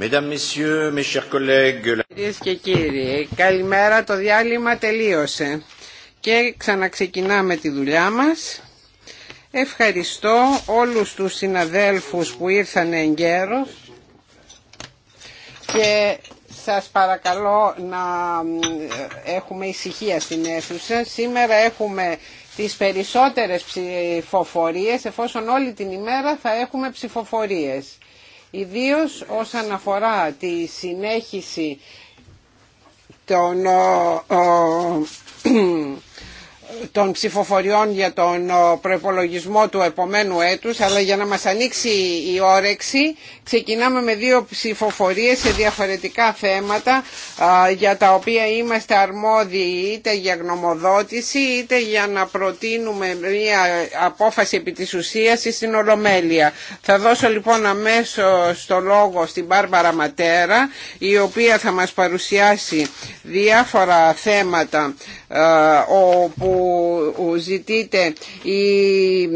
Κυρίες και κύριοι, καλημέρα, το διάλειμμα τελείωσε και ξαναξεκινάμε τη δουλειά μας. Ευχαριστώ όλους τους συναδέλφους που ήρθαν εν και σας παρακαλώ να έχουμε ησυχία στην αίθουσα. Σήμερα έχουμε τις περισσότερες ψηφοφορίες εφόσον όλη την ημέρα θα έχουμε ψηφοφορίες ιδίως όσον αφορά τη συνέχιση των των ψηφοφοριών για τον προπολογισμό του επομένου έτους αλλά για να μας ανοίξει η όρεξη ξεκινάμε με δύο ψηφοφορίες σε διαφορετικά θέματα για τα οποία είμαστε αρμόδιοι είτε για γνωμοδότηση είτε για να προτείνουμε μια απόφαση επί της ουσίας στην Ολομέλεια. Θα δώσω λοιπόν αμέσως το λόγο στην Μπάρμπαρα Ματέρα η οποία θα μας παρουσιάσει διάφορα θέματα όπου ζητείται η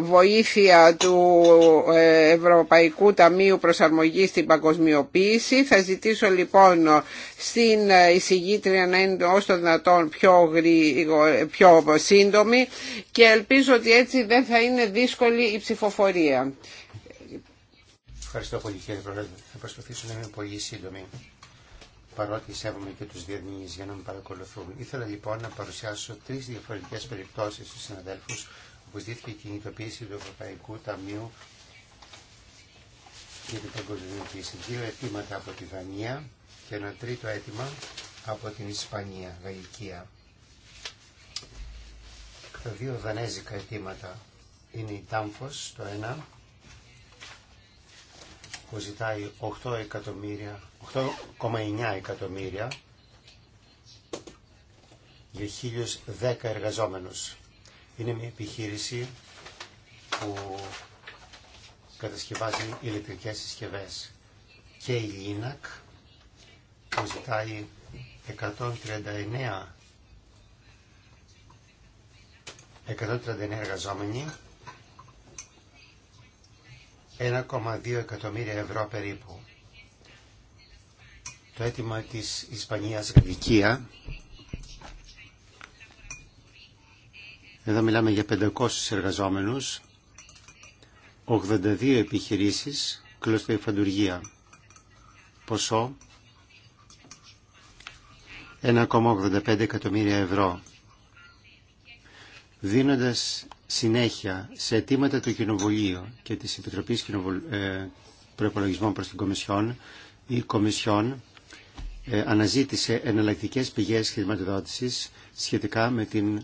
βοήθεια του ε, Ευρωπαϊκού Ταμείου Προσαρμογής στην Παγκοσμιοποίηση. Θα ζητήσω λοιπόν στην εισηγήτρια να είναι όσο το δυνατόν πιο, γρήγο, πιο σύντομη και ελπίζω ότι έτσι δεν θα είναι δύσκολη η ψηφοφορία. Ευχαριστώ πολύ κύριε Πρόεδρε. Θα προσπαθήσω να είμαι πολύ σύντομη παρότι σέβομαι και τους διεθνείς για να με παρακολουθούν. Ήθελα λοιπόν να παρουσιάσω τρεις διαφορετικές περιπτώσεις στους συναδέλφους όπου ζήθηκε η κινητοποίηση του Ευρωπαϊκού Ταμείου για την παγκοσμιοποίηση. Δύο αιτήματα από τη Δανία και ένα τρίτο αίτημα από την Ισπανία, Γαλλικία. Τα δύο δανέζικα αιτήματα είναι η Τάμφος, το ένα, που ζητάει 8 εκατομμύρια 8,9 εκατομμύρια για 1010 εργαζόμενους. Είναι μια επιχείρηση που κατασκευάζει ηλεκτρικές συσκευές και η Λίνακ που ζητάει 139 139 εργαζόμενοι 1,2 εκατομμύρια ευρώ περίπου το αίτημα της Ισπανίας Γαλλικία. Εδώ μιλάμε για 500 εργαζόμενους, 82 επιχειρήσεις, κλωστοϊφαντουργία. Ποσό 1,85 εκατομμύρια ευρώ. Δίνοντας συνέχεια σε αιτήματα του Κοινοβουλίου και της Επιτροπής ε, Προπολογισμών προς την Κομισιόν, η Κομισιόν ε, αναζήτησε εναλλακτικές πηγές χρηματοδότησης σχετικά με, την,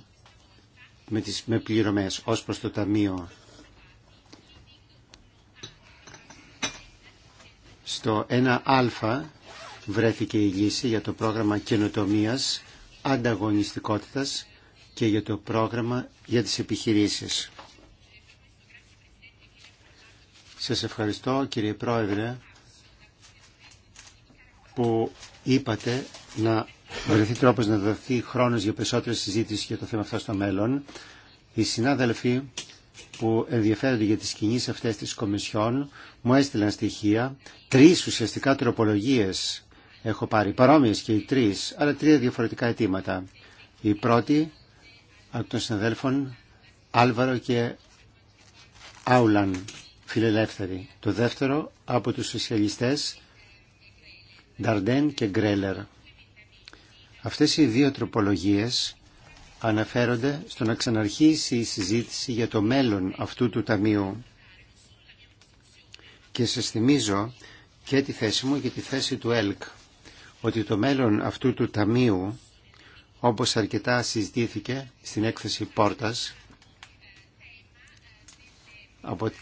με τις με πληρωμές ως προς το Ταμείο. Στο 1α βρέθηκε η λύση για το πρόγραμμα καινοτομίας, ανταγωνιστικότητας και για το πρόγραμμα για τις επιχειρήσεις. Σας ευχαριστώ κύριε Πρόεδρε που είπατε να βρεθεί τρόπος να δοθεί χρόνος για περισσότερη συζήτηση για το θέμα αυτό στο μέλλον. Οι συνάδελφοι που ενδιαφέρονται για τις κινήσεις αυτές της Κομισιόν μου έστειλαν στοιχεία. Τρεις ουσιαστικά τροπολογίες έχω πάρει, παρόμοιες και οι τρεις, αλλά τρία διαφορετικά αιτήματα. Η πρώτη από των συναδέλφων Άλβαρο και Άουλαν, φιλελεύθεροι. Το δεύτερο από τους σοσιαλιστές Νταρντέν και Γκρέλερ. Αυτές οι δύο τροπολογίες αναφέρονται στο να ξαναρχίσει η συζήτηση για το μέλλον αυτού του Ταμείου. Και σας θυμίζω και τη θέση μου και τη θέση του ΕΛΚ, ότι το μέλλον αυτού του Ταμείου, όπως αρκετά συζητήθηκε στην έκθεση Πόρτας,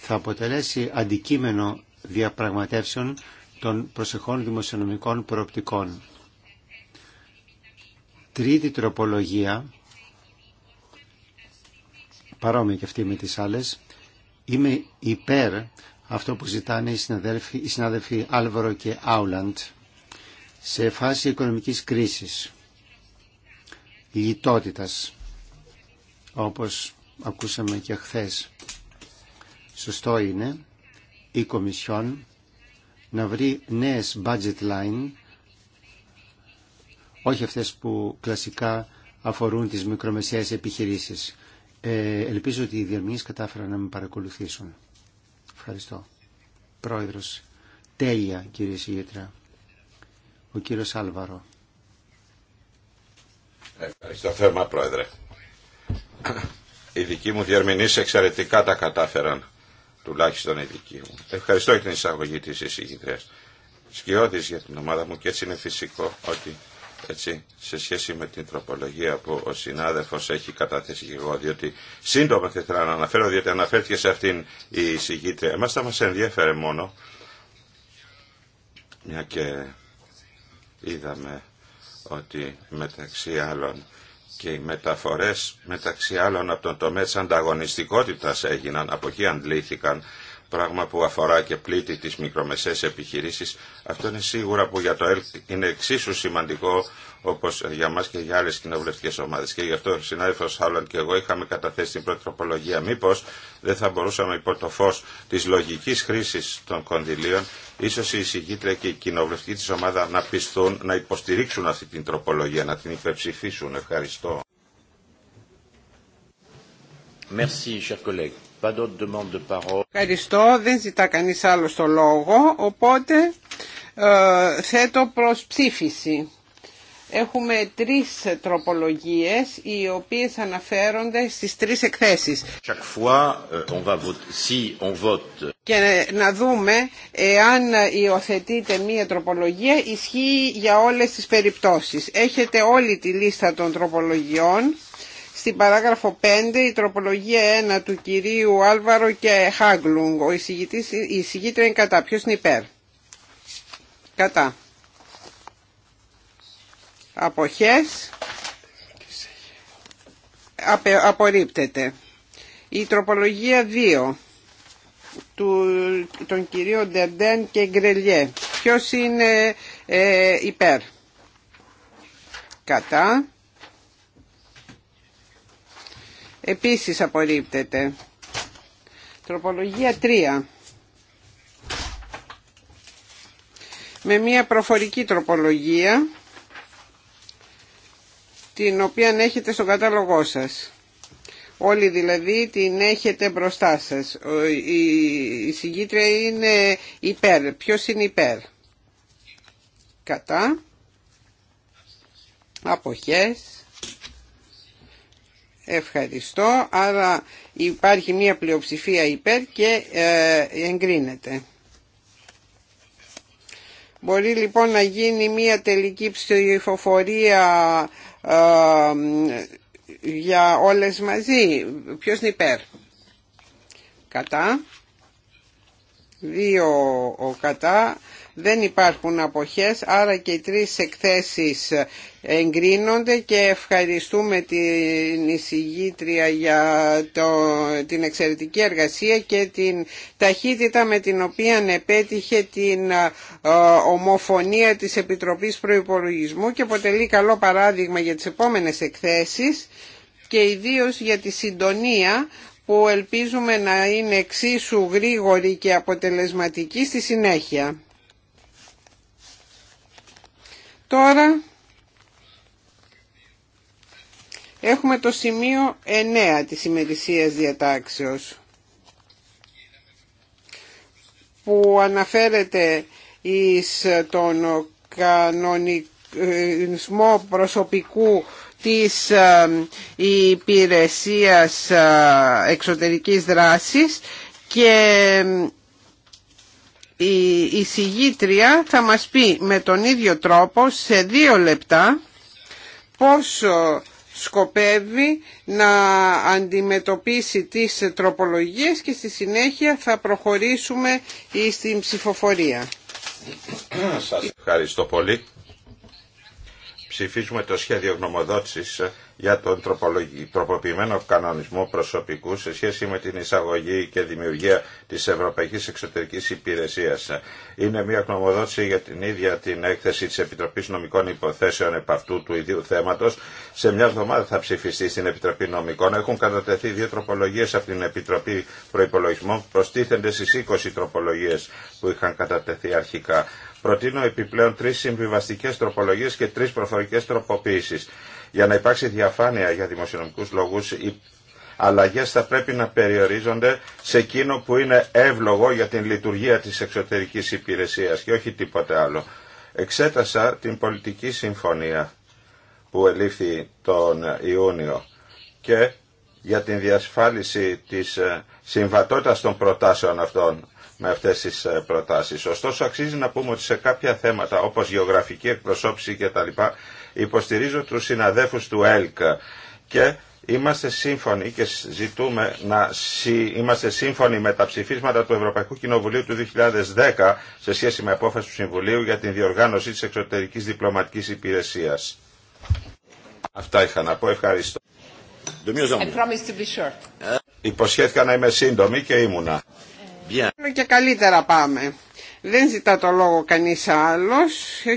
θα αποτελέσει αντικείμενο διαπραγματεύσεων των προσεχών δημοσιονομικών προοπτικών. Τρίτη τροπολογία, παρόμοια και αυτή με τις άλλες, είμαι υπέρ αυτό που ζητάνε οι συνάδελφοι, οι συνάδελφοι Άλβαρο και Άουλαντ σε φάση οικονομικής κρίσης, λιτότητας, όπως ακούσαμε και χθες. Σωστό είναι η Κομισιόν να βρει νέες budget line, όχι αυτές που κλασικά αφορούν τις μικρομεσαίες επιχειρήσεις. Ε, ελπίζω ότι οι διερμηνείς κατάφεραν να με παρακολουθήσουν. Ευχαριστώ. Πρόεδρος. Τέλεια, κύριε Σιγήτρα. Ο κύριος Άλβαρο. Ευχαριστώ θέμα, πρόεδρε. Οι δικοί μου διερμηνείς εξαιρετικά τα κατάφεραν τουλάχιστον η δική μου. Ευχαριστώ για την εισαγωγή τη εισηγητρία. Σκιώδης για την ομάδα μου και έτσι είναι φυσικό ότι έτσι, σε σχέση με την τροπολογία που ο συνάδελφο έχει καταθέσει και εγώ, διότι σύντομα θα ήθελα να αναφέρω, διότι αναφέρθηκε σε αυτήν η εισηγήτρια. Εμάς θα μας ενδιέφερε μόνο, μια και είδαμε ότι μεταξύ άλλων και οι μεταφορές μεταξύ άλλων από τον τομέα της ανταγωνιστικότητας έγιναν, από εκεί αντλήθηκαν πράγμα που αφορά και πλήττει τις μικρομεσαίες επιχειρήσεις. Αυτό είναι σίγουρα που για το ΕΛΚ είναι εξίσου σημαντικό όπως για μας και για άλλες κοινοβουλευτικές ομάδες. Και γι' αυτό ο συνάδελφος Χάλλον και εγώ είχαμε καταθέσει την πρώτη τροπολογία. Μήπως δεν θα μπορούσαμε υπό το φως της λογικής χρήσης των κονδυλίων ίσως οι εισηγήτρια και η κοινοβουλευτική της ομάδα να πιστούν να υποστηρίξουν αυτή την τροπολογία, να την υπερψηφίσουν. Ευχαριστώ. Merci, Ευχαριστώ, δεν ζητά κανείς άλλο το λόγο, οπότε ε, θέτω προς ψήφιση. Έχουμε τρεις τροπολογίες οι οποίες αναφέρονται στις τρεις εκθέσεις. Euh, Και να δούμε εάν υιοθετείτε μία τροπολογία ισχύει για όλες τις περιπτώσεις. Έχετε όλη τη λίστα των τροπολογιών στην παράγραφο 5 η τροπολογία 1 του κυρίου Άλβαρο και Χάγκλουγκ. Ο εισηγητής, η εισηγήτρια είναι κατά. Ποιος είναι υπέρ. Κατά. Αποχές. Απε, απορρίπτεται. Η τροπολογία 2 του, των κυρίων Ντεντέν και Γκρελιέ. Ποιος είναι ε, υπέρ. Κατά. Επίσης απορρίπτεται. Τροπολογία 3. Με μια προφορική τροπολογία την οποία έχετε στο κατάλογό σας. Όλοι δηλαδή την έχετε μπροστά σας. Η συγκήτρια είναι υπέρ. Ποιος είναι υπέρ. Κατά. Αποχές. Ευχαριστώ. Άρα υπάρχει μία πλειοψηφία υπέρ και ε, εγκρίνεται. Μπορεί λοιπόν να γίνει μία τελική ψηφοφορία ε, για όλες μαζί. Ποιος είναι υπέρ. Κατά. Δύο ο κατά δεν υπάρχουν αποχές, άρα και οι τρεις εκθέσεις εγκρίνονται και ευχαριστούμε την εισηγήτρια για την εξαιρετική εργασία και την ταχύτητα με την οποία επέτυχε την ομοφωνία της Επιτροπής Προϋπολογισμού και αποτελεί καλό παράδειγμα για τις επόμενες εκθέσεις και ιδίως για τη συντονία που ελπίζουμε να είναι εξίσου γρήγορη και αποτελεσματική στη συνέχεια. Τώρα έχουμε το σημείο 9 της ημερησίας διατάξεως που αναφέρεται εις τον κανονισμό προσωπικού της ε, υπηρεσίας ε, εξωτερικής δράσης και ε, η εισηγήτρια θα μας πει με τον ίδιο τρόπο σε δύο λεπτά πόσο σκοπεύει να αντιμετωπίσει τις τροπολογίες και στη συνέχεια θα προχωρήσουμε στην ψηφοφορία. Σας ευχαριστώ πολύ ψηφίσουμε το σχέδιο γνωμοδότησης ε, για τον τροποποιημένο κανονισμό προσωπικού σε σχέση με την εισαγωγή και δημιουργία της Ευρωπαϊκής Εξωτερικής Υπηρεσίας. Είναι μια γνωμοδότηση για την ίδια την έκθεση τη Επιτροπής Νομικών Υποθέσεων επ' αυτού του ιδίου θέματος. Σε μια εβδομάδα θα ψηφιστεί στην Επιτροπή Νομικών. Έχουν κατατεθεί δύο τροπολογίε από την Επιτροπή Προϋπολογισμών. Προστίθενται στις 20 τροπολογίε που είχαν κατατεθεί αρχικά προτείνω επιπλέον τρεις συμβιβαστικές τροπολογίες και τρεις προφορικές τροποποίησεις. Για να υπάρξει διαφάνεια για δημοσιονομικούς λόγους, οι αλλαγές θα πρέπει να περιορίζονται σε εκείνο που είναι εύλογο για την λειτουργία της εξωτερικής υπηρεσίας και όχι τίποτε άλλο. Εξέτασα την πολιτική συμφωνία που ελήφθη τον Ιούνιο και για την διασφάλιση της ε, συμβατότητας των προτάσεων αυτών με αυτέ τι ε, προτάσει. Ωστόσο αξίζει να πούμε ότι σε κάποια θέματα όπω γεωγραφική εκπροσώπηση κτλ. υποστηρίζω του συναδέλφου του ΕΛΚ και Είμαστε σύμφωνοι και ζητούμε να είμαστε σύμφωνοι με τα ψηφίσματα του Ευρωπαϊκού Κοινοβουλίου του 2010 σε σχέση με απόφαση του Συμβουλίου για την διοργάνωση της εξωτερικής διπλωματικής υπηρεσίας. Αυτά είχα να πω. Ευχαριστώ. I to be short. Ε, υποσχέθηκα να είμαι σύντομη και ήμουνα και καλύτερα πάμε. Δεν ζητά το λόγο κανείς άλλος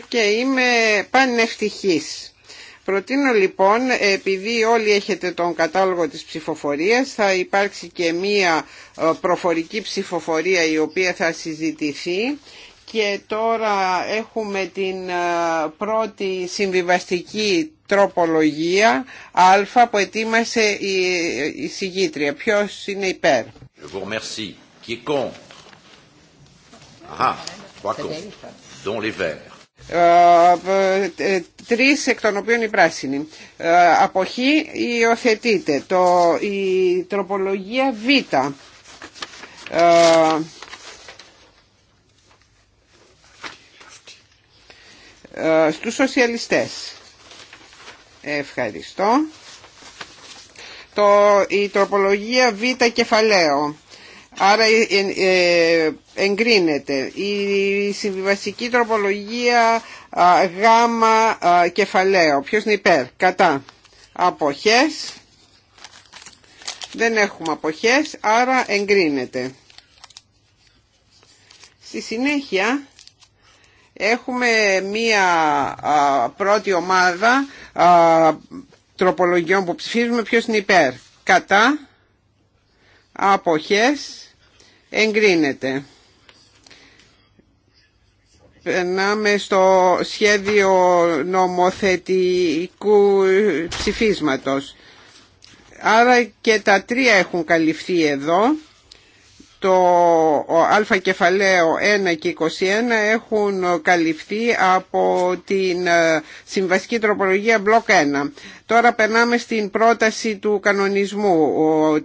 και είμαι πανευτυχής. Προτείνω λοιπόν, επειδή όλοι έχετε τον κατάλογο της ψηφοφορίας, θα υπάρξει και μία ε, προφορική ψηφοφορία η οποία θα συζητηθεί και τώρα έχουμε την ε, πρώτη συμβιβαστική τροπολογία α που ετοίμασε η, ε, η συγγήτρια. Ποιος είναι υπέρ. Qui est contre Ah, trois contre, dont ε, ε, Τρεις εκ των οποίων οι πράσινοι. Ε, αποχή υιοθετείται. Το, η τροπολογία Β. Στου στους σοσιαλιστές. Ευχαριστώ. Το, η τροπολογία Β κεφαλαίο. Άρα ε, ε, ε, εγκρίνεται. Η συμβιβαστική τροπολογία γάμα κεφαλαίο. Ποιος είναι υπέρ. Κατά. Αποχές. Δεν έχουμε αποχές. Άρα εγκρίνεται. Στη συνέχεια έχουμε μία πρώτη ομάδα τροπολογιών που ψηφίζουμε ποιος είναι υπέρ. Κατά. Αποχές εγκρίνεται. Περνάμε στο σχέδιο νομοθετικού ψηφίσματος. Άρα και τα τρία έχουν καλυφθεί εδώ. Το α κεφαλαίο 1 και 21 έχουν καλυφθεί από την συμβασική τροπολογία μπλοκ 1. Τώρα περνάμε στην πρόταση του κανονισμού.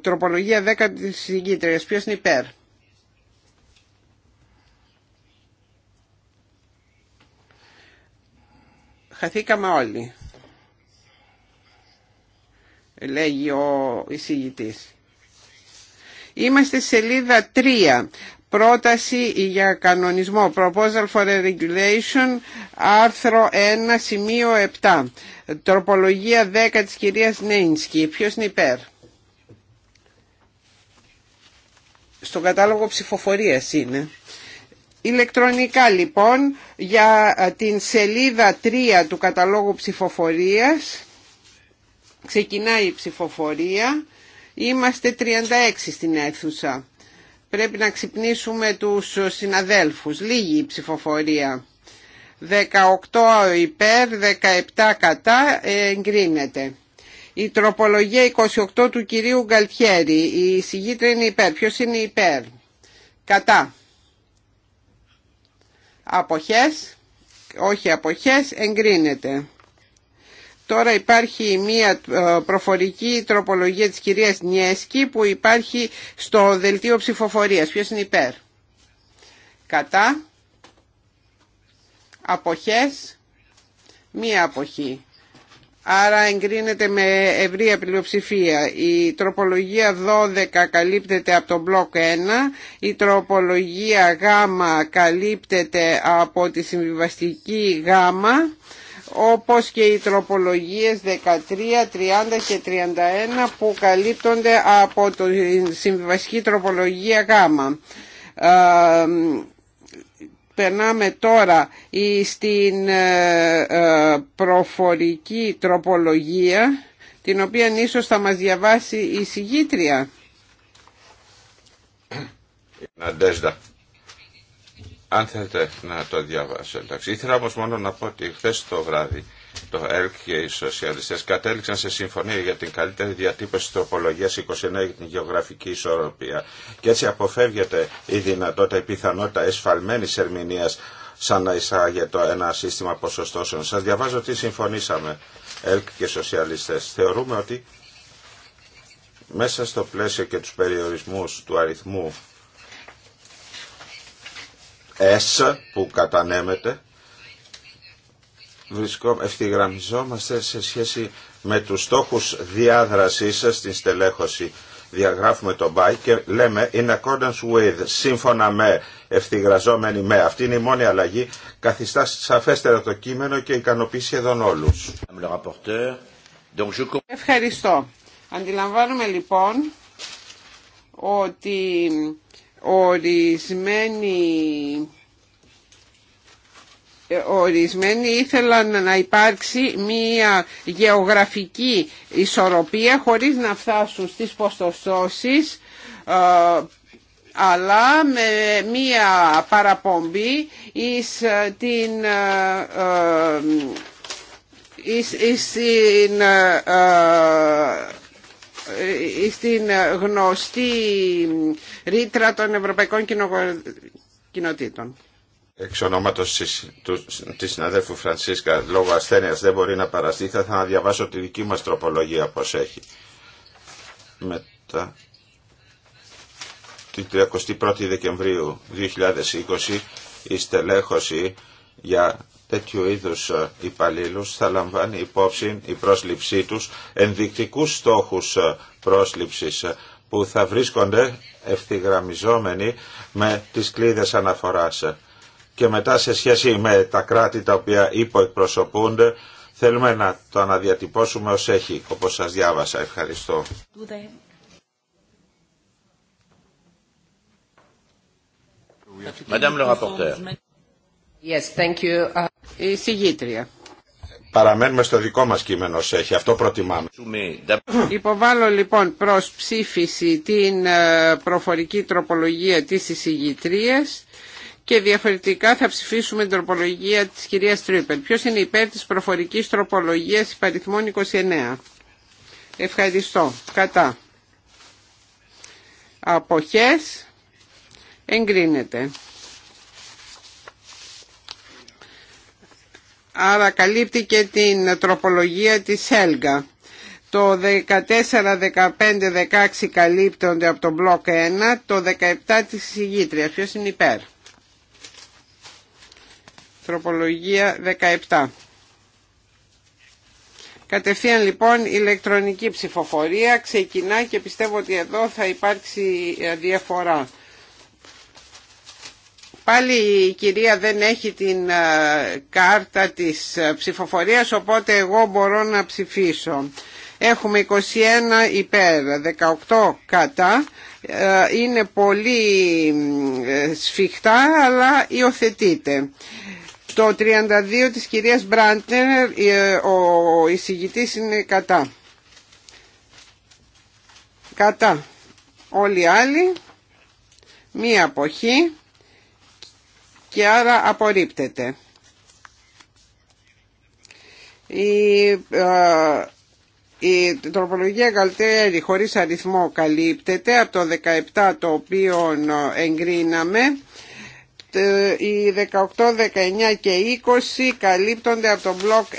Τροπολογία 10 της συγκήτριας. Ποιος είναι υπέρ. Χαθήκαμε όλοι, λέγει ο εισηγητής. Είμαστε σελίδα 3, πρόταση για κανονισμό, Proposal for a Regulation, άρθρο 1, σημείο 7, τροπολογία 10 της κυρίας Νέινσκι. Ποιος είναι υπέρ. Στον κατάλογο ψηφοφορίας είναι. Ηλεκτρονικά λοιπόν για ε, την σελίδα 3 του καταλόγου ψηφοφορίας ξεκινάει η ψηφοφορία. Είμαστε 36 στην αίθουσα. Πρέπει να ξυπνήσουμε τους συναδέλφους. Λίγη η ψηφοφορία. 18 υπέρ, 17 κατά εγκρίνεται. Η τροπολογία 28 του κυρίου Γκαλτιέρη. Η συγγήτρια είναι υπέρ. Ποιος είναι υπέρ. Κατά αποχές, όχι αποχές, εγκρίνεται. Τώρα υπάρχει μια ε, προφορική τροπολογία της κυρίας Νιέσκη που υπάρχει στο δελτίο ψηφοφορίας. Ποιος είναι υπέρ. Κατά. Αποχές. Μία αποχή άρα εγκρίνεται με ευρία πλειοψηφία. Η τροπολογία 12 καλύπτεται από τον μπλοκ 1, η τροπολογία Γ καλύπτεται από τη συμβιβαστική Γ, όπως και οι τροπολογίες 13, 30 και 31 που καλύπτονται από τη συμβιβαστική τροπολογία Γ. Περνάμε τώρα στην ε, ε, προφορική τροπολογία, την οποία ίσως θα μας διαβάσει η συγγήτρια. Αν θέλετε να το διαβάσω, εντάξει. Ήθελα όμως μόνο να πω ότι χθε το βράδυ το ΕΛΚ και οι σοσιαλιστές κατέληξαν σε συμφωνία για την καλύτερη διατύπωση τροπολογίας 29 για την γεωγραφική ισορροπία και έτσι αποφεύγεται η δυνατότητα, η πιθανότητα εσφαλμένης ερμηνείας σαν να εισάγεται ένα σύστημα ποσοστώσεων. Σας διαβάζω τι συμφωνήσαμε, ΕΛΚ και σοσιαλιστές. Θεωρούμε ότι μέσα στο πλαίσιο και τους περιορισμούς του αριθμού S που κατανέμεται βρισκό, ευθυγραμμιζόμαστε σε σχέση με τους στόχους διάδρασής σας στην στελέχωση. Διαγράφουμε το by και λέμε in accordance with, σύμφωνα με, ευθυγραζόμενοι με. Αυτή είναι η μόνη αλλαγή. Καθιστά σαφέστερα το κείμενο και ικανοποιεί σχεδόν όλους. Ευχαριστώ. Αντιλαμβάνομαι λοιπόν ότι ορισμένοι ε, ορισμένοι ήθελαν να υπάρξει μια γεωγραφική ισορροπία χωρίς να φτάσουν στις ποστοσώσεις ε, αλλά με μία παραπομπή εις ε, την εις, εις την στην γνωστή ρήτρα των Ευρωπαϊκών Κοινοτήτων εξ ονόματο της συναδέλφου Φρανσίσκα λόγω ασθένεια, δεν μπορεί να παραστεί θα να διαβάσω τη δική μα τροπολογία πώ έχει μετά την 31η Δεκεμβρίου 2020 η στελέχωση για τέτοιου είδους ε, υπαλλήλους θα λαμβάνει υπόψη η πρόσληψή τους ενδεικτικούς στόχους ε, πρόσληψης ε, που θα βρίσκονται ευθυγραμμιζόμενοι με τις κλίδες αναφοράς και μετά σε σχέση με τα κράτη τα οποία υποεκπροσωπούνται θέλουμε να το αναδιατυπώσουμε ως έχει, όπως σας διάβασα. Ευχαριστώ. Madame le Yes, thank you. Uh, Η Παραμένουμε στο δικό μας κείμενο έχει, αυτό προτιμάμε. Υποβάλλω λοιπόν προς ψήφιση την ε, προφορική τροπολογία της εισηγητρίας και διαφορετικά θα ψηφίσουμε την τροπολογία της κυρίας Τρίπελ. Ποιος είναι υπέρ της προφορικής τροπολογίας υπαριθμών 29. Ευχαριστώ. Κατά. Αποχές. Εγκρίνεται. Άρα καλύπτει και την τροπολογία της Έλγα. Το 14, 15, 16 καλύπτονται από τον μπλοκ 1, το 17 της συγγήτρια. Ποιος είναι υπέρ. Τροπολογία 17. Κατευθείαν λοιπόν η ηλεκτρονική ψηφοφορία ξεκινά και πιστεύω ότι εδώ θα υπάρξει ε, διαφορά. Πάλι η κυρία δεν έχει την ε, κάρτα της ε, ψηφοφορίας οπότε εγώ μπορώ να ψηφίσω. Έχουμε 21 υπέρ, 18 κατά. Είναι πολύ σφιχτά αλλά υιοθετείται. Στο 32 της κυρίας Μπράντερ ε, ο εισηγητής είναι κατά. Κατά. Όλοι οι άλλοι. Μία αποχή. Και άρα απορρίπτεται. Η, ε, η τροπολογία Γκαλτέρη χωρίς αριθμό καλύπτεται από το 17 το οποίο ε, εγκρίναμε ε, οι 18, 19 και 20 καλύπτονται από το μπλοκ 1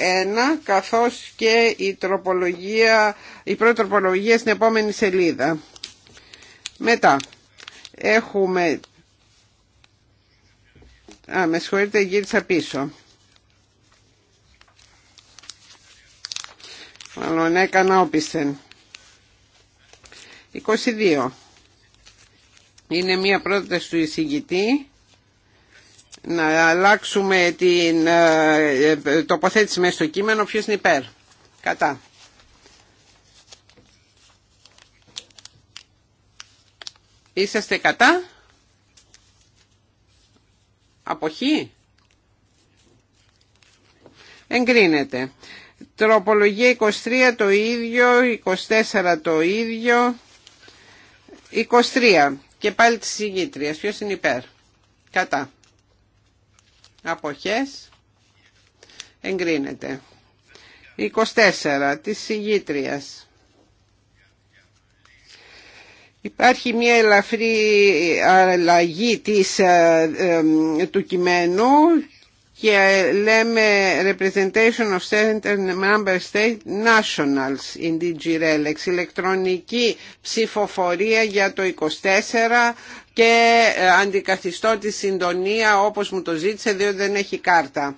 καθώς και η, τροπολογία, η πρώτη τροπολογία στην επόμενη σελίδα. Μετά έχουμε... Α, με συγχωρείτε γύρισα πίσω. Μάλλον έκανα όπισθεν. 22. Είναι μία πρόταση του εισηγητή να αλλάξουμε την ε, ε, τοποθέτηση μέσα στο κείμενο ποιος είναι υπέρ. Κατά. Είσαστε κατά. Αποχή. Εγκρίνεται. Τροπολογία 23 το ίδιο, 24 το ίδιο, 23 και πάλι της ηγήτριας. Ποιος είναι υπέρ. Κατά αποχές εγκρίνεται 24 της συγγήτριας Υπάρχει μια ελαφρή αλλαγή της, ε, του κειμένου και λέμε representation of certain member state nationals in DG Relex, ηλεκτρονική ψηφοφορία για το 24 και ε, αντικαθιστώ τη συντονία όπως μου το ζήτησε διότι δεν έχει κάρτα.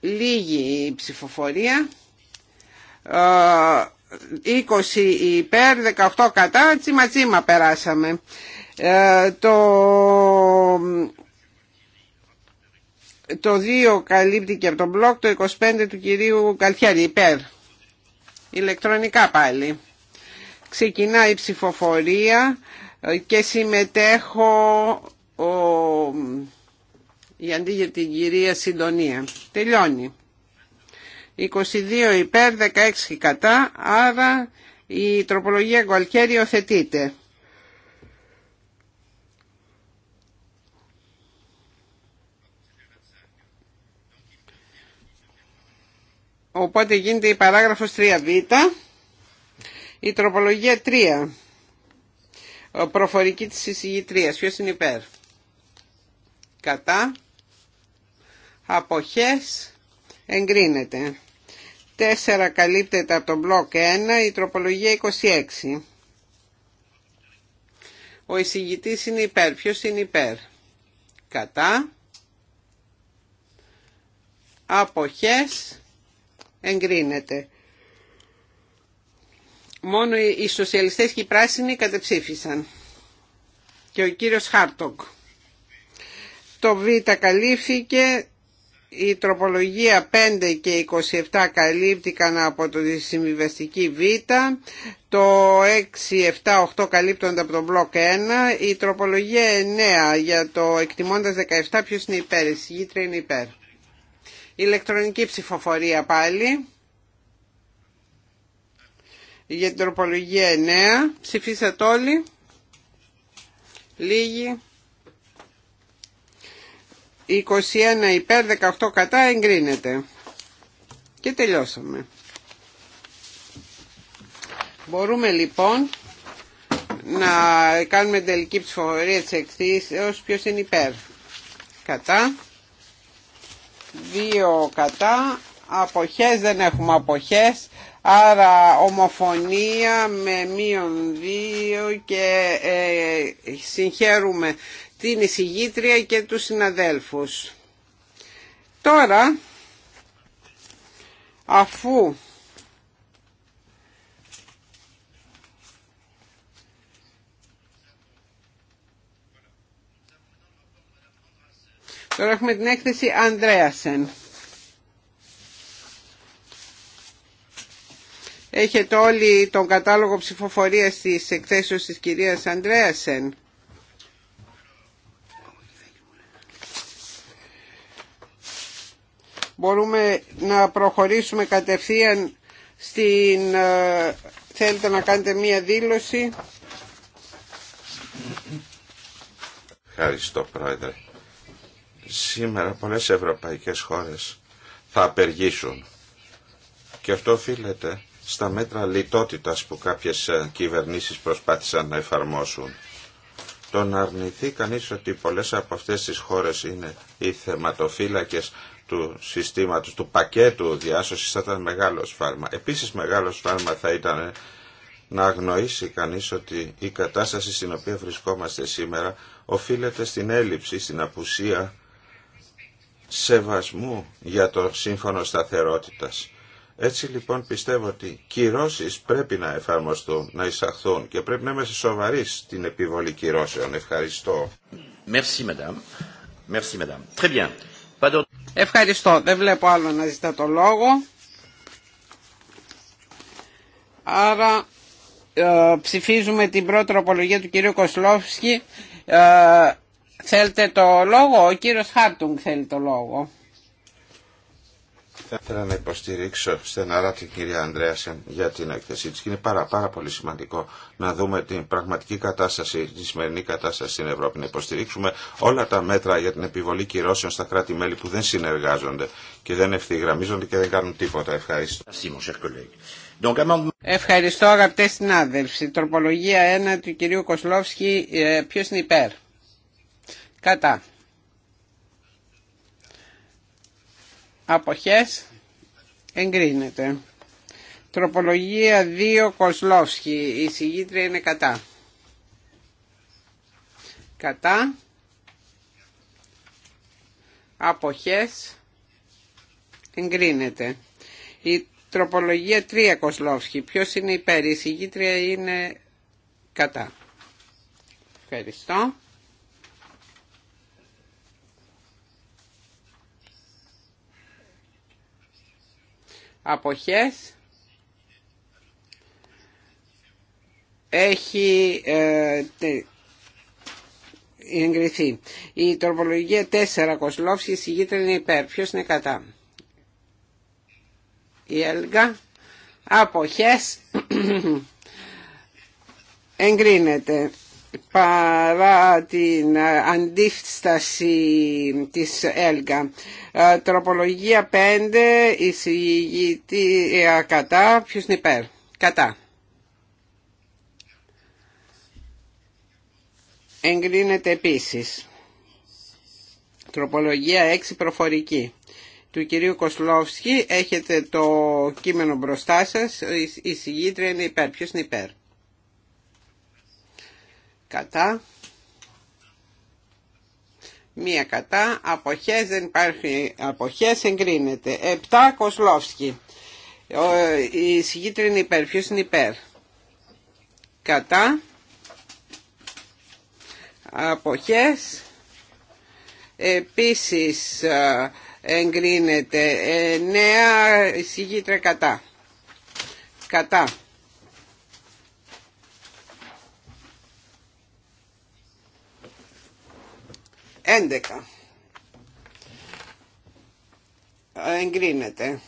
Λίγη η ψηφοφορία. 20 ε, υπέρ, 18 κατά, τσίμα τσίμα περάσαμε. Ε, το... Το 2 καλύπτηκε και από τον μπλοκ το 25 του κυρίου Καλτιάρη υπέρ. Ηλεκτρονικά πάλι. Ξεκινάει η ψηφοφορία ε, και συμμετέχω ο, η αντί για την κυρία Συντονία. Τελειώνει. 22 υπέρ, 16 κατά, άρα η τροπολογία Γκουαλκέρι οθετείται. Οπότε γίνεται η παράγραφος 3β, η τροπολογία 3 προφορική της εισηγητρίας. Ποιος είναι υπέρ. Κατά. Αποχές. Εγκρίνεται. Τέσσερα καλύπτεται από τον μπλοκ 1, η τροπολογία 26. Ο εισηγητής είναι υπέρ. Ποιος είναι υπέρ. Κατά. Αποχές εγκρίνεται μόνο οι σοσιαλιστές και οι πράσινοι κατεψήφισαν. Και ο κύριος Χάρτογκ. Το Β καλύφθηκε, η τροπολογία 5 και 27 καλύπτηκαν από το συμβιβαστική Β, το 6, 7, 8 καλύπτονται από τον μπλοκ 1, η τροπολογία 9 για το εκτιμώντας 17 ποιος είναι υπέρ, η είναι υπέρ. Ηλεκτρονική ψηφοφορία πάλι για την τροπολογία 9. Ψηφίσατε όλοι. Λίγοι. 21 υπέρ 18 κατά εγκρίνεται. Και τελειώσαμε. Μπορούμε λοιπόν να κάνουμε τελική ψηφοφορία της εκθήσεως ποιος είναι υπέρ. Κατά. Δύο κατά. Αποχές δεν έχουμε αποχές. Άρα ομοφωνία με μείον δύο και ε, συγχαίρουμε την εισηγήτρια και τους συναδέλφους. Τώρα, αφού Τώρα έχουμε την έκθεση Ανδρέασεν. Έχετε όλοι τον κατάλογο ψηφοφορίας της εκθέσεως της κυρίας Ανδρέασεν. Μπορούμε να προχωρήσουμε κατευθείαν στην... Ε, θέλετε να κάνετε μία δήλωση. Ευχαριστώ Πρόεδρε. Σήμερα πολλές ευρωπαϊκές χώρες θα απεργήσουν. Και αυτό οφείλεται στα μέτρα λιτότητας που κάποιες ε, κυβερνήσεις προσπάθησαν να εφαρμόσουν. Το να αρνηθεί κανείς ότι πολλές από αυτές τις χώρες είναι οι θεματοφύλακες του συστήματος, του πακέτου διάσωσης θα ήταν μεγάλο σφάλμα. Επίσης μεγάλο σφάλμα θα ήταν να αγνοήσει κανείς ότι η κατάσταση στην οποία βρισκόμαστε σήμερα οφείλεται στην έλλειψη, στην απουσία σεβασμού για το σύμφωνο σταθερότητας έτσι λοιπόν πιστεύω ότι κυρώσεις πρέπει να εφαρμοστούν, να εισαχθούν και πρέπει να είμαστε σοβαροί στην επιβολή κυρώσεων. Ευχαριστώ. Merci, madame. Merci, madame. Très bien. Ευχαριστώ. Δεν βλέπω άλλο να ζητά το λόγο. Άρα ε, ψηφίζουμε την πρώτη τροπολογία του κυρίου Κοσλόφσκι. Ε, θέλετε το λόγο. Ο κύριος Χάρτουγκ θέλει το λόγο. Θα ήθελα να υποστηρίξω στεναρά την κυρία Ανδρέασεν για την έκθεσή της και είναι πάρα, πάρα πολύ σημαντικό να δούμε την πραγματική κατάσταση, τη σημερινή κατάσταση στην Ευρώπη, να υποστηρίξουμε όλα τα μέτρα για την επιβολή κυρώσεων στα κράτη-μέλη που δεν συνεργάζονται και δεν ευθυγραμμίζονται και δεν κάνουν τίποτα. Ευχαριστώ. Ευχαριστώ αγαπητέ συνάδελφοι. Τροπολογία 1 του κυρίου Κοσλόφσκι, ε, ποιο είναι υπέρ. Κατά. αποχές εγκρίνεται. Τροπολογία 2 Κοσλόφσκι. Η συγγήτρια είναι κατά. Κατά. Αποχές. Εγκρίνεται. Η τροπολογία 3 Κοσλόφσκι. Ποιος είναι υπέρ. Η συγγήτρια είναι κατά. Ευχαριστώ. αποχές έχει ε, εγκριθεί. Η τροπολογία 4 η εισηγείται είναι υπέρ. Ποιο είναι κατά. Η Έλγα. Αποχές εγκρίνεται παρά την ε, αντίσταση της ΕΛΓΑ. Ε, τροπολογία 5, εισηγητή ε, κατά, ποιος είναι υπέρ, κατά. Εγκρίνεται επίσης. Τροπολογία 6 προφορική του κυρίου Κοσλόφσκι έχετε το κείμενο μπροστά σας η συγγήτρια είναι υπέρ ποιος είναι υπέρ κατά μία κατά αποχές δεν υπάρχει αποχές εγκρίνεται Επτά, Κοσλόφσκι η συγκίτρια είναι υπέρ ποιος είναι κατά αποχές επίσης εγκρίνεται ε, νέα η συγκίτρια κατά κατά 11. Εγκρίνεται.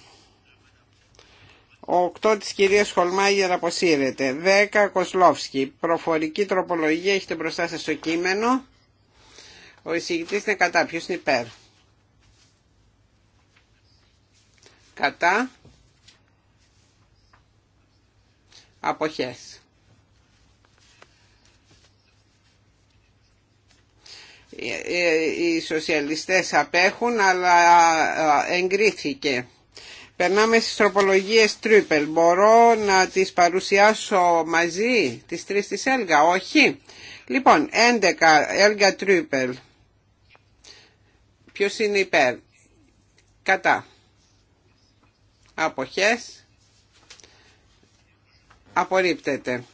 8 της κυρίας Χολμάγερ αποσύρεται. 10 Κοσλόφσκι. Προφορική τροπολογία έχετε μπροστά σας στο κείμενο. Ο εισηγητής είναι κατά. Ποιος είναι υπέρ. Κατά. Αποχές. οι σοσιαλιστές απέχουν αλλά εγκρίθηκε. Περνάμε στις τροπολογίες τρίπελ. Μπορώ να τις παρουσιάσω μαζί, τις τρεις της Έλγα, όχι. Λοιπόν, 11 Έλγα τρίπελ. Ποιος είναι υπέρ. Κατά. Αποχές. Απορρίπτεται.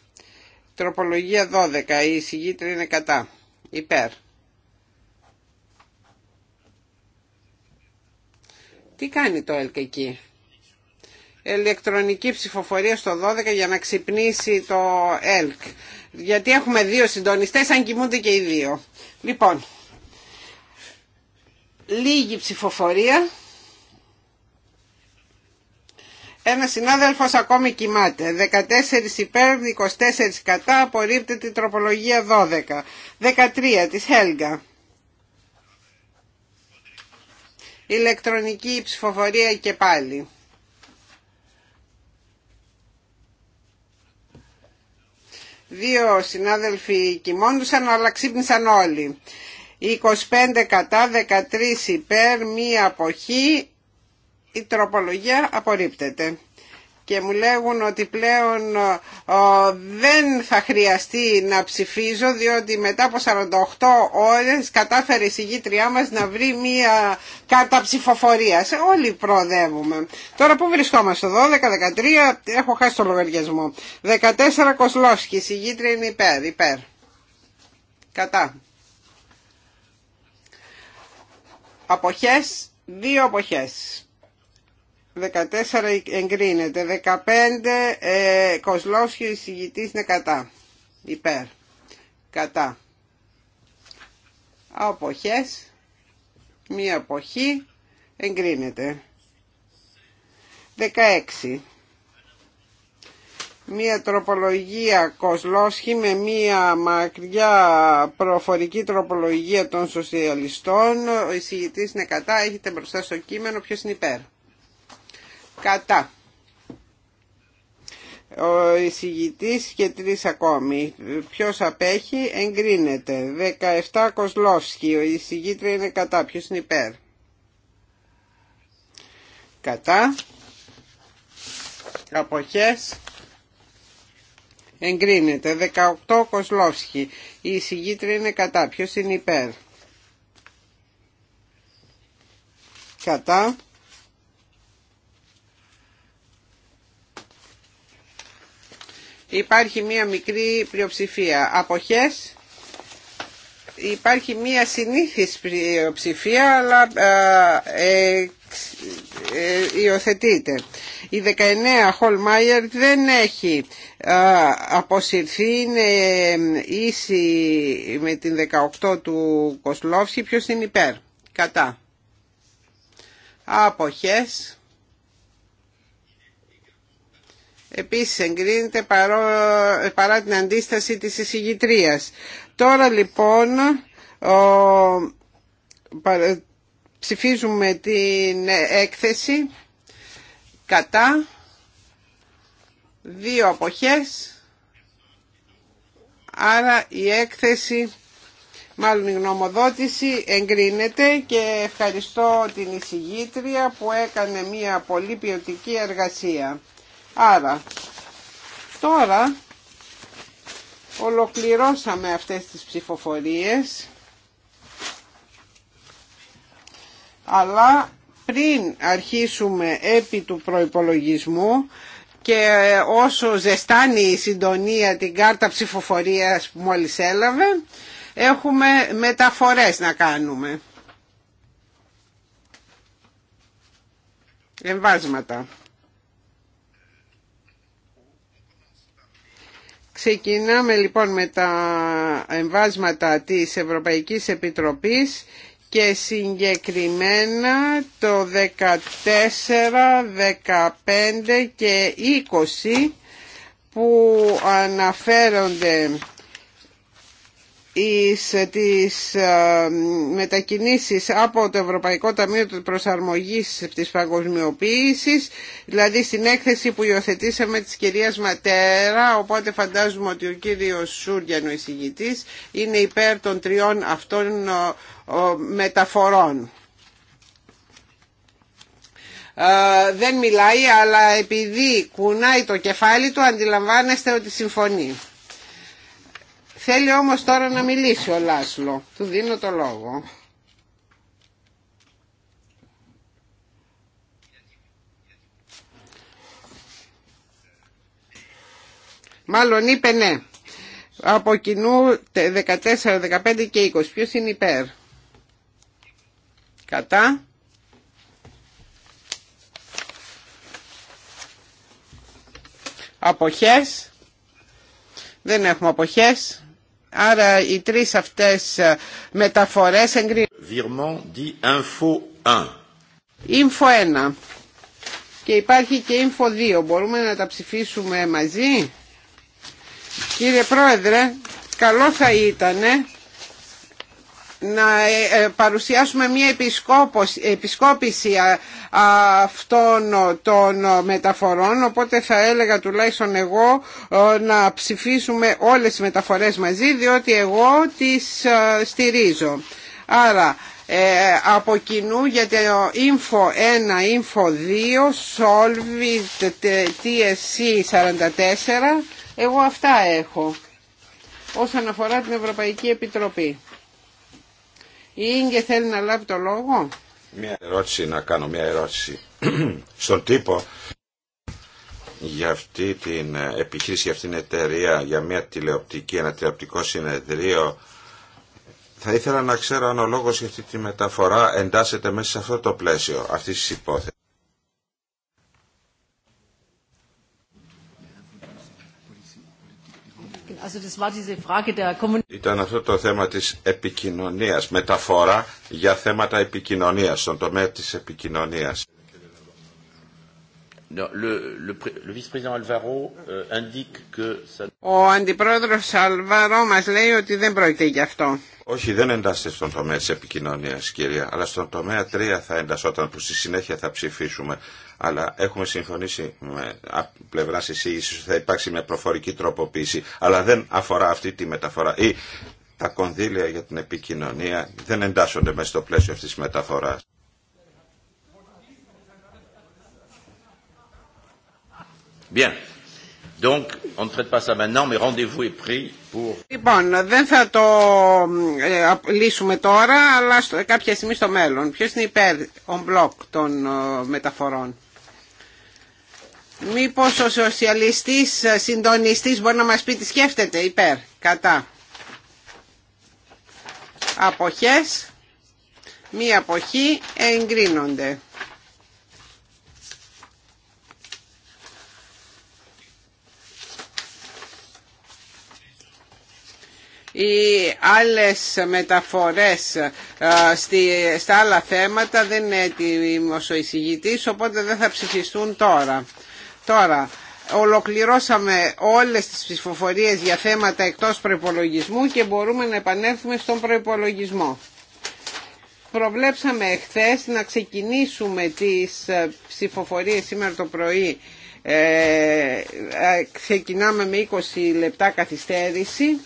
Τροπολογία 12. Η εισηγήτρια είναι κατά. Υπέρ. Τι κάνει το ΕΛΚ εκεί. Ελεκτρονική ψηφοφορία στο 12 για να ξυπνήσει το ΕΛΚ. Γιατί έχουμε δύο συντονιστές, αν κοιμούνται και οι δύο. Λοιπόν, λίγη ψηφοφορία. Ένα συνάδελφος ακόμη κοιμάται. 14 υπέρ, 24 κατά, απορρίπτεται η τροπολογία 12. 13 της Χέλγα. ηλεκτρονική ψηφοφορία και πάλι. Δύο συνάδελφοι κοιμώντουσαν αλλά ξύπνησαν όλοι. 25 κατά, 13 υπέρ, μία αποχή, η τροπολογία απορρίπτεται και μου λέγουν ότι πλέον δεν θα χρειαστεί να ψηφίζω διότι μετά από 48 ώρες κατάφερε η συγγήτριά μας να βρει μία κάρτα ψηφοφορίας. Όλοι προοδεύουμε. Τώρα που βρισκόμαστε, 12, 13, έχω χάσει το λογαριασμό. 14 Κοσλόφσκι, η συγγήτρια είναι υπέρ, υπέρ. Κατά. Αποχές, δύο αποχές. 14 εγκρίνεται. 15 ε, Κοσλόφσκι εισηγητής είναι κατά. Υπέρ. Κατά. Αποχές. Μία αποχή. Εγκρίνεται. 16. Μία τροπολογία Κοσλόσχη με μία μακριά προφορική τροπολογία των σοσιαλιστών. Ο εισηγητής είναι κατά. Έχετε μπροστά στο κείμενο ποιος είναι υπέρ. Κατά. Ο εισηγητής και τρεις ακόμη. Ποιος απέχει εγκρίνεται. 17 Κοσλόφσκι. Ο εισηγήτρια είναι κατά. Ποιος είναι υπέρ. Κατά. Αποχές. Εγκρίνεται. 18 Κοσλόφσκι. Η εισηγήτρια είναι κατά. Ποιος είναι υπέρ. Κατά. Υπάρχει μία μικρή πλειοψηφία. Αποχές υπάρχει μία συνήθις πλειοψηφία αλλά ε, ε υιοθετείται. Η 19 Χολμάιερ δεν έχει ε, αποσυρθεί, είναι ε, ίση με την 18 του Κοσλόφσκι. Ποιος είναι υπέρ, κατά. Αποχές. Επίσης εγκρίνεται παρό, παρά την αντίσταση της εισηγητρίας. Τώρα λοιπόν ο, ψηφίζουμε την έκθεση κατά δύο αποχές. Άρα η έκθεση, μάλλον η γνωμοδότηση εγκρίνεται και ευχαριστώ την εισηγήτρια που έκανε μια πολύ ποιοτική εργασία. Άρα, τώρα ολοκληρώσαμε αυτές τις ψηφοφορίες, αλλά πριν αρχίσουμε επί του προϋπολογισμού, και όσο ζεστάνει η συντονία την κάρτα ψηφοφορίας που μόλις έλαβε, έχουμε μεταφορές να κάνουμε. Εμβάσματα. Ξεκινάμε λοιπόν με τα εμβάσματα της Ευρωπαϊκής Επιτροπής και συγκεκριμένα το 14, 15 και 20 που αναφέρονται εις ε, τις ε, μετακινήσεις από το Ευρωπαϊκό Ταμείο της Προσαρμογής της Παγκοσμιοποίησης, δηλαδή στην έκθεση που υιοθετήσαμε της κυρίας Ματέρα, οπότε φαντάζομαι ότι ο κύριος Σούργιαν ο εισηγητής είναι υπέρ των τριών αυτών ε, μεταφορών. Δεν μιλάει, αλλά επειδή κουνάει το κεφάλι του αντιλαμβάνεστε ότι συμφωνεί. Θέλει όμως τώρα να μιλήσει ο Λάσλο. Του δίνω το λόγο. Μάλλον είπε ναι. Από κοινού 14, 15 και 20. Ποιος είναι υπέρ. Κατά. Αποχές. Δεν έχουμε αποχές. Άρα οι τρεις αυτές ε, μεταφορές εγκρίνονται. info 1. Info 1. Και υπάρχει και info 2. Μπορούμε να τα ψηφίσουμε μαζί. Κύριε Πρόεδρε, καλό θα ήτανε να ε, ε, παρουσιάσουμε μια επισκόπηση αυτών των μεταφορών οπότε θα έλεγα τουλάχιστον εγώ ε, να ψηφίσουμε όλες τις μεταφορές μαζί διότι εγώ τις στηρίζω. Άρα από κοινού για το info 1, info 2, solvit, tsc 44 εγώ αυτά έχω όσον αφορά την Ευρωπαϊκή Επιτροπή. Η Ίγκε θέλει να λάβει το λόγο. Μια ερώτηση να κάνω, μια ερώτηση. Στον τύπο για αυτή την ε, επιχείρηση, για αυτήν την εταιρεία, για μια τηλεοπτική, ένα τηλεοπτικό συνεδρίο. Θα ήθελα να ξέρω αν ο λόγος για αυτή τη μεταφορά εντάσσεται μέσα σε αυτό το πλαίσιο αυτής τη υπόθεση. Ήταν αυτό το θέμα της επικοινωνίας, μεταφορά για θέματα επικοινωνίας, στον τομέα της επικοινωνίας. Ο αντιπρόεδρος Αλβαρό μας λέει ότι δεν πρόκειται γι' αυτό. Όχι, δεν εντάσσεται στον τομέα της επικοινωνίας, κυρία, αλλά στον τομέα 3 θα εντασσόταν που στη συνέχεια θα ψηφίσουμε αλλά έχουμε συμφωνήσει με πλευρά εσύ ότι θα υπάρξει μια προφορική τροποποίηση, αλλά δεν αφορά αυτή τη μεταφορά. Ή τα κονδύλια για την επικοινωνία δεν εντάσσονται μέσα στο πλαίσιο αυτής της μεταφοράς. Bien. Donc, on traite pas ça maintenant, mais rendez-vous est pris pour... Λοιπόν, δεν θα το ε, λύσουμε τώρα, αλλά κάποια στιγμή στο μέλλον. Ποιος είναι υπέρ ο μπλοκ των ε, μεταφορών. Μήπως ο σοσιαλιστής συντονιστής μπορεί να μας πει τι σκέφτεται υπέρ, κατά. Αποχές, μία αποχή εγκρίνονται. οι άλλες μεταφορές στη, στα άλλα θέματα δεν είναι έτοιμος ο εισηγητής, οπότε δεν θα ψηφιστούν τώρα. Τώρα, ολοκληρώσαμε όλες τις ψηφοφορίες για θέματα εκτός προπολογισμού και μπορούμε να επανέλθουμε στον προπολογισμό. Προβλέψαμε εχθές να ξεκινήσουμε τις ε, ψηφοφορίες σήμερα το πρωί. Ε, ε ξεκινάμε με 20 λεπτά καθυστέρηση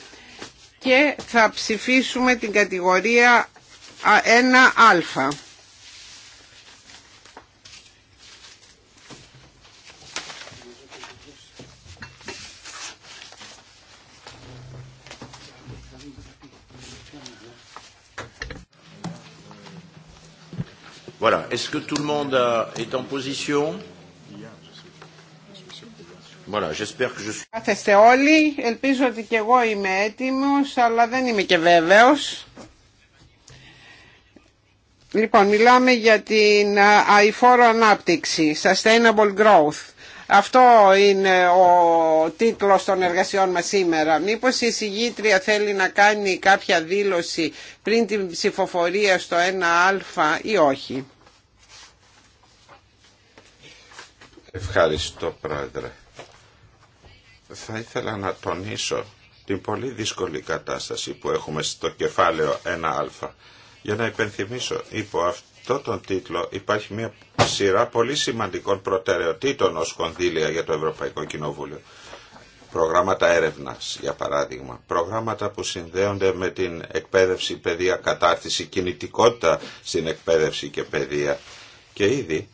και θα ψηφίσουμε την κατηγορία 1α. Voilà. Est-ce que tout le monde a, euh, est en position Voilà, j'espère que je suis... Κάθεστε όλοι. Ελπίζω ότι και εγώ είμαι έτοιμο, αλλά δεν είμαι και βέβαιο. Λοιπόν, μιλάμε για την ε, αηφόρο ανάπτυξη, sustainable growth. Αυτό είναι ο τίτλος των εργασιών μας σήμερα. Μήπως η συγγήτρια θέλει να κάνει κάποια δήλωση πριν την ψηφοφορία στο 1α ή όχι. Ευχαριστώ πρόεδρε. Θα ήθελα να τονίσω την πολύ δύσκολη κατάσταση που έχουμε στο κεφάλαιο 1α. Για να υπενθυμίσω, υπό αυτό αυτόν τον τίτλο υπάρχει μια σειρά πολύ σημαντικών προτεραιοτήτων ως κονδύλια για το Ευρωπαϊκό Κοινοβούλιο. Προγράμματα έρευνας, για παράδειγμα. Προγράμματα που συνδέονται με την εκπαίδευση, παιδεία, κατάρτιση, κινητικότητα στην εκπαίδευση και παιδεία. Και ήδη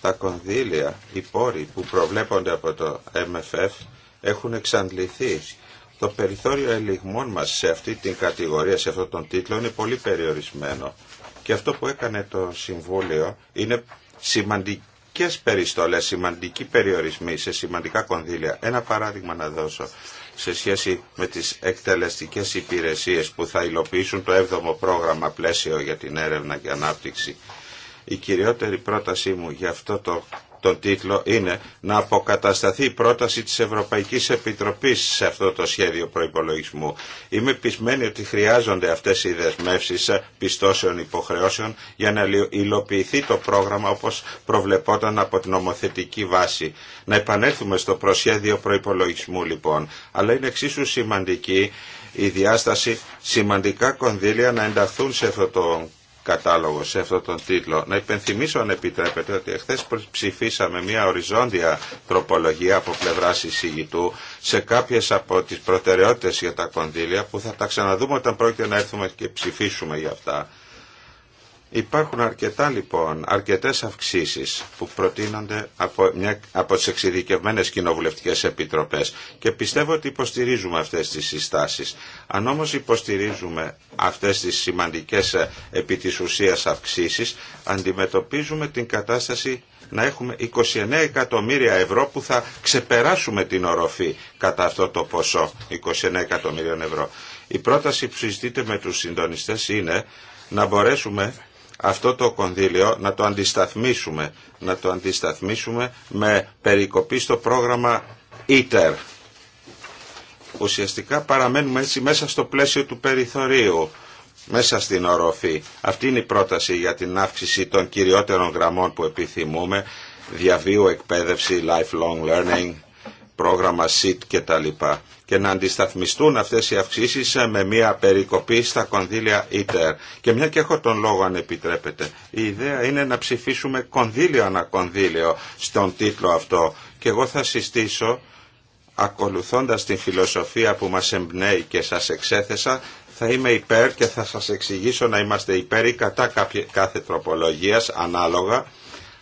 τα κονδύλια, οι πόροι που προβλέπονται από το MFF έχουν εξαντληθεί. Το περιθώριο ελιγμών μας σε αυτή την κατηγορία, σε αυτόν τον τίτλο είναι πολύ περιορισμένο. Και αυτό που έκανε το Συμβούλιο είναι σημαντικές περιστολές, σημαντικοί περιορισμοί σε σημαντικά κονδύλια. Ένα παράδειγμα να δώσω σε σχέση με τις εκτελεστικές υπηρεσίες που θα υλοποιήσουν το 7ο πρόγραμμα πλαίσιο για την έρευνα και ανάπτυξη. Η κυριότερη πρότασή μου για αυτό το τον τίτλο είναι να αποκατασταθεί η πρόταση της Ευρωπαϊκής Επιτροπής σε αυτό το σχέδιο προϋπολογισμού. Είμαι πεισμένη ότι χρειάζονται αυτές οι δεσμεύσεις πιστώσεων υποχρεώσεων για να υλοποιηθεί το πρόγραμμα όπως προβλεπόταν από την νομοθετική βάση. Να επανέλθουμε στο προσχέδιο προϋπολογισμού λοιπόν, αλλά είναι εξίσου σημαντική η διάσταση σημαντικά κονδύλια να ενταχθούν σε αυτό το κατάλογο σε αυτόν τον τίτλο. Να υπενθυμίσω αν επιτρέπετε ότι εχθές ψηφίσαμε μια οριζόντια τροπολογία από πλευρά εισηγητού σε κάποιες από τις προτεραιότητες για τα κονδύλια που θα τα ξαναδούμε όταν πρόκειται να έρθουμε και ψηφίσουμε για αυτά. Υπάρχουν αρκετά λοιπόν, αρκετές αυξήσεις που προτείνονται από, μια, από τις εξειδικευμένες κοινοβουλευτικές επιτροπές και πιστεύω ότι υποστηρίζουμε αυτές τις συστάσεις. Αν όμως υποστηρίζουμε αυτές τις σημαντικές ε, επί της ουσίας αυξήσεις, αντιμετωπίζουμε την κατάσταση να έχουμε 29 εκατομμύρια ευρώ που θα ξεπεράσουμε την οροφή κατά αυτό το ποσό, 29 εκατομμύρια ευρώ. Η πρόταση που συζητείτε με τους συντονιστές είναι να μπορέσουμε αυτό το κονδύλιο να το αντισταθμίσουμε, να το αντισταθμίσουμε με περικοπή στο πρόγραμμα ITER. Ουσιαστικά παραμένουμε έτσι μέσα στο πλαίσιο του περιθωρίου, μέσα στην οροφή. Αυτή είναι η πρόταση για την αύξηση των κυριότερων γραμμών που επιθυμούμε, διαβίου εκπαίδευση, lifelong learning, πρόγραμμα SIT κτλ και να αντισταθμιστούν αυτές οι αυξήσεις με μια περικοπή στα κονδύλια ΙΤΕΡ. Και μια και έχω τον λόγο αν επιτρέπετε. Η ιδέα είναι να ψηφίσουμε κονδύλιο ανά κονδύλιο στον τίτλο αυτό και εγώ θα συστήσω ακολουθώντας την φιλοσοφία που μας εμπνέει και σας εξέθεσα θα είμαι υπέρ και θα σας εξηγήσω να είμαστε υπέρ ή κατά κάθε τροπολογίας ανάλογα.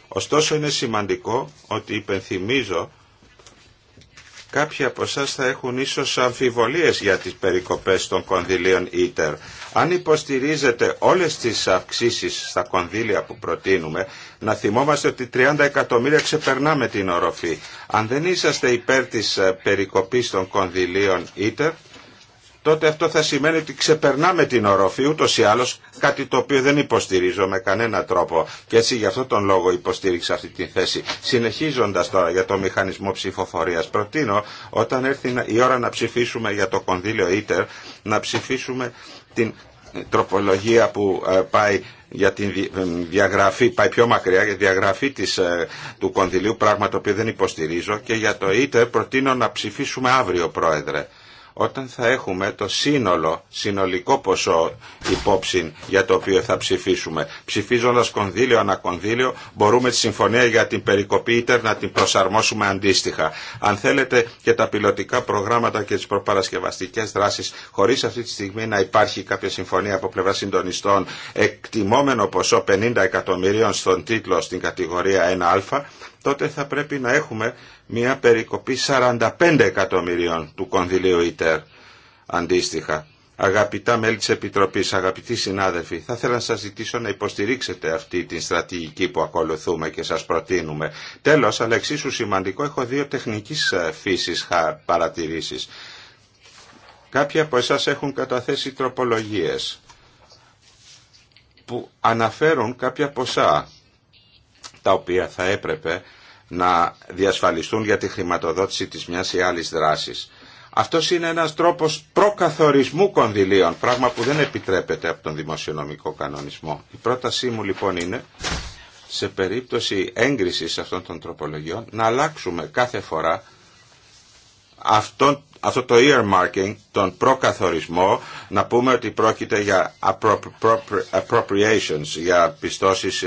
Ωστόσο είναι σημαντικό ότι υπενθυμίζω Κάποιοι από εσά θα έχουν ίσως αμφιβολίες για τις περικοπές των κονδυλίων ίτερ. Αν υποστηρίζετε όλες τις αυξήσεις στα κονδύλια που προτείνουμε, να θυμόμαστε ότι 30 εκατομμύρια ξεπερνάμε την οροφή. Αν δεν είσαστε υπέρ της ε, περικοπής των κονδυλίων ίτερ, τότε αυτό θα σημαίνει ότι ξεπερνάμε την οροφή ούτως ή άλλως κάτι το οποίο δεν υποστηρίζω με κανένα τρόπο και έτσι γι' αυτό τον λόγο υποστήριξα αυτή τη θέση. Συνεχίζοντας τώρα για το μηχανισμό ψηφοφορίας προτείνω όταν έρθει η ώρα να ψηφίσουμε για το κονδύλιο ΙΤΕΡ να ψηφίσουμε την τροπολογία που ε, πάει για την ε, διαγραφή, πάει πιο μακριά, για τη διαγραφή της, ε, του κονδυλίου, πράγμα το οποίο δεν υποστηρίζω και για το ΙΤΕΡ προτείνω να ψηφίσουμε αύριο, Πρόεδρε όταν θα έχουμε το σύνολο, συνολικό ποσό υπόψη για το οποίο θα ψηφίσουμε. Ψηφίζοντας κονδύλιο ανακονδύλιο μπορούμε τη συμφωνία για την περικοπή ίτερ να την προσαρμόσουμε αντίστοιχα. Αν θέλετε και τα πιλωτικά προγράμματα και τις προπαρασκευαστικές δράσεις χωρίς αυτή τη στιγμή να υπάρχει κάποια συμφωνία από πλευρά συντονιστών εκτιμόμενο ποσό 50 εκατομμυρίων στον τίτλο στην κατηγορία 1α τότε θα πρέπει να έχουμε μια περικοπή 45 εκατομμυρίων του κονδυλίου ΙΤΕΡ αντίστοιχα. Αγαπητά μέλη της Επιτροπής, αγαπητοί συνάδελφοι, θα ήθελα να σας ζητήσω να υποστηρίξετε αυτή την στρατηγική που ακολουθούμε και σας προτείνουμε. Τέλος, αλλά εξίσου σημαντικό, έχω δύο τεχνικής ε, φύσης παρατηρήσεις. Κάποιοι από εσάς έχουν καταθέσει τροπολογίες που αναφέρουν κάποια ποσά τα οποία θα έπρεπε να διασφαλιστούν για τη χρηματοδότηση της μιας ή άλλης δράσης. Αυτός είναι ένας τρόπος προκαθορισμού κονδυλίων, πράγμα που δεν επιτρέπεται από τον δημοσιονομικό κανονισμό. Η πρότασή μου λοιπόν είναι, σε περίπτωση έγκρισης αυτών των τροπολογιών, να αλλάξουμε κάθε φορά αυτό, αυτό το earmarking, τον προκαθορισμό, να πούμε ότι πρόκειται για appropriations, για πιστώσεις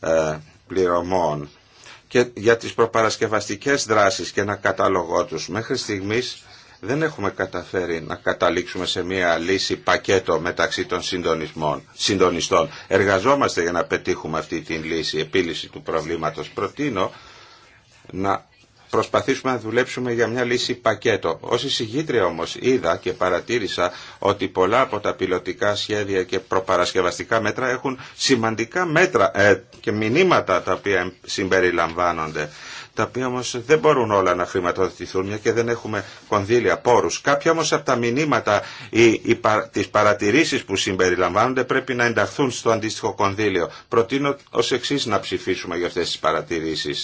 ε, πληρωμών και για τις προπαρασκευαστικές δράσεις και ένα κατάλογό τους. Μέχρι στιγμής δεν έχουμε καταφέρει να καταλήξουμε σε μια λύση πακέτο μεταξύ των συντονιστών. Εργαζόμαστε για να πετύχουμε αυτή την λύση, επίλυση του προβλήματος. Προτείνω να προσπαθήσουμε να δουλέψουμε για μια λύση πακέτο. Ω εισηγήτρια όμω είδα και παρατήρησα ότι πολλά από τα πιλωτικά σχέδια και προπαρασκευαστικά μέτρα έχουν σημαντικά μέτρα ε, και μηνύματα τα οποία συμπεριλαμβάνονται τα οποία όμω δεν μπορούν όλα να χρηματοδοτηθούν, μια και δεν έχουμε κονδύλια πόρου. Κάποια όμω από τα μηνύματα ή, ή τι παρατηρήσει που συμπεριλαμβάνονται πρέπει να ενταχθούν στο αντίστοιχο κονδύλιο. Προτείνω ω εξή να ψηφίσουμε για αυτέ τι παρατηρήσει.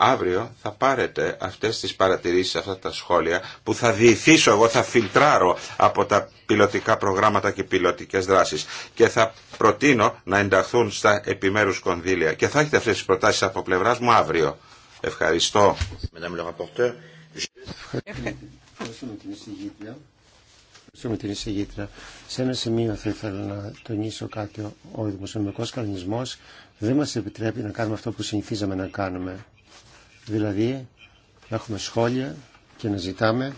Αύριο θα πάρετε αυτές τις παρατηρήσεις, αυτά τα σχόλια που θα διηθήσω εγώ, θα φιλτράρω από τα πιλωτικά προγράμματα και πιλωτικές δράσεις και θα προτείνω να ενταχθούν στα επιμέρους κονδύλια. Και θα έχετε αυτές τις προτάσεις από πλευράς μου αύριο. Ευχαριστώ. Σε ένα σημείο θα ήθελα να τονίσω κάτι. Ο δημοσιονομικός κανονισμός δεν μας επιτρέπει να κάνουμε αυτό που συνηθίζαμε να κάνουμε. Δηλαδή έχουμε σχόλια και να ζητάμε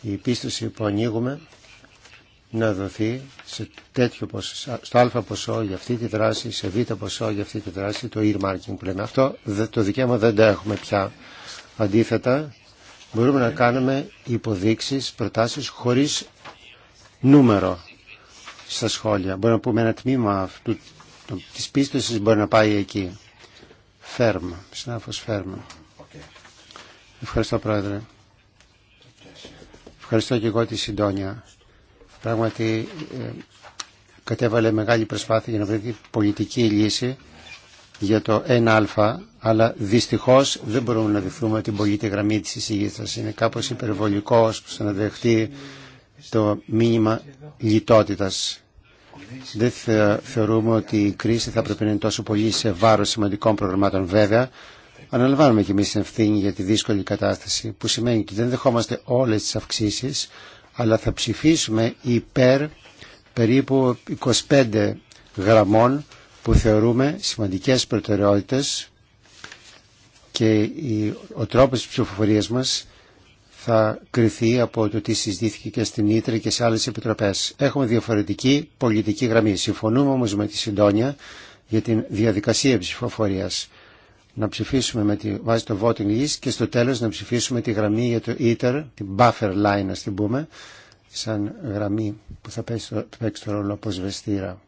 η πίστοση που ανοίγουμε να δοθεί σε τέτοιο ποσό, στο α ποσό για αυτή τη δράση, σε β ποσό για αυτή τη δράση, το earmarking που λέμε. Αυτό το δικαίωμα δεν το έχουμε πια. Αντίθετα, μπορούμε να κάνουμε υποδείξεις, προτάσεις χωρίς νούμερο στα σχόλια. Μπορούμε να πούμε ένα τμήμα αυτού, της πίστοσης μπορεί να πάει εκεί. Φέρμα, Ευχαριστώ Πρόεδρε. Ευχαριστώ και εγώ τη Συντόνια. Πράγματι ε, κατέβαλε μεγάλη προσπάθεια για να βρει πολιτική λύση για το 1α, αλλά δυστυχώς δεν μπορούμε να δεχθούμε την πολιτική γραμμή της εισηγήτρια. Είναι κάπως υπερβολικός που να δεχτεί το μήνυμα λιτότητας δεν θεωρούμε ότι η κρίση θα πρέπει να είναι τόσο πολύ σε βάρος σημαντικών προγραμμάτων βέβαια. Αναλαμβάνουμε και εμείς την ευθύνη για τη δύσκολη κατάσταση που σημαίνει ότι δεν δεχόμαστε όλες τις αυξήσεις αλλά θα ψηφίσουμε υπέρ περίπου 25 γραμμών που θεωρούμε σημαντικές προτεραιότητες και ο τρόπος της ψηφοφορίας μας θα κριθεί από το τι συζητήθηκε και στην Ήτρε και σε άλλες επιτροπές. Έχουμε διαφορετική πολιτική γραμμή. Συμφωνούμε όμως με τη Συντόνια για την διαδικασία ψηφοφορία. Να ψηφίσουμε με τη βάση το voting list και στο τέλος να ψηφίσουμε τη γραμμή για το ITER, την buffer line να την πούμε, σαν γραμμή που θα παίξει, παίξει το ρόλο από σβεστήρα.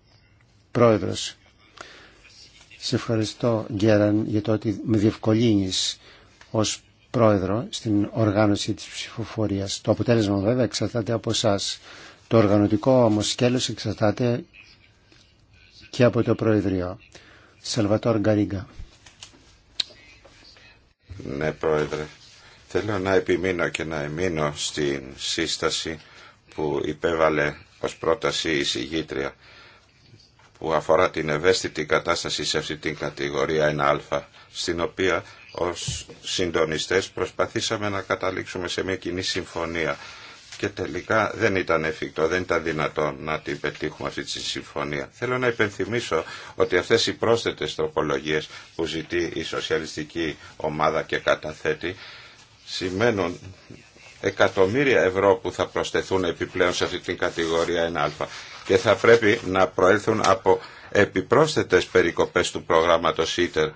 Πρόεδρος, σε ευχαριστώ Γκέραν για το ότι με διευκολύνεις ως πρόεδρο στην οργάνωση της ψηφοφορίας. Το αποτέλεσμα βέβαια εξαρτάται από εσά. Το οργανωτικό όμω σκέλος εξαρτάται και από το Προεδρείο. Σαλβατόρ Γκαρίγκα. Ναι, Πρόεδρε. Θέλω να επιμείνω και να εμείνω στην σύσταση που υπέβαλε ως πρόταση η συγγήτρια που αφορά την ευαίσθητη κατάσταση σε αυτή την κατηγορία 1α στην οποία ως συντονιστές προσπαθήσαμε να καταλήξουμε σε μια κοινή συμφωνία και τελικά δεν ήταν εφικτό, δεν ήταν δυνατό να την πετύχουμε αυτή τη συμφωνία. Θέλω να υπενθυμίσω ότι αυτές οι πρόσθετες τροπολογίες που ζητεί η σοσιαλιστική ομάδα και καταθέτει σημαίνουν εκατομμύρια ευρώ που θα προσθεθούν επιπλέον σε αυτή την κατηγορία 1α και θα πρέπει να προέλθουν από επιπρόσθετες περικοπές του προγράμματος Ίτερ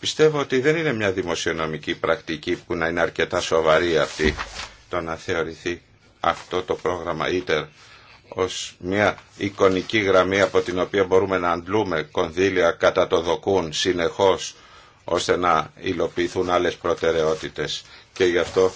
Πιστεύω ότι δεν είναι μια δημοσιονομική πρακτική που να είναι αρκετά σοβαρή αυτή το να θεωρηθεί αυτό το πρόγραμμα ITER ως μια εικονική γραμμή από την οποία μπορούμε να αντλούμε κονδύλια κατά το δοκούν συνεχώς ώστε να υλοποιηθούν άλλες προτεραιότητες και γι' αυτό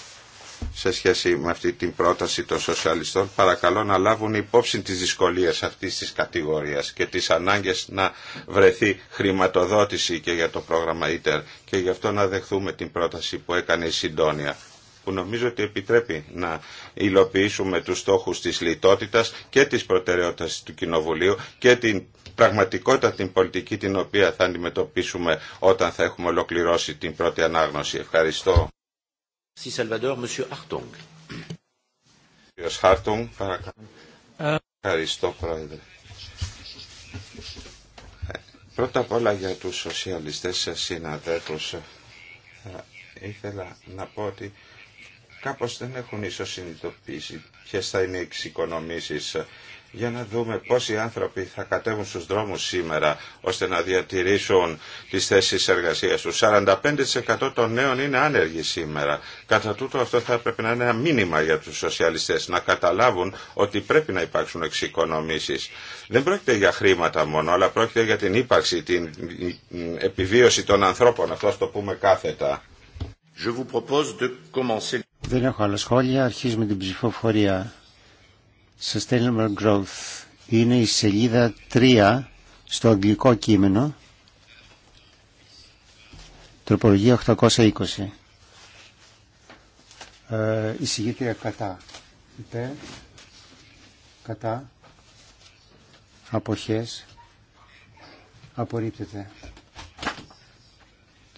σε σχέση με αυτή την πρόταση των σοσιαλιστών παρακαλώ να λάβουν υπόψη τις δυσκολίες αυτής της κατηγορίας και τις ανάγκες να βρεθεί χρηματοδότηση και για το πρόγραμμα ITER και γι' αυτό να δεχθούμε την πρόταση που έκανε η Συντόνια που νομίζω ότι επιτρέπει να υλοποιήσουμε τους στόχους της λιτότητας και της προτεραιότητας του Κοινοβουλίου και την πραγματικότητα την πολιτική την οποία θα αντιμετωπίσουμε όταν θα έχουμε ολοκληρώσει την πρώτη ανάγνωση. Ευχαριστώ. Ευχαριστώ, Πρόεδρε. Πρώτα απ' όλα για τους σοσιαλιστές συναδέλφους ε, ήθελα να πω ότι κάπως δεν έχουν ίσως συνειδητοποιήσει ποιες θα είναι οι εξοικονομήσεις ε, για να δούμε πόσοι άνθρωποι θα κατέβουν στους δρόμους σήμερα ώστε να διατηρήσουν τις θέσεις εργασίας τους. 45% των νέων είναι άνεργοι σήμερα. Κατά τούτο αυτό θα έπρεπε να είναι ένα μήνυμα για τους σοσιαλιστές, να καταλάβουν ότι πρέπει να υπάρξουν εξοικονομήσεις. Δεν πρόκειται για χρήματα μόνο, αλλά πρόκειται για την ύπαρξη, την επιβίωση των ανθρώπων, αυτό το πούμε κάθετα. Δεν έχω άλλα σχόλια, αρχίζουμε την ψηφοφορία. Sustainable Growth είναι η σελίδα 3 στο αγγλικό κείμενο τροπολογία 820 ε, εισηγήτρια κατά υπέρ κατά αποχές απορρίπτεται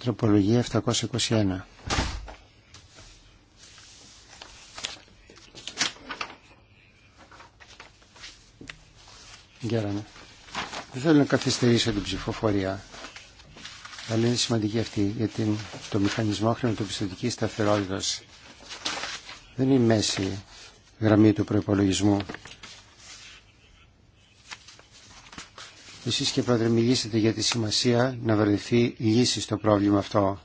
τροπολογία 721 Δεν θέλω να καθυστερήσω την ψηφοφορία. Αλλά είναι σημαντική αυτή για το μηχανισμό χρηματοπιστωτικής σταθερότητας. Δεν είναι η μέση γραμμή του προπολογισμού. Εσείς και πρόεδρε μιλήσατε για τη σημασία να βρεθεί λύση στο πρόβλημα αυτό.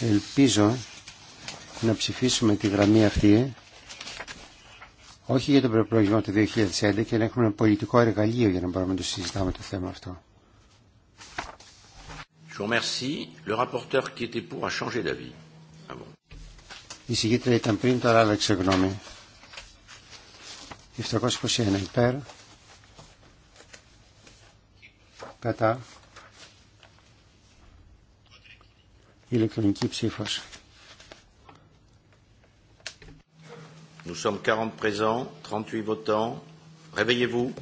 Ελπίζω να ψηφίσουμε τη γραμμή αυτή όχι για τον προπολογισμό του 2011, και να έχουμε ένα πολιτικό εργαλείο για να μπορούμε να το συζητάμε το θέμα αυτό. Η συγκίτρια ήταν πριν, τώρα άλλαξε γνώμη. 721 υπέρ. Κατά. Ηλεκτρονική ψήφος. Nous sommes 40 présents, 38 votants. Réveillez-vous.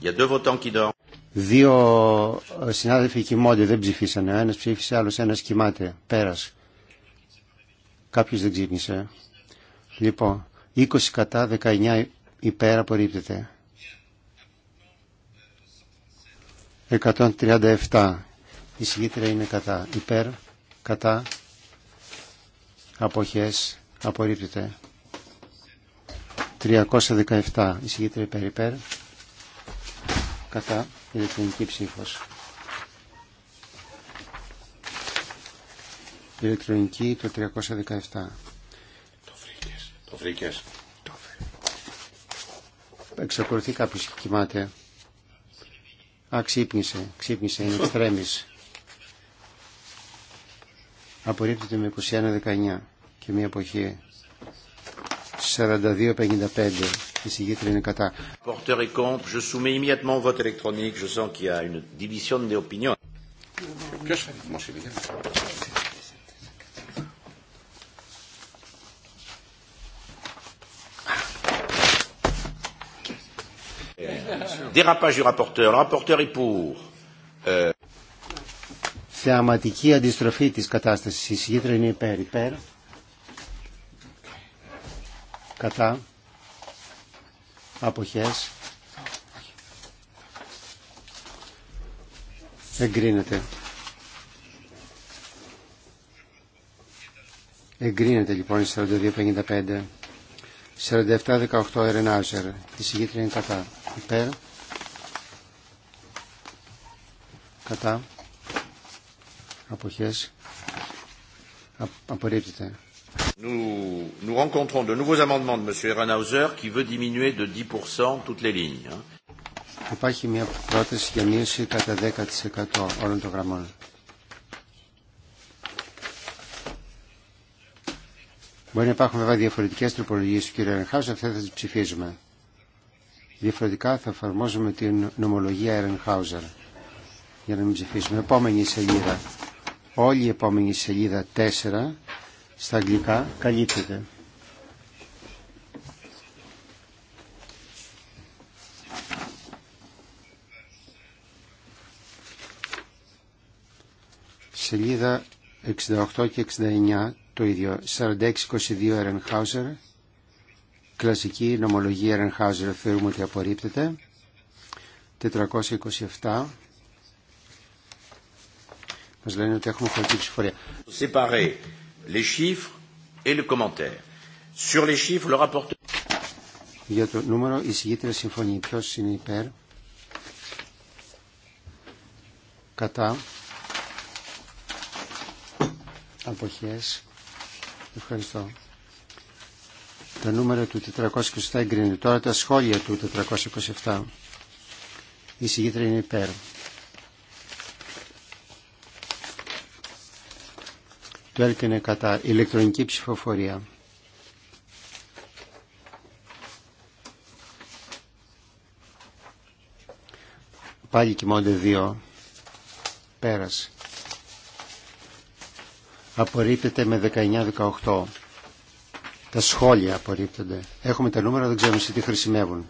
Il y a deux votants qui dorment. Δύο ε, συνάδελφοι κοιμώνται, δεν ψηφίσανε. Ένα ψήφισε, άλλο ένα κοιμάται. Πέρα. Κάποιο δεν ξύπνησε. Λοιπόν, 20 κατά, 19 υπέρ απορρίπτεται. 137. Η συγκίτρια είναι κατά. Υπέρ, κατά, αποχές, απορρίπτεται. 317. Εισηγήτρια υπέρ υπέρ. Κατά ηλεκτρονική ψήφος. Ηλεκτρονική το 317. Το βρήκες. Το βρήκες. Το Εξακολουθεί κάποιος και κοιμάται. Α, ξύπνησε. Ξύπνησε. Είναι εξτρέμις. Απορρίπτεται με 21-19 και μία εποχή 42-55. Η είναι κατά. Ποιος euh. Θεαματική αντιστροφή της κατάστασης. Η είναι υπέρ. Υπέρ κατά αποχές εγκρίνεται εγκρίνεται λοιπόν η 42-55 47 Ερενάζερ η συγκήτρια είναι κατά υπέρ κατά αποχές απορρίπτεται Nous, nous rencontrons de nouveaux amendements de M. Ehrenhauser qui veut diminuer de 10% toutes les lignes. Υπάρχει μια πρόταση για μείωση κατά 10% όλων των γραμμών. Μπορεί να υπάρχουν βέβαια διαφορετικέ τροπολογίε του κ. Ερενχάουζερ, αυτέ θα τι ψηφίζουμε. Διαφορετικά θα εφαρμόζουμε την νομολογία Ερενχάουζερ για να μην ψηφίσουμε. Επόμενη σελίδα. Όλη η επόμενη σελίδα 4 στα αγγλικά καλύπτεται. Σελίδα 68 και 69 το ιδιο 4622 46-22 Ερενχάουζερ. Κλασική νομολογία Ερενχάουζερ θεωρούμε ότι απορρίπτεται. 427. Μας λένε ότι έχουμε χωρική ψηφορία les chiffres et le commentaire. Sur les chiffres, le rapporteur... Για το νούμερο η συγκίτρια συμφωνεί. Ποιο είναι υπέρ. Κατά. Αποχές. Ευχαριστώ. Το νούμερο του 427 εγκρίνεται. Τώρα τα σχόλια του 427. Η συγκίτρια είναι υπέρ. Το ΕΛΚ κατά. Ηλεκτρονική ψηφοφορία. Πάλι κοιμώνται δύο. Πέρασε. Απορρίπτεται με 19-18. Τα σχόλια απορρίπτονται. Έχουμε τα νούμερα, δεν ξέρουμε σε τι χρησιμεύουν.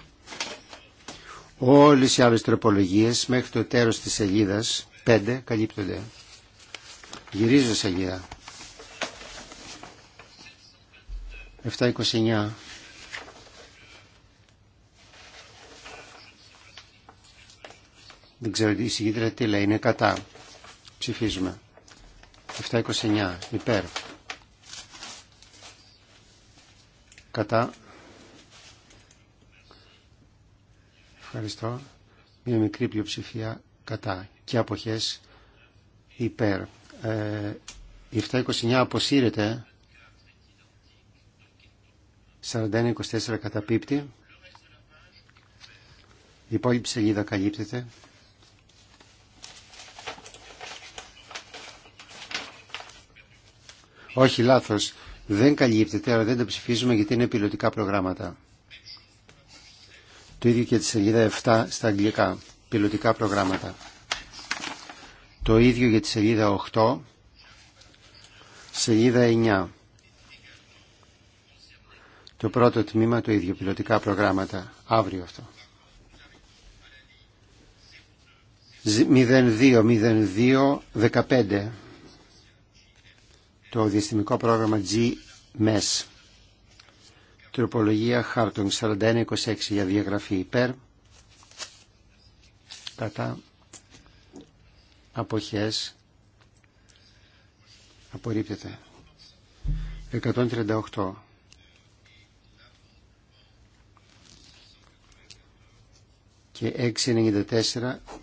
Όλες οι άλλες τροπολογίες μέχρι το τέρος της σελίδας 5 καλύπτονται. Γυρίζω σελίδα. 729. Δεν ξέρω η συγκίτρια τι λέει, είναι κατά. Ψηφίζουμε. 729, υπέρ. Κατά. Ευχαριστώ. Μια μικρή πλειοψηφία κατά και αποχές υπέρ. Ε, η 729 αποσύρεται 41-24 καταπίπτει. Η υπόλοιπη σελίδα καλύπτεται. Όχι, λάθος. Δεν καλύπτεται, αλλά δεν το ψηφίζουμε γιατί είναι πιλωτικά προγράμματα. Το ίδιο και τη σελίδα 7 στα αγγλικά. Πιλωτικά προγράμματα. Το ίδιο για τη σελίδα 8. Σελίδα 9. Το πρώτο τμήμα το ίδιο, πιλωτικά προγράμματα, αύριο αυτό. 02-02-15 το διαστημικό πρόγραμμα G-MES τροπολογία Χάρτονγκ 41-26 για διαγραφή υπέρ κατά αποχές απορρίπτεται 138 και 694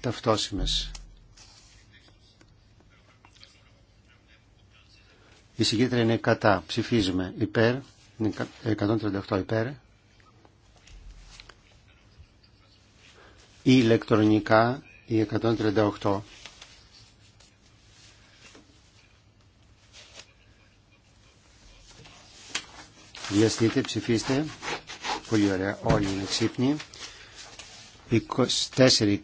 ταυτόσιμες. Η συγκίτρια είναι κατά. Ψηφίζουμε υπέρ. Είναι 138 υπέρ. Ή ηλεκτρονικά η 138. Βιαστείτε, ψηφίστε. Πολύ ωραία. Όλοι είναι ξύπνοι. 24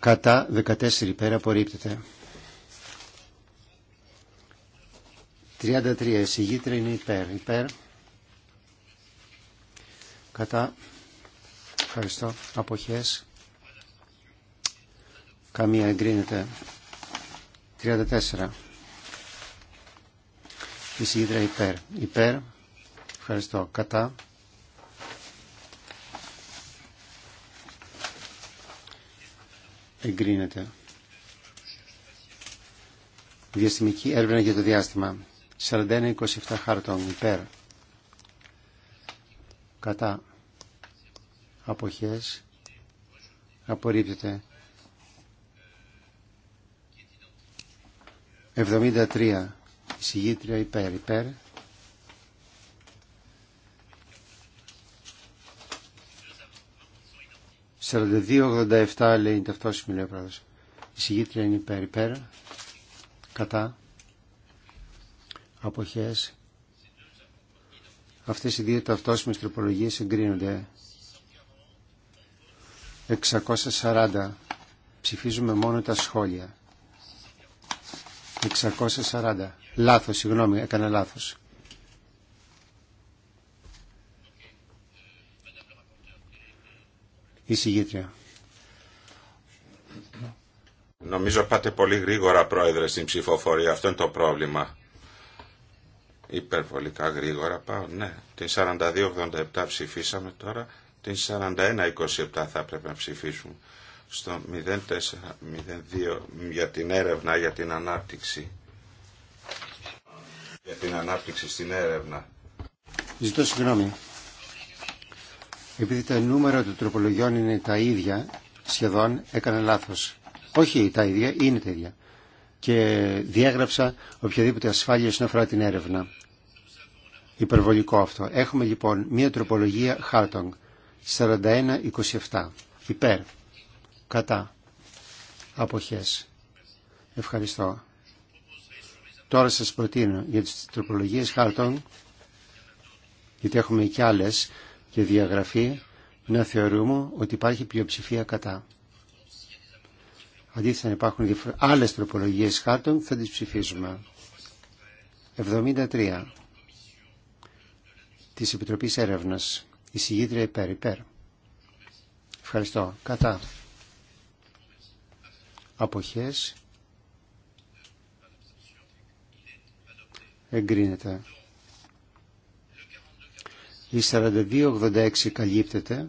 κατά 14 πέρα απορρίπτεται. 33 εισηγήτρια είναι υπέρ. Υπέρ. Κατά. Ευχαριστώ. Αποχές. Καμία εγκρίνεται. 34. Εισηγήτρια υπέρ. Υπέρ. Ευχαριστώ. Κατά. εγκρίνεται. Διαστημική έρευνα για το διάστημα. 41-27 χάρτων υπέρ. Κατά. Αποχές. Απορρίπτεται. 73. Εισηγήτρια υπέρ. Υπέρ. 4287 87 λέει είναι ταυτόσιμη λέει ο πρόεδρος. Η συγγήτρια είναι υπέρ υπέρ. Κατά. Αποχές. Αυτές οι δύο ταυτόσιμες τροπολογίες εγκρίνονται. 640. Ψηφίζουμε μόνο τα σχόλια. 640. Λάθος, συγγνώμη, έκανα λάθος. η Νομίζω πάτε πολύ γρήγορα, Πρόεδρε, στην ψηφοφορία. Αυτό είναι το πρόβλημα. Υπερβολικά γρήγορα πάω, ναι. Την 42-87 ψηφίσαμε τώρα, την 41-27 θα έπρεπε να ψηφίσουμε. Στο 04-02 για την έρευνα, για την ανάπτυξη. Για την ανάπτυξη στην έρευνα. Ζητώ συγγνώμη. Επειδή τα νούμερα των τροπολογιών είναι τα ίδια, σχεδόν έκανα λάθος. Όχι τα ίδια, είναι τα ίδια. Και διέγραψα οποιαδήποτε ασφάλεια όσον αφορά την έρευνα. Υπερβολικό αυτό. Έχουμε λοιπόν μία τροπολογία Χάρτονγκ. 41-27. Υπέρ. Κατά. Αποχές. Ευχαριστώ. Τώρα σας προτείνω για τις τροπολογίες Χάρτονγκ, γιατί έχουμε και άλλες, και διαγραφή να θεωρούμε ότι υπάρχει πλειοψηφία κατά. Αντίθετα, αν υπάρχουν άλλε άλλες τροπολογίες θα τις ψηφίζουμε. 73. Της Επιτροπής Έρευνας. Η συγγήτρια υπέρ, υπέρ. Ευχαριστώ. Κατά. Αποχές. Εγκρίνεται. Η 4286 καλύπτεται.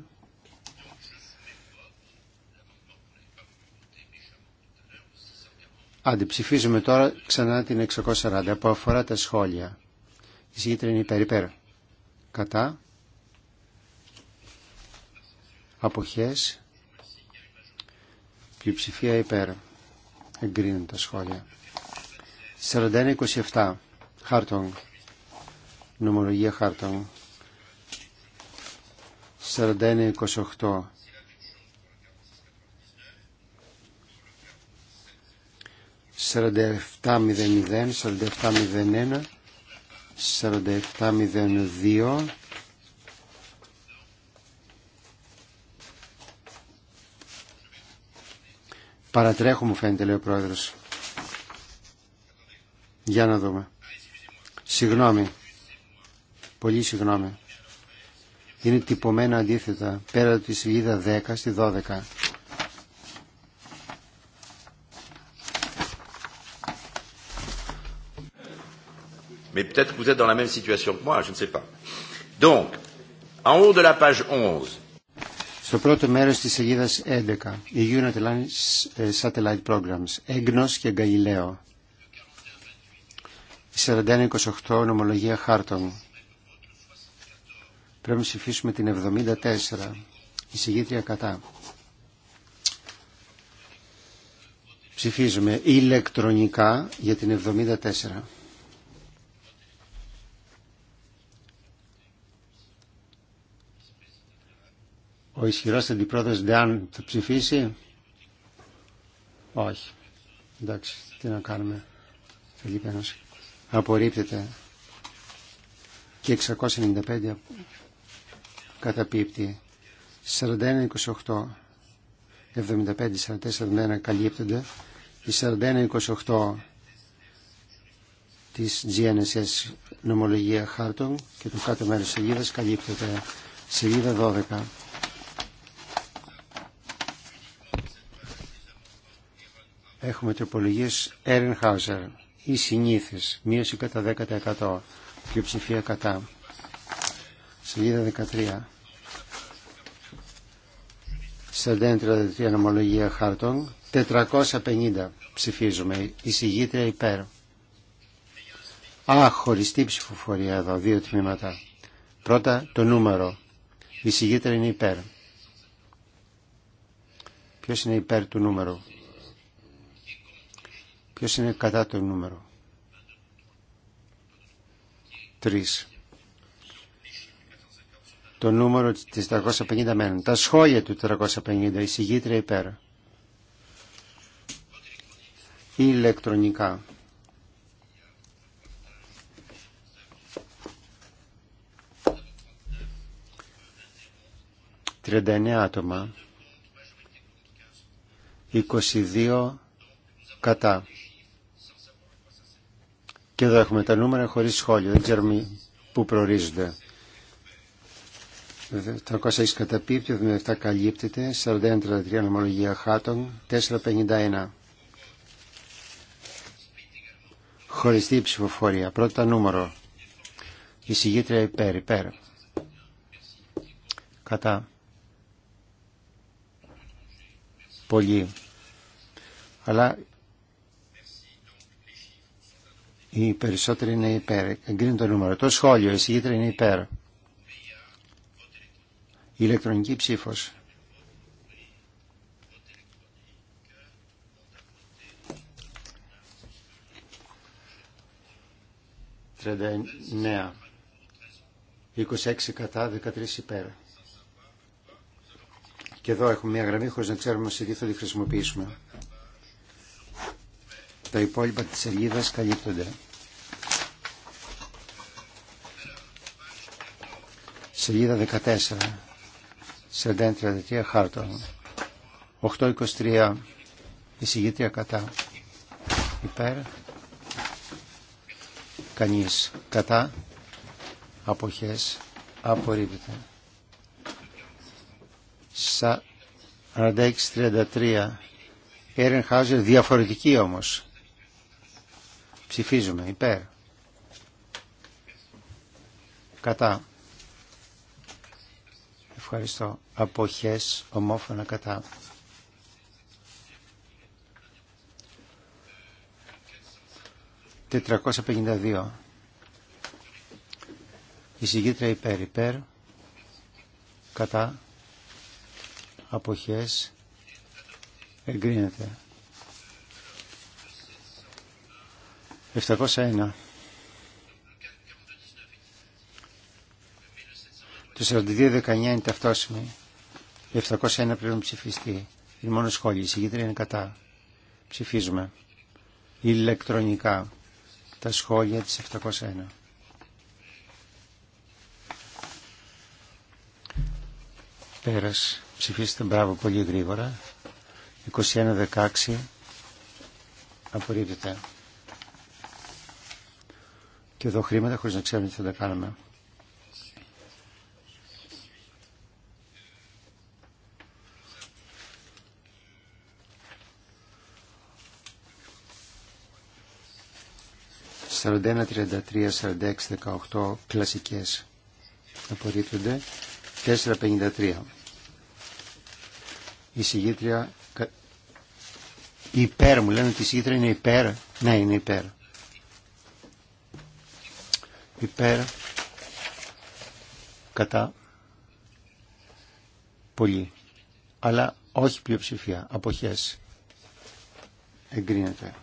Αντιψηφίζουμε τώρα ξανά την 640 που αφορά τα σχόλια. Η συγκίτρια είναι υπέρ, υπέρ. Κατά. Αποχές. Πλειοψηφία υπέρ. Εγκρίνουν τα σχόλια. 4127. Χάρτον. Νομολογία χάρτον. 41-28. Παρατρέχω μου φαίνεται λέει ο πρόεδρος. Για να δούμε. Συγγνώμη. Πολύ συγγνώμη είναι τυπωμένα αντίθετα πέρα τη σελίδα 10 στη 12. Mais peut-être que vous êtes dans la même situation que moi, je ne sais pas. Donc, en haut de la page 11. Στο πρώτο μέρο τη σελίδα 11, η United Satellite Programs, Έγνος και Γκαγιλαίο. 41-28 νομολογία Χάρτον. Πρέπει να ψηφίσουμε την 74. Εισηγήτρια κατά. Ψηφίζουμε ηλεκτρονικά για την 74. Ο ισχυρό αντιπρόεδρος Ντεάν θα ψηφίσει. Όχι. Εντάξει, τι να κάνουμε. Απορρίπτεται. Και 695 καταπίπτει. 41-28, 75-44-71 καλύπτονται. Η 41-28 της GNSS νομολογία χάρτων και το κάτω μέρος σελίδας καλύπτεται. Σελίδα 12. Έχουμε τροπολογίες Ehrenhauser ή συνήθες, μείωση κατά 10% πλειοψηφία κατά. Σελίδα 13. 433 νομολογία χάρτων. 450 ψηφίζουμε. η Εισηγήτρια υπέρ. Α, χωριστή ψηφοφορία εδώ, δύο τμήματα. Πρώτα το νούμερο. Η εισηγήτρια είναι υπέρ. Ποιος είναι υπέρ του νούμερου. Ποιος είναι κατά το νούμερο. Τρεις το νούμερο της 450 μένουν. Τα σχόλια του 450, η συγγήτρια υπέρ. Ηλεκτρονικά. ...39 άτομα, 22 κατά. Και εδώ έχουμε τα νούμερα χωρίς σχόλιο, δεν ξέρουμε πού προορίζονται. 306 καταπίπτει, 77 καλύπτεται, 41-33 νομολογία χάτων, 451. Χωριστή ψηφοφορία. Πρώτα νούμερο. Η συγγήτρια υπέρ, υπέρ. Κατά. Πολύ. Αλλά οι περισσότεροι είναι υπέρ. εγκρίνει το νούμερο. Το σχόλιο, η συγγήτρια είναι υπέρ ηλεκτρονική ψήφος. 39 26 κατά, 13 υπέρ. Και εδώ έχουμε μια γραμμή χωρίς να ξέρουμε σε τι θα τη χρησιμοποιήσουμε. Τα υπόλοιπα της σελίδα καλύπτονται. Σελίδα 14. 41-33 χάρτον. 823 κατά. Υπέρ. Κανείς κατά. Αποχές. Απορρίπτεται. απορίπετα Έρεν Χάζερ διαφορετική όμως. Ψηφίζουμε υπέρ. Κατά. Ευχαριστώ αποχές ομόφωνα κατά. 452. Η συγκίτρια υπέρ υπέρ κατά αποχές εγκρίνεται. 701. Το 42-19 είναι ταυτόσιμοι. 701 πρέπει να ψηφιστεί. Είναι μόνο σχόλια. Η συγκίτρια είναι κατά. Ψηφίζουμε. Ηλεκτρονικά. Τα σχόλια της 701. Πέρας. Ψηφίστε μπράβο πολύ γρήγορα. 21-16. Απορρίπτεται. Και εδώ χρήματα χωρίς να ξέρουμε τι θα τα κάνουμε. 41, 33, 46, 18 κλασικές απορρίπτονται 453 η συγγήτρια υπέρ μου λένε ότι η συγγήτρια είναι υπέρ ναι είναι υπέρ υπέρ κατά πολύ αλλά όχι πλειοψηφία αποχές εγκρίνεται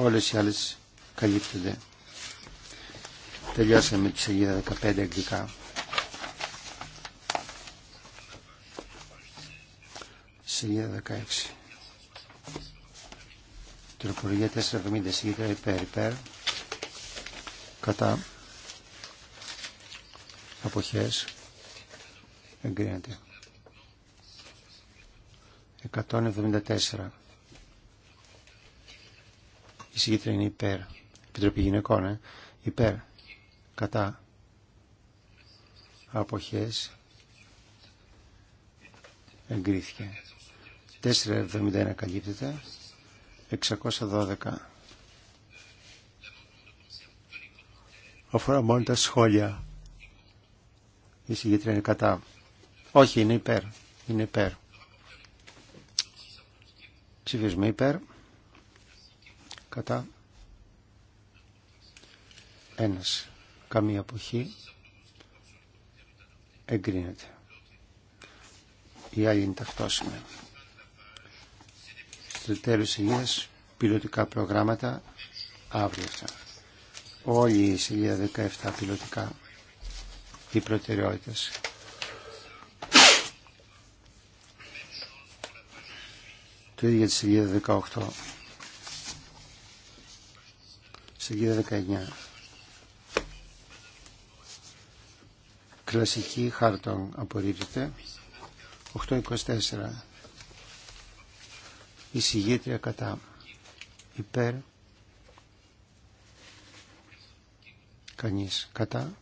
όλες οι άλλες καλύπτονται. Τελειώσαμε τη σελίδα 15 αγγλικά. Σελίδα 16. Τροπολογία 470 σελίδα υπέρ υπέρ κατά αποχές εγκρίνεται. 174 η συγκέντρια είναι υπέρ. Επιτροπή γυναικών, ε. Υπέρ. Κατά. Αποχές. Εγκρίθηκε. 471 καλύπτεται. 612. Αφορά μόνο τα σχόλια. Η συγκέντρια είναι κατά. Όχι, είναι υπέρ. Είναι υπέρ. Ψηφίζουμε υπέρ κατά ένας καμία αποχή εγκρίνεται η άλλη είναι ταυτόσιμη στο τέλος πιλωτικά προγράμματα αύριο αυτά όλη η σελίδα 17 πιλωτικά οι προτεραιότητες το ίδιο για τη σελίδα 18 σελίδα 19. Κλασική χάρτον απορρίπτεται. 824. Εισηγήτρια κατά. Υπέρ. Κανεί κατά.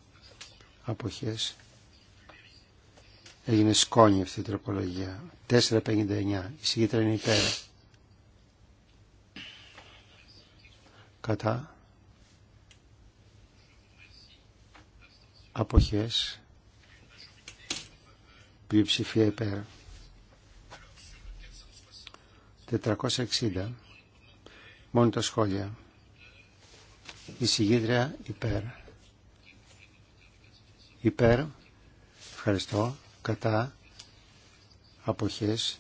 αποχέ. Έγινε σκόνη αυτή η τροπολογία. 4.59. Εισηγήτρια είναι υπέρ. Κατά. αποχές πλειοψηφία υπέρ 460 μόνο τα σχόλια η υπέρ υπέρ ευχαριστώ κατά αποχές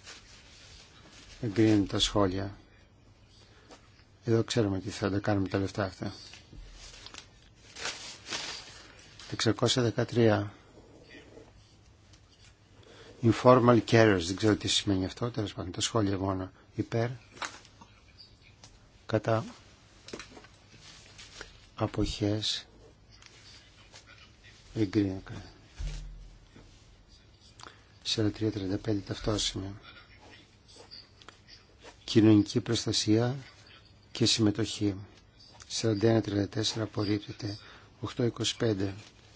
εγκρίνουν τα σχόλια εδώ ξέρουμε τι θα τα κάνουμε τα λεφτά αυτά 613. Informal carers, δεν ξέρω τι σημαίνει αυτό, τέλο πάντων, τα σχόλια μόνο υπέρ, κατά αποχές 4335 43-35 ταυτόσημη. Κοινωνική προστασία και συμμετοχή. 41-34 απορρίπτεται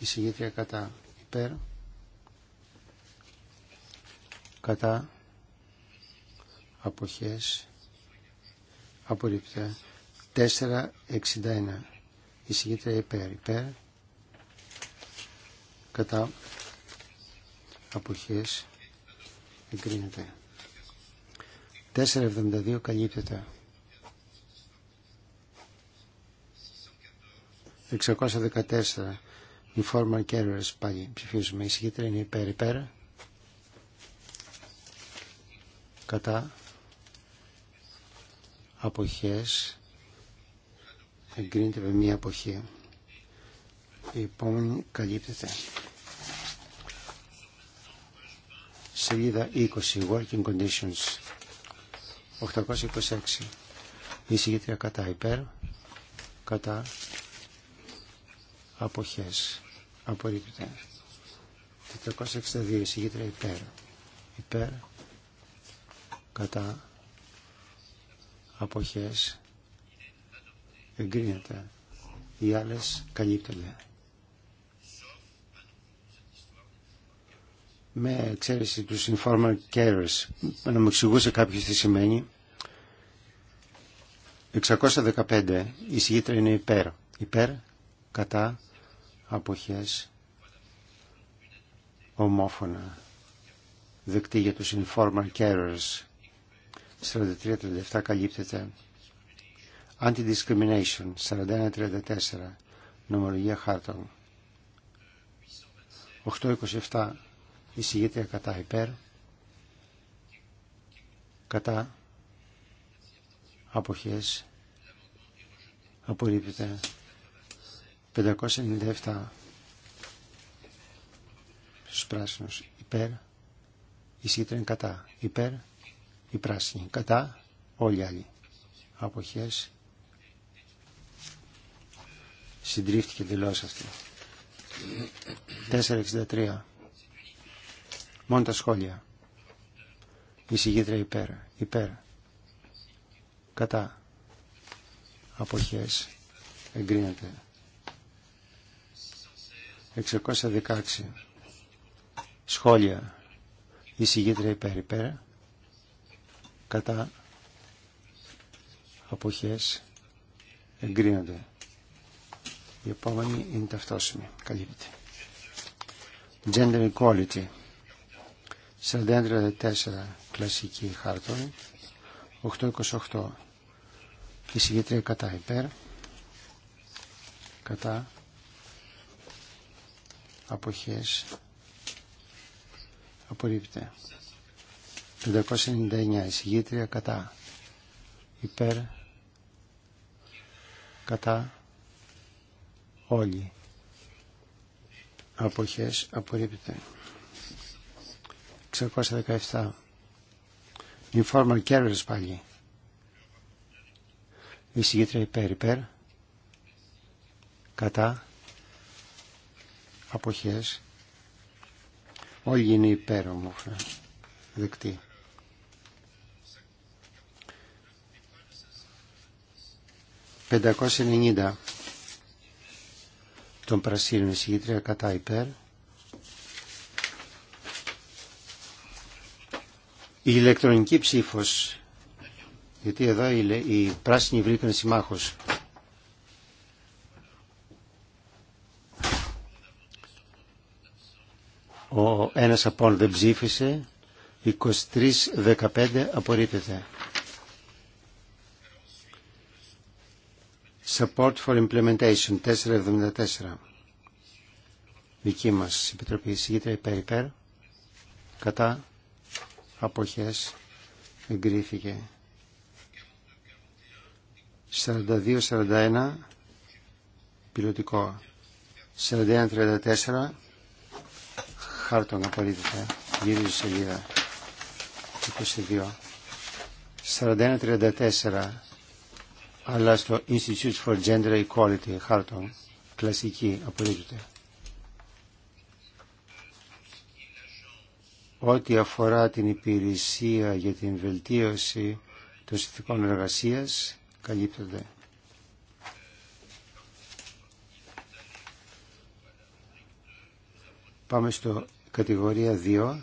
εισηγήτρια κατά υπέρ κατά αποχές απορρίπτεται 461 εισηγήτρια υπέρ υπέρ κατά αποχές εγκρίνεται 472 καλύπτεται 614 Informal carriers πάλι ψηφίζουμε. Η συγκίτρια είναι υπέρ υπέρ. Κατά αποχές εγκρίνεται με μία αποχή. Η επόμενη καλύπτεται. Σελίδα 20. Working conditions. 826. Η κατά υπέρ. Κατά αποχές απορρίπτεται 462 εισηγήτρια υπέρ υπέρ κατά αποχές εγκρίνεται οι άλλες καλύπτονται με εξαίρεση του informal carers να μου εξηγούσε κάποιος τι σημαίνει 615 η εισηγήτρια είναι υπέρ υπέρ κατά αποχές ομόφωνα δεκτή για τους informal carers 43-37 καλύπτεται anti-discrimination 41-34 νομολογία χάρτων 8-27 εισηγήτρια κατά υπέρ κατά αποχές απορρίπτεται 597 στους πράσινους υπέρ η σύγκριτα είναι κατά υπέρ η πράσινη κατά όλοι οι άλλοι αποχές συντρίφτηκε δηλώσει αυτή 463 μόνο τα σχόλια η συγκίτρια υπέρ υπέρ κατά αποχές εγκρίνεται 616. Σχόλια. Η υπέρ υπέρ. Κατά αποχές εγκρίνονται. Η επόμενη είναι ταυτόσιμη. Καλύπτει. Gender Equality. 41-34 κλασική χαρτον 828 Η κατά υπέρ. Κατά αποχές απορρίπτε 599 εισηγήτρια κατά υπέρ κατά όλοι αποχές απορρίπτε 617 informal carriers πάλι εισηγήτρια υπέρ υπέρ κατά αποχές όλοι είναι υπέρ ναι. δεκτή 590 των πρασίνων εισηγήτρια κατά υπέρ Η ηλεκτρονική ψήφος, γιατί εδώ η πράσινη βρήκαν συμμάχος. Ο ένας από όλους δεν ψήφισε. 23-15 απορρίπτεται. Support for Implementation 474. Δική μας Επιτροπή Εισηγήτρια υπέρ υπέρ. Κατά αποχές εγκρίθηκε. 42-41 πιλωτικό. 41-34 Χάρτον απορρίπτεται. Γύριζε σελίδα. 22. 41-34. Αλλά στο Institute for Gender Equality. Χάρτον. Κλασική. Απορρίπτεται. Ό,τι αφορά την υπηρεσία για την βελτίωση των συνθηκών εργασία. καλύπτονται. Πάμε στο Κατηγορία 2,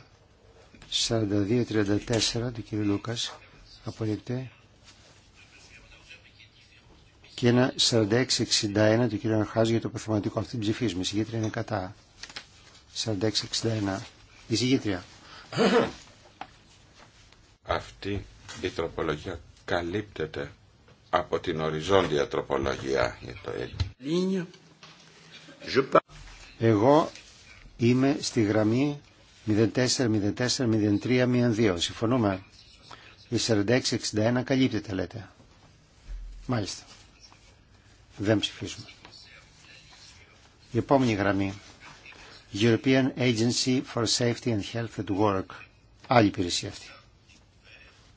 42-34 του κ. Λούκας, απορρίπτε Και ένα 46-61 του κ. Αρχάζου για το προφηματικό Αυτή την Η συγκήτρια είναι κατά. 46-61. Η συγκήτρια. Αυτή η τροπολογία καλύπτεται από την οριζόντια τροπολογία για το έλλειμμα. Εγώ Είμαι στη γραμμή 04040302. Συμφωνούμε. Η 4661 καλύπτεται λέτε. Μάλιστα. Δεν ψηφίζουμε. Η επόμενη γραμμή. European Agency for Safety and Health at Work. Άλλη υπηρεσία αυτή.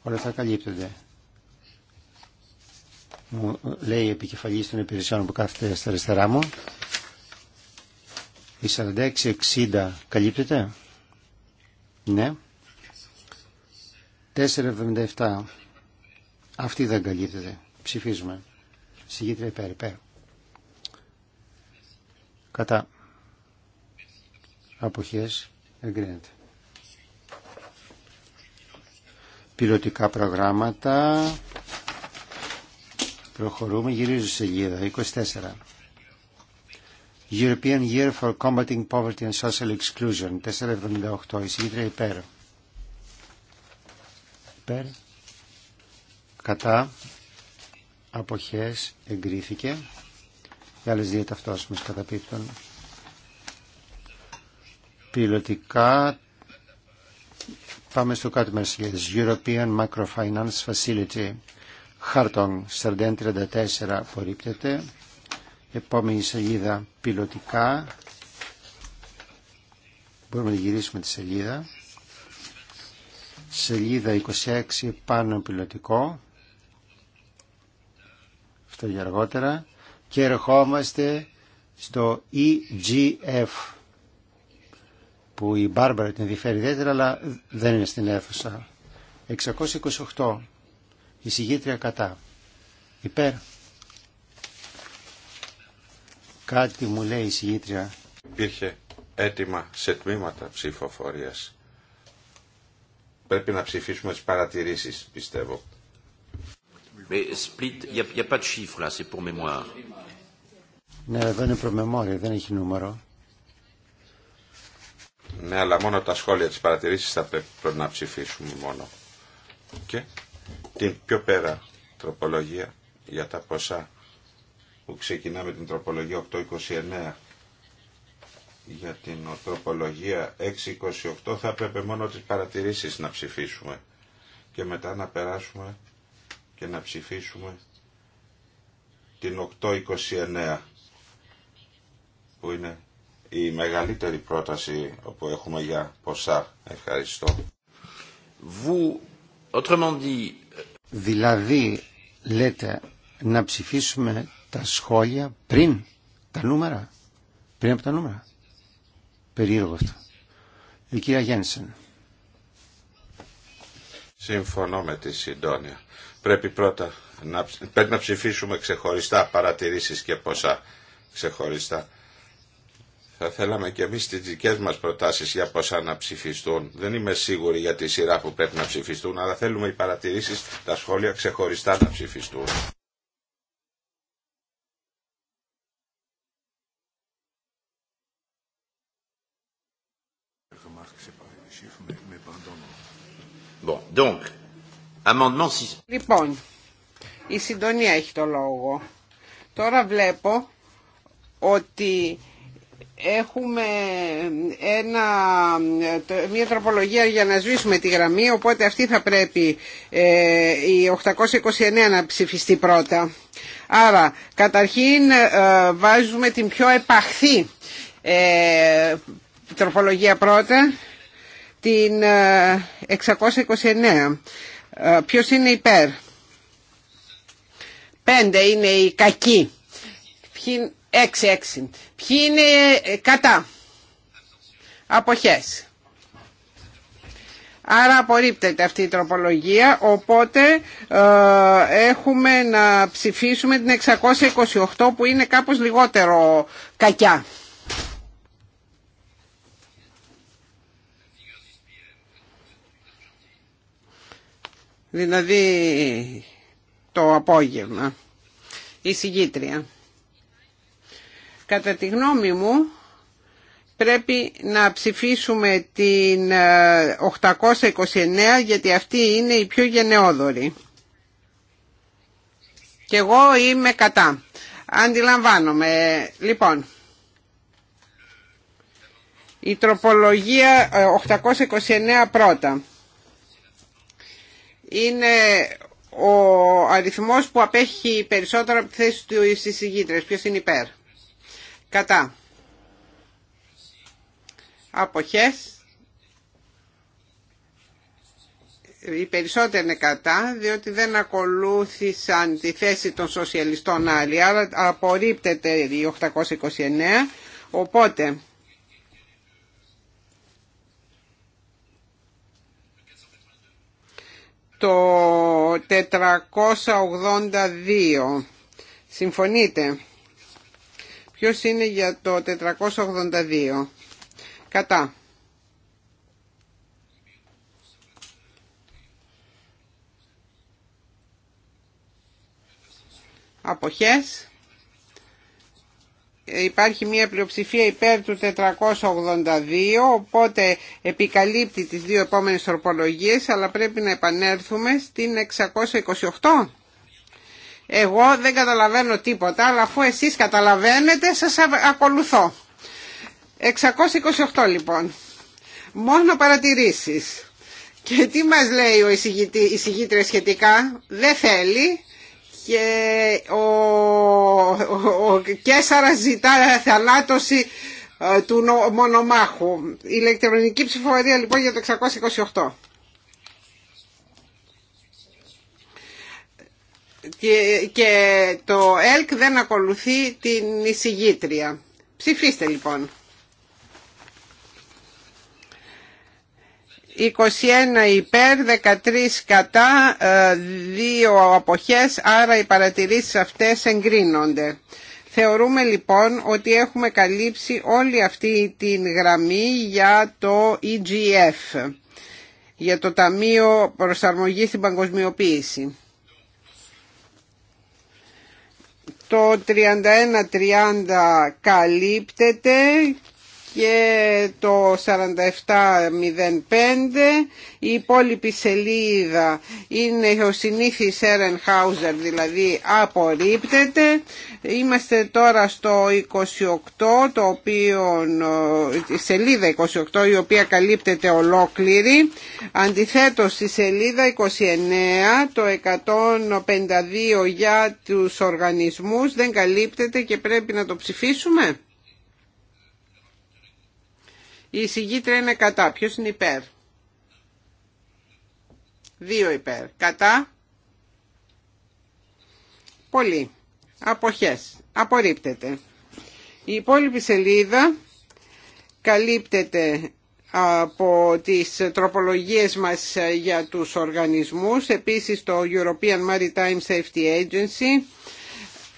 Όλα αυτά καλύπτονται. Μου λέει η επικεφαλής των υπηρεσιών που κάθεται στα αριστερά μου. Η 46-60 καλύπτεται. Ναι. 477. Αυτή δεν καλύπτεται. Ψηφίζουμε. Συγγήτρια υπέρ, υπέρ. Κατά. Αποχές εγκρίνεται. Πιλωτικά προγράμματα. Προχωρούμε, γυρίζω σελίδα. 24. European Year for Combating Poverty and Social Exclusion 478 εισηγήτρια υπέρ υπέρ κατά αποχές εγκρίθηκε οι άλλες δύο ταυτόσιμες καταπίπτουν. πιλωτικά πάμε στο κάτω μέρος European Microfinance Facility Χάρτον 34. απορρίπτεται Επόμενη σελίδα πιλωτικά. Μπορούμε να γυρίσουμε τη σελίδα. Σελίδα 26 πάνω πιλωτικό. Αυτό για αργότερα. Και ερχόμαστε στο EGF που η Μπάρμπαρα την ενδιαφέρει ιδιαίτερα αλλά δεν είναι στην αίθουσα. 628. Η συγγήτρια κατά. Υπέρ. Κάτι μου λέει η Υπήρχε έτοιμα σε τμήματα ψηφοφορίας. Πρέπει να ψηφίσουμε τις παρατηρήσεις, πιστεύω. Ναι, δεν είναι προμεμόρια, δεν έχει νούμερο. Ναι, αλλά μόνο τα σχόλια της παρατηρήσεις θα πρέπει να ψηφίσουμε μόνο. Και την πιο πέρα τροπολογία για τα ποσά που ξεκινά με την τροπολογία 829 για την τροπολογία 628 θα έπρεπε μόνο τις παρατηρήσεις να ψηφίσουμε και μετά να περάσουμε και να ψηφίσουμε την 829 που είναι η μεγαλύτερη πρόταση που έχουμε για ποσά. Ευχαριστώ. Vous, autrement dit... Δηλαδή λέτε να ψηφίσουμε τα σχόλια πριν τα νούμερα. Πριν από τα νούμερα. Περίεργο αυτό. Η κυρία Γένσεν. Συμφωνώ με τη Συντόνια. Πρέπει πρώτα να, πρέπει να ψηφίσουμε ξεχωριστά παρατηρήσεις και ποσά ξεχωριστά. Θα θέλαμε και εμείς τις δικές μας προτάσεις για ποσά να ψηφιστούν. Δεν είμαι σίγουροι για τη σειρά που πρέπει να ψηφιστούν, αλλά θέλουμε οι παρατηρήσεις, τα σχόλια ξεχωριστά να ψηφιστούν. Λοιπόν, η συντονία έχει το λόγο. Τώρα βλέπω ότι έχουμε ένα, μια τροπολογία για να σβήσουμε τη γραμμή, οπότε αυτή θα πρέπει ε, η 829 να ψηφιστεί πρώτα. Άρα, καταρχήν ε, βάζουμε την πιο επαχθή ε, τροπολογία πρώτα την 629. Ε, ε, ποιος είναι υπέρ. Πέντε είναι οι κακοί. Ποιοι... Έξι, έξι. Ποιοι είναι ε, κατά. Αποχές. Άρα απορρίπτεται αυτή η τροπολογία, οπότε έχουμε να ψηφίσουμε την 628 που είναι κάπως λιγότερο κακιά. δηλαδή το απόγευμα, η συγκήτρια. Κατά τη γνώμη μου, πρέπει να ψηφίσουμε την 829 ε, γιατί αυτή είναι η πιο γενναιόδορη. Και εγώ είμαι κατά. Αντιλαμβάνομαι. Λοιπόν, η τροπολογία 829 ε, πρώτα είναι ο αριθμός που απέχει περισσότερο από τη θέση του εισηγήτρες. Ποιος είναι υπέρ. Κατά. Αποχές. Οι περισσότεροι είναι κατά, διότι δεν ακολούθησαν τη θέση των σοσιαλιστών άλλοι, άρα απορρίπτεται η 829. Οπότε, το 482. Συμφωνείτε. Ποιος είναι για το 482. Κατά. Αποχές υπάρχει μια πλειοψηφία υπέρ του 482 οπότε επικαλύπτει τις δύο επόμενες τροπολογίες αλλά πρέπει να επανέλθουμε στην 628 εγώ δεν καταλαβαίνω τίποτα αλλά αφού εσείς καταλαβαίνετε σας ακολουθώ 628 λοιπόν μόνο παρατηρήσεις και τι μας λέει ο εισηγητή, εισηγήτρια σχετικά δεν θέλει και ο, ο, ο Κέσαρα ζητά θαλάτωση ε, του νο, μονομάχου. Ηλεκτρονική ψηφοφορία λοιπόν για το 628. Και, και το ΕΛΚ δεν ακολουθεί την εισηγήτρια. Ψηφίστε λοιπόν. 21 υπέρ, 13 κατά, 2 ε, αποχές, άρα οι παρατηρήσεις αυτές εγκρίνονται. Θεωρούμε λοιπόν ότι έχουμε καλύψει όλη αυτή την γραμμή για το EGF, για το Ταμείο Προσαρμογής στην Παγκοσμιοποίηση. Το 31-30 καλύπτεται και το 4705 η υπόλοιπη σελίδα είναι ο συνήθις Χάουζερ δηλαδή απορρίπτεται είμαστε τώρα στο 28 το οποίο η ε, σελίδα 28 η οποία καλύπτεται ολόκληρη αντιθέτως στη σελίδα 29 το 152 για τους οργανισμούς δεν καλύπτεται και πρέπει να το ψηφίσουμε η εισηγήτρια είναι κατά. Ποιο είναι υπέρ. Δύο υπέρ. Κατά. Πολύ. Αποχές. Απορρίπτεται. Η υπόλοιπη σελίδα καλύπτεται από τις τροπολογίες μας για τους οργανισμούς, επίσης το European Maritime Safety Agency,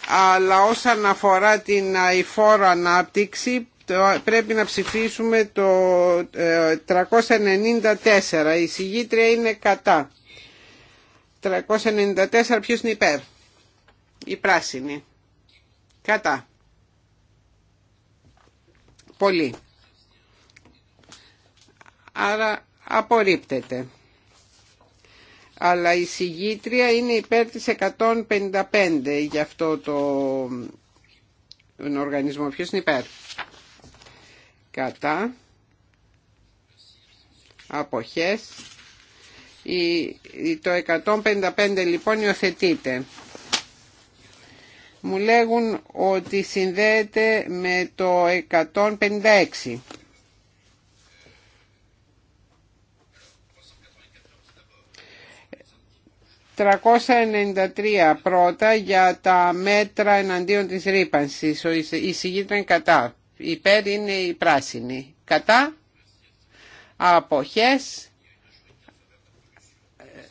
αλλά όσον αφορά την αηφόρο ανάπτυξη πρέπει να ψηφίσουμε το 394. Ε, η συγγήτρια είναι κατά. 394 ποιος είναι υπέρ. Η πράσινη. Κατά. Πολύ. Άρα απορρίπτεται. Αλλά η συγγήτρια είναι υπέρ της 155 για αυτό το οργανισμό. Ποιος είναι υπέρ κατά αποχές το 155 λοιπόν υιοθετείται μου λέγουν ότι συνδέεται με το 156 393 πρώτα για τα μέτρα εναντίον της ρήπανσης. Η συγγήτρια κατά υπέρ είναι η πράσινη. Κατά αποχές.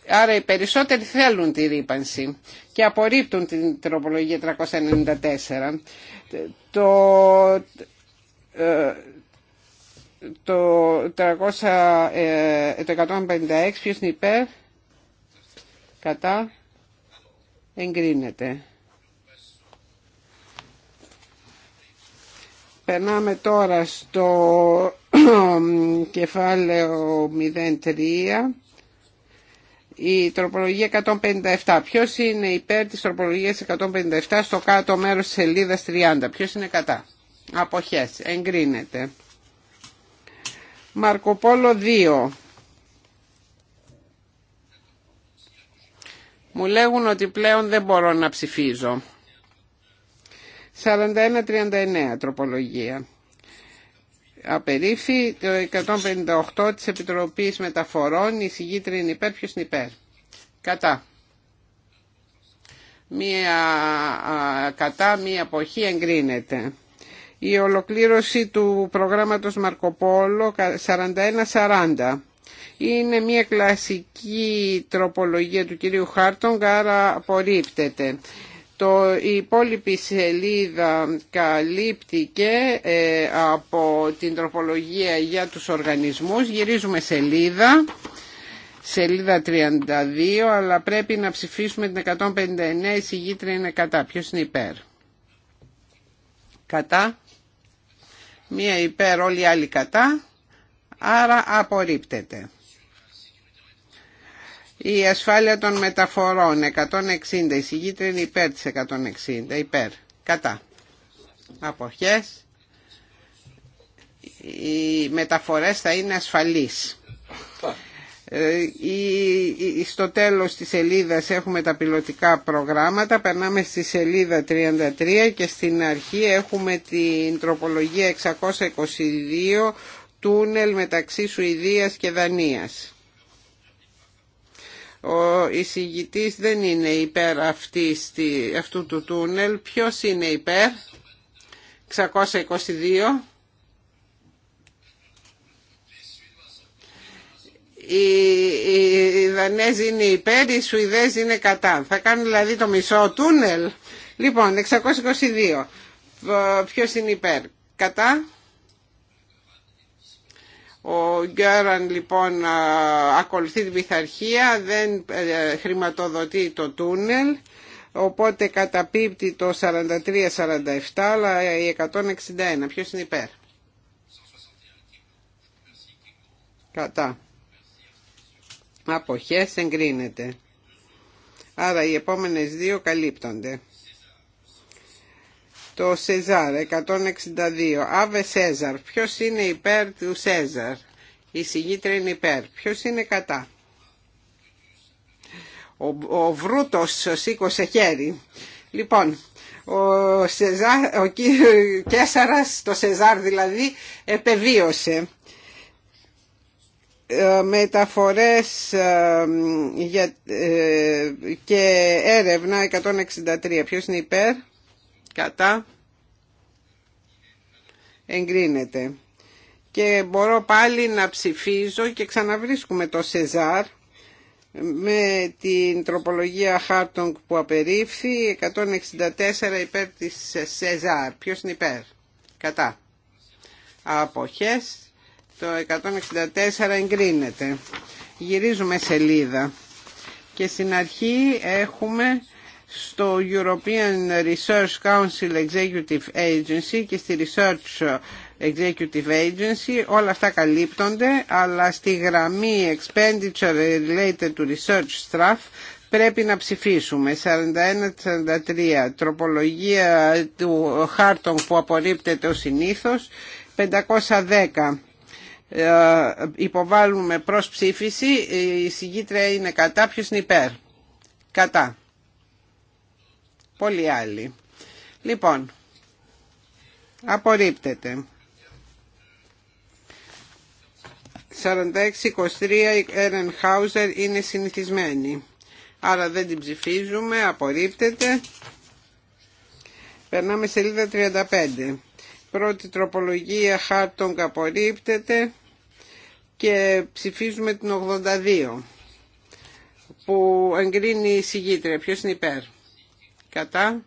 Άρα οι περισσότεροι θέλουν τη ρήπανση και απορρίπτουν την τροπολογία 394. Το, ε, το, ε, το 156 ποιος είναι υπέρ, κατά, εγκρίνεται. Περνάμε τώρα στο κεφάλαιο 03. Η τροπολογία 157. Ποιος είναι υπέρ της τροπολογίας 157 στο κάτω μέρος της σελίδας 30. Ποιος είναι κατά. Αποχές. Εγκρίνεται. Μαρκοπόλο 2. Μου λέγουν ότι πλέον δεν μπορώ να ψηφίζω. 41-39 τροπολογία. Απερίφη το 158 της Επιτροπής Μεταφορών, η συγγήτρια είναι υπέρ, ποιος είναι υπέρ. Κατά. Μία, α, κατά μία αποχή εγκρίνεται. Η ολοκλήρωση του προγράμματος Μαρκοπόλο 41-40. Είναι μια κατα μια αποχη τροπολογία του κυρίου Χάρτον, άρα Χάρτονγκ, αρα απορριπτεται το, η υπόλοιπη σελίδα καλύπτηκε από την τροπολογία για τους οργανισμούς. Γυρίζουμε σελίδα, σελίδα 32, αλλά πρέπει να ψηφίσουμε την 159, η συγγήτρια είναι κατά. Ποιος είναι υπέρ. Κατά. Μία υπέρ, όλοι οι άλλοι κατά. Άρα απορρίπτεται. Η ασφάλεια των μεταφορών 160. Η συγγήτρια είναι υπέρ της 160. Υπέρ. Κατά. Αποχές. Οι μεταφορές θα είναι ασφαλείς. Ε, στο τέλος της σελίδας έχουμε τα πιλωτικά προγράμματα. Περνάμε στη σελίδα 33 και στην αρχή έχουμε την τροπολογία 622 τούνελ μεταξύ Σουηδίας και Δανίας ο εισηγητής δεν είναι υπέρ αυτής, αυτού του τούνελ. Ποιος είναι υπέρ? 622. Οι Δανέζοι είναι υπέρ, οι Σουηδές είναι κατά. Θα κάνουν δηλαδή το μισό τούνελ. Λοιπόν, 622. Ποιος είναι υπέρ. Κατά. Ο Γκέραν λοιπόν ακολουθεί την πειθαρχία, δεν ε, χρηματοδοτεί το τούνελ, οπότε καταπίπτει το 43-47, αλλά η 161. Ποιος είναι υπέρ. Κατά. Αποχές εγκρίνεται. Άρα οι επόμενες δύο καλύπτονται. Το Σεζάρ 162. Άβε Σέζαρ. Ποιο είναι υπέρ του Σέζαρ. Η συγγήτρια είναι υπέρ. Ποιο είναι κατά. Ο, ο Βρούτος σήκωσε χέρι. Λοιπόν, ο, Σεζάρ, ο Κέσαρας, το Σεζάρ δηλαδή, επεβίωσε ε, μεταφορές ε, ε, και έρευνα 163. Ποιος είναι υπέρ, κατά εγκρίνεται. Και μπορώ πάλι να ψηφίζω και ξαναβρίσκουμε το Σεζάρ με την τροπολογία Χάρτονγκ που απερίφθη 164 υπέρ της Σεζάρ. Ποιος είναι υπέρ. Κατά. Αποχές. Το 164 εγκρίνεται. Γυρίζουμε σελίδα. Και στην αρχή έχουμε στο European Research Council Executive Agency και στη Research Executive Agency όλα αυτά καλύπτονται αλλά στη γραμμή Expenditure Related to Research Staff πρέπει να ψηφίσουμε 41-43 τροπολογία του χάρτων που απορρίπτεται ο συνήθως 510 ε, υποβάλλουμε προς ψήφιση η συγκήτρια είναι κατά ποιος είναι υπέρ κατά Πολλοί άλλοι. Λοιπόν, απορρίπτεται. 46-23 Χάουζερ είναι συνηθισμένη. Άρα δεν την ψηφίζουμε, απορρίπτεται. Περνάμε σελίδα 35. Πρώτη τροπολογία Χάρτονγκ απορρίπτεται και ψηφίζουμε την 82 που εγκρίνει η συγγήτρια. Ποιος είναι υπέρ κατά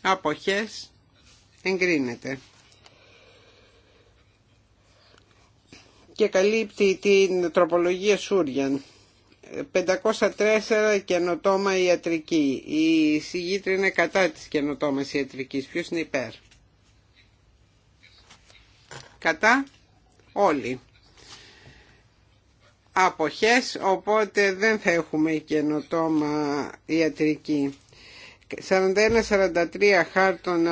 αποχές εγκρίνεται. Και καλύπτει την τροπολογία Σούριαν. 504 καινοτόμα ιατρική. Η συγγήτρια είναι κατά της καινοτόμας ιατρικής. Ποιος είναι υπέρ. Κατά όλοι αποχές οπότε δεν θα έχουμε καινοτόμα ιατρική 41-43 χάρτον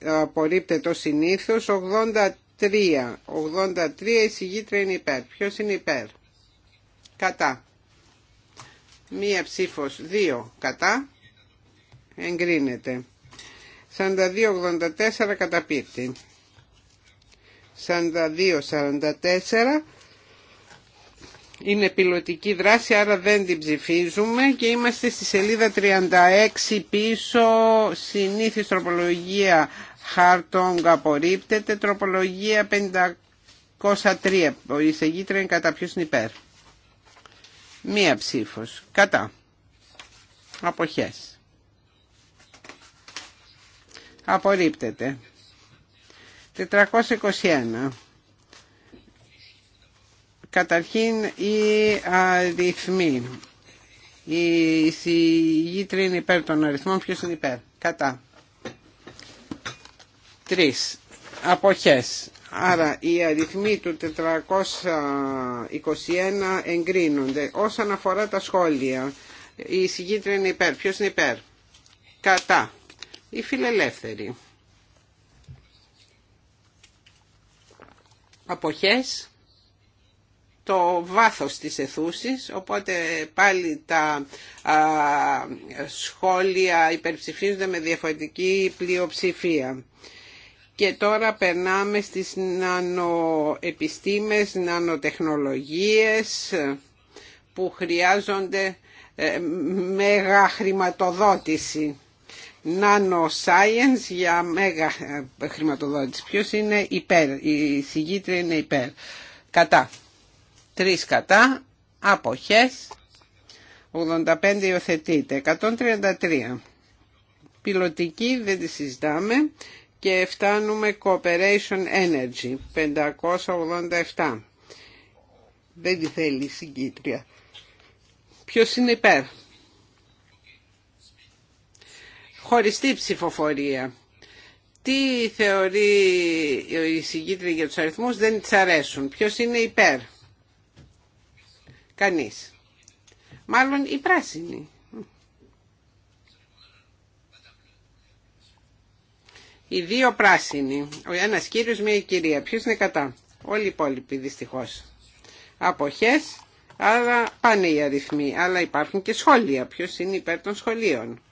απορρίπτεται συνήθως 83 83 η συγγήτρια είναι υπέρ ποιος είναι υπέρ κατά μία ψήφος δύο, κατά εγκρίνεται 42-84 καταπίπτει 42-44 είναι πιλωτική δράση άρα δεν την ψηφίζουμε και είμαστε στη σελίδα 36 πίσω συνήθις τροπολογία Χάρτονγκ απορρίπτεται τροπολογία 503 ο Ισεγίτρα είναι κατά ποιος νιπέρ. μία ψήφος κατά αποχές απορρίπτεται 421 Καταρχήν οι αριθμοί. Οι συγγήτροι είναι υπέρ των αριθμών. Ποιος είναι υπέρ. Κατά. Τρεις. Αποχές. Άρα οι αριθμοί του 421 εγκρίνονται. Όσον αφορά τα σχόλια, η συγγήτρια είναι υπέρ. Ποιος είναι υπέρ. Κατά. Η φιλελεύθερη. Αποχές το βάθος της εθούσης οπότε πάλι τα α, σχόλια υπερψηφίζονται με διαφορετική πλειοψηφία. Και τώρα περνάμε στις νανοεπιστήμες, νανοτεχνολογίες που χρειάζονται ε, μέγα χρηματοδότηση. Nanoscience για μέγα ε, χρηματοδότηση. Ποιος είναι υπέρ, η συγκήτρια είναι υπέρ. Κατά. Τρεις κατά, αποχές, 85 υιοθετείται, 133. Πιλωτική δεν τη συζητάμε και φτάνουμε Cooperation Energy, 587. Δεν τη θέλει η συγκήτρια. Ποιος είναι υπέρ. Χωριστή ψηφοφορία. Τι θεωρεί η συγκήτρια για τους αριθμούς δεν της αρέσουν. Ποιος είναι υπέρ. Κανείς. Μάλλον η πράσινη. Οι δύο πράσινοι. Ο ένας κύριος, μία κυρία. Ποιος είναι κατά. Όλοι οι υπόλοιποι δυστυχώς. Αποχές, Αλλά πάνε οι αριθμοί. Αλλά υπάρχουν και σχόλια. Ποιος είναι υπέρ των σχολείων.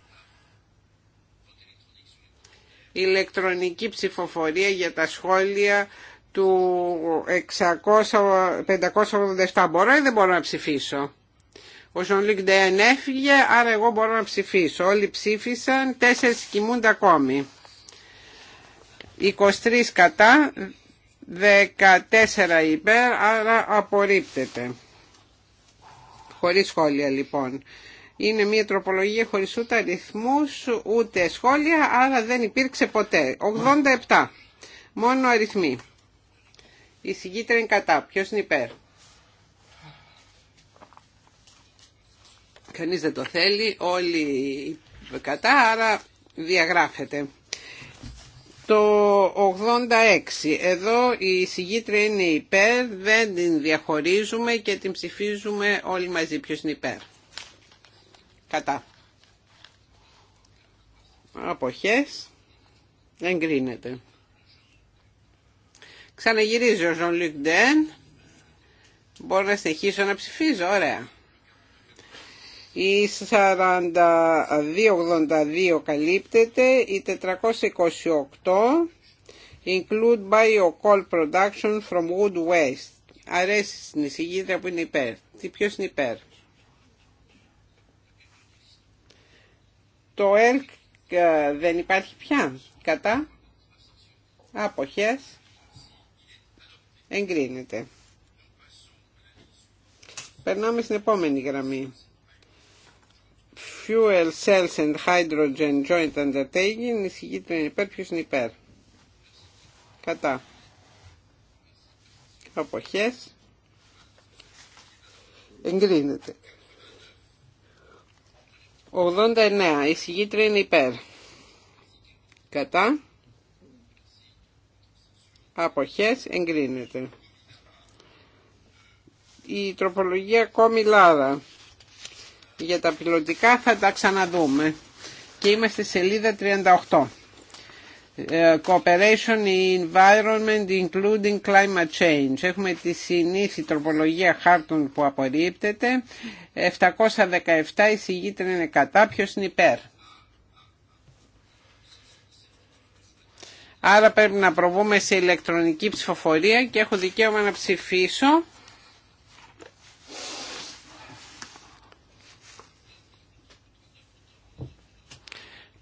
Ηλεκτρονική ψηφοφορία για τα σχόλια του 600, 587 μπορώ ή δεν μπορώ να ψηφίσω. Ο Ζων Λίκ έφυγε, άρα εγώ μπορώ να ψηφίσω. Όλοι ψήφισαν, τέσσερις κοιμούνται ακόμη. 23 κατά, 14 υπέρ, άρα απορρίπτεται. Χωρίς σχόλια λοιπόν. Είναι μια τροπολογία χωρίς ούτε αριθμούς, ούτε σχόλια, άρα δεν υπήρξε ποτέ. 87, μόνο αριθμοί. Η συγκίτρια είναι κατά. Ποιος είναι υπέρ. Κανείς δεν το θέλει. Όλοι κατά, άρα διαγράφεται. Το 86. Εδώ η συγκίτρια είναι υπέρ, δεν την διαχωρίζουμε και την ψηφίζουμε όλοι μαζί. Ποιος είναι υπέρ. Κατά. Αποχές. Εγκρίνεται. Ξαναγυρίζει ο Ζων Ντεν. Μπορώ να συνεχίσω να ψηφίζω, ωραία. Η 4282 καλύπτεται, η 428 include bio-coal production from wood waste. Αρέσει στην εισηγήτρια που είναι υπέρ. Τι ποιος είναι υπέρ. Το ΕΛΚ ε, δεν υπάρχει πια. Κατά. Αποχές. Εγκρίνεται. Περνάμε στην επόμενη γραμμή. Fuel cells and hydrogen joint undertaking. Εισηγείται υπέρ. Ποιος είναι υπέρ. Κατά. Αποχές. Εγκρίνεται. 89. Η συγγήτρια είναι υπέρ. Κατά αποχές εγκρίνεται. Η τροπολογία κόμιλάδα. Για τα πιλωτικά θα τα ξαναδούμε. Και είμαστε σελίδα 38. Ε, cooperation in environment including climate change. Έχουμε τη συνήθη τροπολογία χάρτων που απορρίπτεται. 717 εισηγείται είναι κατά. Ποιος είναι υπέρ. Άρα πρέπει να προβούμε σε ηλεκτρονική ψηφοφορία και έχω δικαίωμα να ψηφίσω.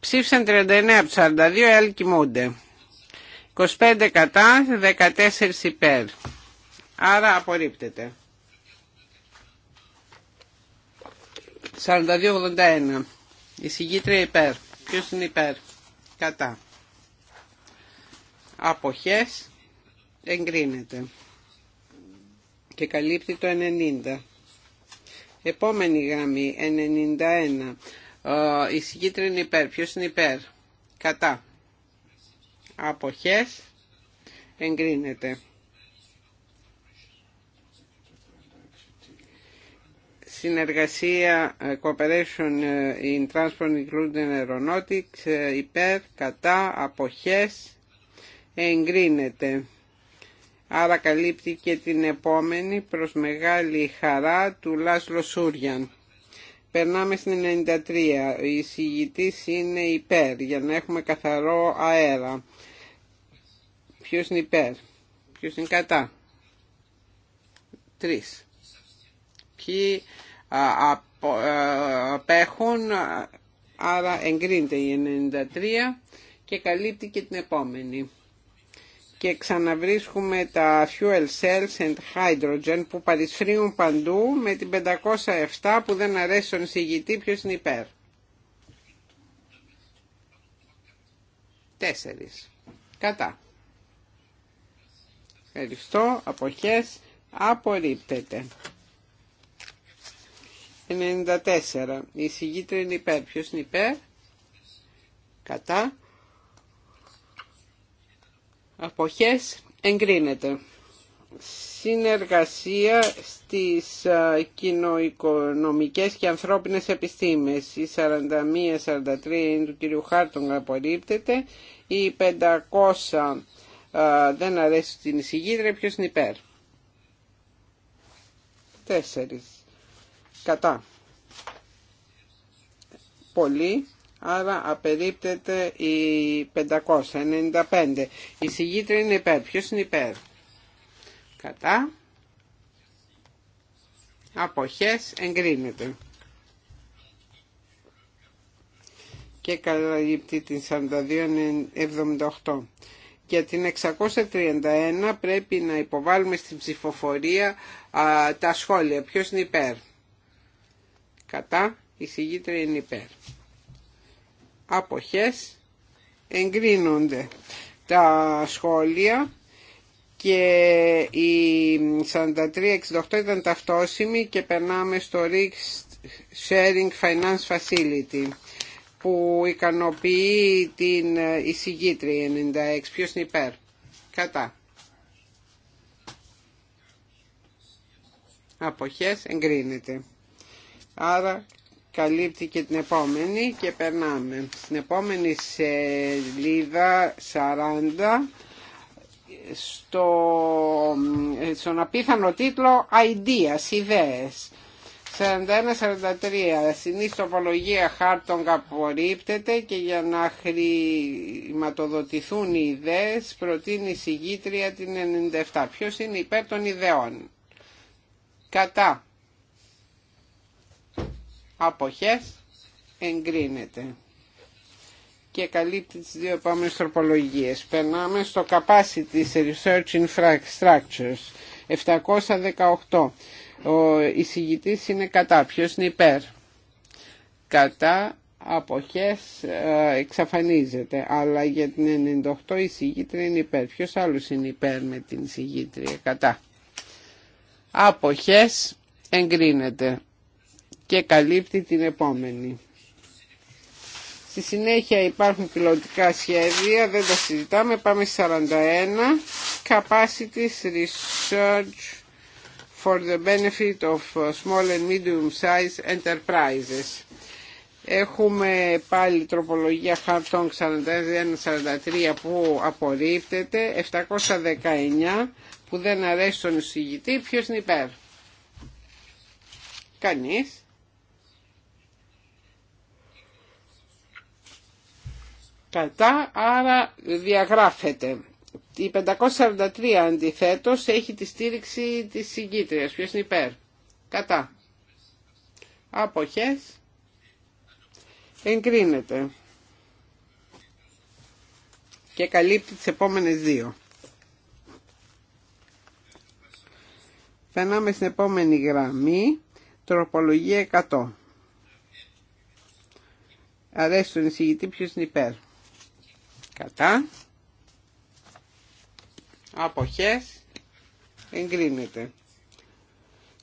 Ψήφισαν 39 από 42, άλλοι κοιμούνται. 25 κατά, 14 υπέρ. Άρα απορρίπτεται. 42-81. Η συγκήτρια υπέρ. Ποιος είναι υπέρ. Κατά αποχές εγκρίνεται και καλύπτει το 90. Επόμενη γάμη 91. Ε, η συγκίτρια είναι υπέρ. Ποιος είναι υπέρ. Κατά. Αποχές εγκρίνεται. Συνεργασία ε, Cooperation ε, in Transport Including Aeronautics υπέρ, κατά, αποχές, εγκρίνεται. Άρα καλύπτει και την επόμενη προς μεγάλη χαρά του Λάσλο Σούριαν. Περνάμε στην 93. Η συγητή είναι υπέρ για να έχουμε καθαρό αέρα. Ποιος είναι υπέρ, ποιος είναι κατά. Τρεις. Ποιοι απέχουν, άρα εγκρίνεται η 93 και καλύπτει και την επόμενη και ξαναβρίσκουμε τα fuel cells and hydrogen που παρισφρίουν παντού με την 507 που δεν αρέσει στον εισηγητή ποιος είναι υπέρ. Τέσσερις. Κατά. Ευχαριστώ. Αποχές. Απορρίπτεται. 94. Η εισηγήτρια είναι υπέρ. Ποιος είναι υπέρ. Κατά αποχές εγκρίνεται. Συνεργασία στις κοινοοικονομικές και ανθρώπινες επιστήμες. Η 41-43 είναι του κυρίου Χάρτον απορρίπτεται. Η 500 δεν αρέσει στην εισηγήτρια. Ποιος είναι υπέρ. Τέσσερις. Κατά. Πολύ. Άρα απερίπτεται η 595. Η συγγήτρια είναι υπέρ. Ποιος είναι υπέρ. Κατά. Αποχές εγκρίνεται. Και καταλήπτει την 4278. Για την 631 πρέπει να υποβάλουμε στην ψηφοφορία τα σχόλια. Ποιος είναι υπέρ. Κατά. Η συγγήτρια είναι υπέρ αποχές εγκρίνονται τα σχόλια και η 4368 ήταν ταυτόσιμη και περνάμε στο Rix Sharing Finance Facility που ικανοποιεί την εισηγήτρια 96. Ποιος είναι υπέρ. Κατά. Αποχές εγκρίνεται. Άρα καλύπτει και την επόμενη και περνάμε στην επόμενη σελίδα 40 στο, στον απίθανο τίτλο «Ideas», ιδέες. 41-43, συνήθως τοπολογία χάρτων απορρίπτεται και για να χρηματοδοτηθούν οι ιδέες προτείνει η συγγήτρια την 97. Ποιος είναι υπέρ των ιδεών. Κατά αποχές εγκρίνεται και καλύπτει τις δύο επόμενες τροπολογίες. Περνάμε στο Capacity Research Infrastructures 718. Ο εισηγητής είναι κατά. Ποιος είναι υπέρ. Κατά αποχές ε, εξαφανίζεται. Αλλά για την 98 η εισηγήτρια είναι υπέρ. Ποιος άλλος είναι υπέρ με την εισηγήτρια. Κατά. Αποχές εγκρίνεται και καλύπτει την επόμενη. Στη συνέχεια υπάρχουν πιλωτικά σχέδια, δεν τα συζητάμε, πάμε 41. Capacity Research for the Benefit of Small and Medium Size Enterprises. Έχουμε πάλι τροπολογία Χαρτών 41-43 που απορρίπτεται, 719 που δεν αρέσει στον εισηγητή, ποιος είναι υπέρ. Κανείς. κατά, άρα διαγράφεται. Η 543 αντιθέτως έχει τη στήριξη της συγκήτριας. Ποιος είναι υπέρ. Κατά. Αποχές. Εγκρίνεται. Και καλύπτει τις επόμενες δύο. Περνάμε στην επόμενη γραμμή. Τροπολογία 100. Αρέσει τον εισηγητή ποιος είναι υπέρ κατά αποχές εγκρίνεται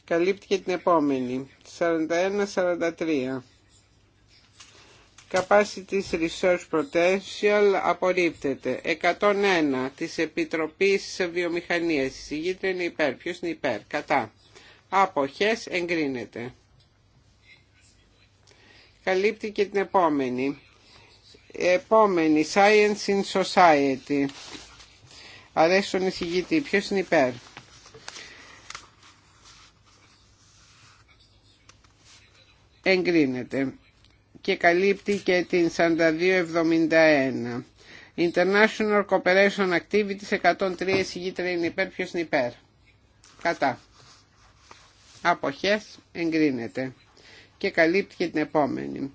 καλύπτει και την επόμενη 41-43 Capacity Research Potential απορρίπτεται. 101 της Επιτροπής Βιομηχανίας. Η συγγήτρια είναι υπέρ. Ποιος είναι υπέρ. Κατά. Αποχές εγκρίνεται. Καλύπτει και την επόμενη. Επόμενη, Science in Society. αρέσουν οι εισηγητή. Ποιος είναι υπέρ. Εγκρίνεται και καλύπτει και την 4271. International Cooperation Activity 103 εισηγήτρια είναι υπέρ. Ποιος είναι υπέρ. Κατά. Αποχές εγκρίνεται και καλύπτει και την επόμενη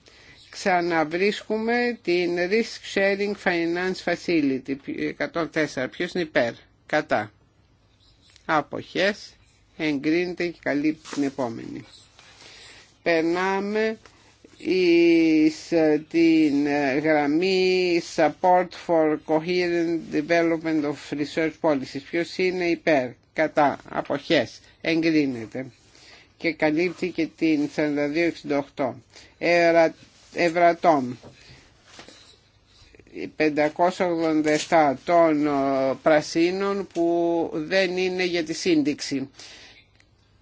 ξαναβρίσκουμε την Risk Sharing Finance Facility 104. Ποιος είναι υπέρ. Κατά. Αποχές. Εγκρίνεται και καλύπτει την επόμενη. Περνάμε εις την ε, γραμμή Support for Coherent Development of Research Policies. Ποιος είναι υπέρ. Κατά. Αποχές. Εγκρίνεται και καλύπτει και την 4268. Ερα ευρατών 587 των ε, πρασίνων που δεν είναι για τη σύνδεξη.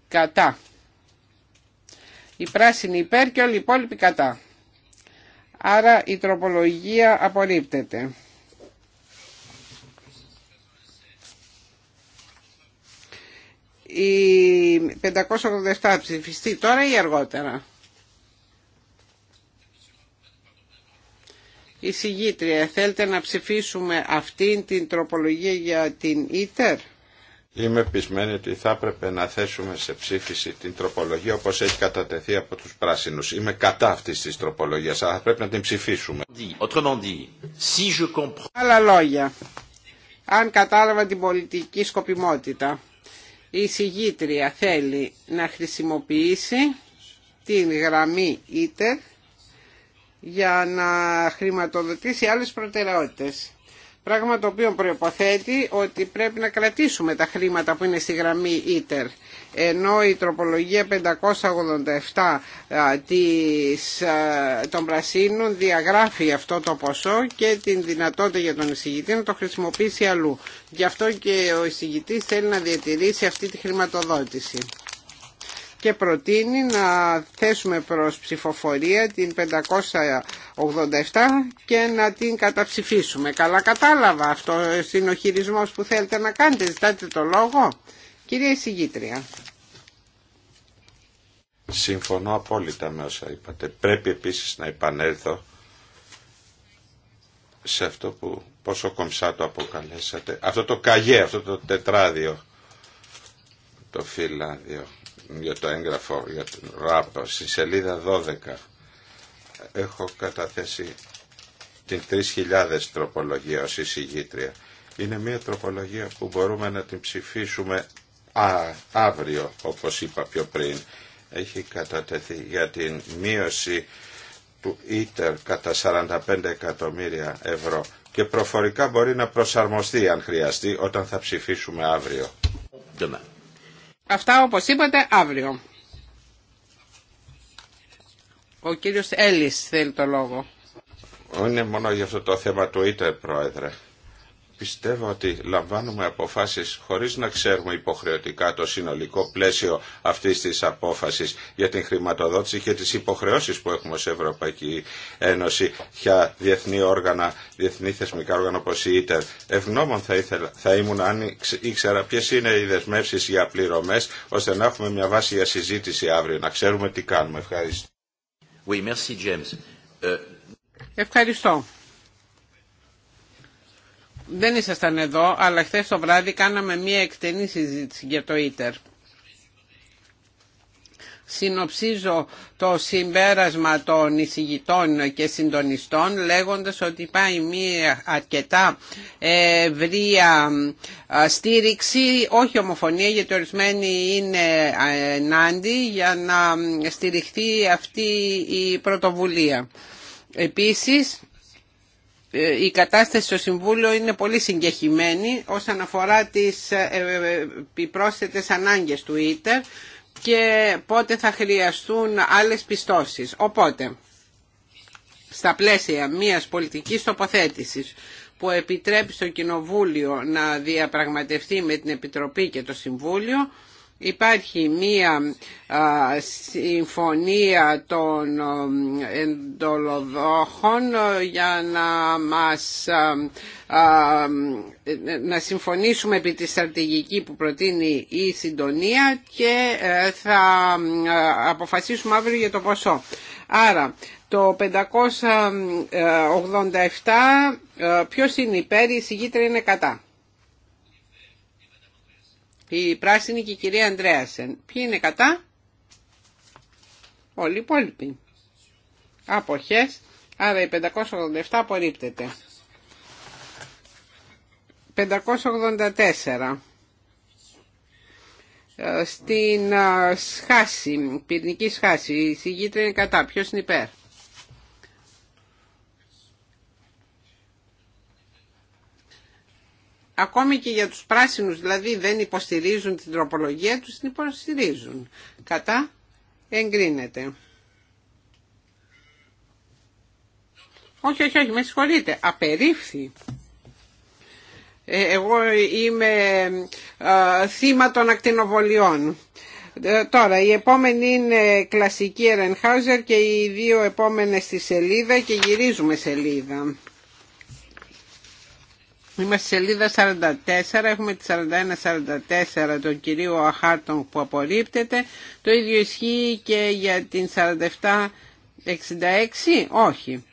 Κατά. Η πράσινη υπέρ και όλοι οι υπόλοιποι κατά. Άρα η τροπολογία απορρίπτεται. Η 587 ψηφιστεί τώρα ή αργότερα. Εισηγήτρια, θέλετε να ψηφίσουμε αυτήν την τροπολογία για την ΙΤΕΡ. Είμαι πεισμένη ότι θα έπρεπε να θέσουμε σε ψήφιση την τροπολογία όπως έχει κατατεθεί από τους πράσινους. Είμαι κατά αυτής της τροπολογίας, αλλά θα πρέπει να την ψηφίσουμε. Άλλα λόγια. Αν κατάλαβα την πολιτική σκοπιμότητα, η συγγήτρια θέλει να χρησιμοποιήσει την γραμμή ΙΤΕΡ για να χρηματοδοτήσει άλλες προτεραιότητες. Πράγμα το οποίο προϋποθέτει ότι πρέπει να κρατήσουμε τα χρήματα που είναι στη γραμμή ίτερ. Ενώ η τροπολογία 587 των Πρασίνων διαγράφει αυτό το ποσό και την δυνατότητα για τον εισηγητή να το χρησιμοποιήσει αλλού. Γι' αυτό και ο εισηγητής θέλει να διατηρήσει αυτή τη χρηματοδότηση και προτείνει να θέσουμε προς ψηφοφορία την 587 και να την καταψηφίσουμε. Καλά κατάλαβα αυτό είναι ο χειρισμός που θέλετε να κάνετε. Ζητάτε το λόγο. Κυρία Εισηγήτρια. Συμφωνώ απόλυτα με όσα είπατε. Πρέπει επίσης να επανέλθω σε αυτό που πόσο κομψά το αποκαλέσατε. Αυτό το καγέ, αυτό το τετράδιο, το φυλάδιο για το έγγραφο, για το στη σελίδα 12 έχω καταθέσει την 3.000 τροπολογία ως εισηγήτρια. Είναι μια τροπολογία που μπορούμε να την ψηφίσουμε α, αύριο, όπως είπα πιο πριν. Έχει κατατεθεί για την μείωση του ΙΤΕΡ κατά 45 εκατομμύρια ευρώ και προφορικά μπορεί να προσαρμοστεί αν χρειαστεί όταν θα ψηφίσουμε αύριο. Αυτά όπως είπατε αύριο. Ο κύριος Έλλης θέλει το λόγο. Είναι μόνο για αυτό το θέμα του Ήτερ, Πρόεδρε. Πιστεύω ότι λαμβάνουμε αποφάσεις χωρίς να ξέρουμε υποχρεωτικά το συνολικό πλαίσιο αυτής της απόφασης για την χρηματοδότηση και τις υποχρεώσεις που έχουμε ως Ευρωπαϊκή Ένωση για διεθνή όργανα, διεθνή θεσμικά όργανα όπως η ΙΤΕΡ. Ευγνώμων θα, ήθελα, θα ήμουν αν ήξερα ποιε είναι οι δεσμεύσει για πληρωμές ώστε να έχουμε μια βάση για συζήτηση αύριο, να ξέρουμε τι κάνουμε. Ευχαριστώ. Oui, merci, James. Ε, Ευχαριστώ δεν ήσασταν εδώ, αλλά χθε το βράδυ κάναμε μία εκτενή συζήτηση για το ΙΤΕΡ. Συνοψίζω το συμπέρασμα των εισηγητών και συντονιστών λέγοντας ότι πάει μία αρκετά ευρία στήριξη, όχι ομοφωνία γιατί ορισμένοι είναι ενάντι για να στηριχθεί αυτή η πρωτοβουλία. Επίσης, ε, η κατάσταση στο Συμβούλιο είναι πολύ συγκεχημένη όσον αφορά τις ε, ε, επιπρόσθετες ανάγκες του ΙΤΕΡ και πότε θα χρειαστούν άλλες πιστώσεις. Οπότε, στα πλαίσια μιας πολιτικής τοποθέτησης που επιτρέπει στο Κοινοβούλιο να διαπραγματευτεί με την Επιτροπή και το Συμβούλιο, Υπάρχει μία συμφωνία των εντολοδόχων για να μας να συμφωνήσουμε επί τη στρατηγική που προτείνει η συντονία και ε, θα αποφασίσουμε αύριο για το ποσό. Άρα το 587 ε, ποιος είναι υπέρ, η συγκήτρια είναι κατά. Η πράσινη και η κυρία Ανδρέασεν. Ποιοι είναι κατά? Όλοι οι υπόλοιποι. Αποχές. Άρα η 587 απορρίπτεται. 584 ε, στην ε, σχάση, πυρνική σχάση. Η συγγήτρια είναι κατά. Ποιος είναι υπέρ. ακόμη και για τους πράσινους δηλαδή δεν υποστηρίζουν την τροπολογία τους, την υποστηρίζουν. Κατά εγκρίνεται. Όχι, όχι, όχι, με συγχωρείτε, απερίφθη. Ε, εγώ είμαι ε, θύμα των ακτινοβολιών. Ε, τώρα, η επόμενη είναι κλασική Ερενχάουζερ και οι δύο επόμενες στη σελίδα και γυρίζουμε σελίδα. Είμαστε σελίδα 44, έχουμε τη 41-44 τον κυρίο Αχάρτον που απορρίπτεται. Το ίδιο ισχύει και για την 47-66, όχι.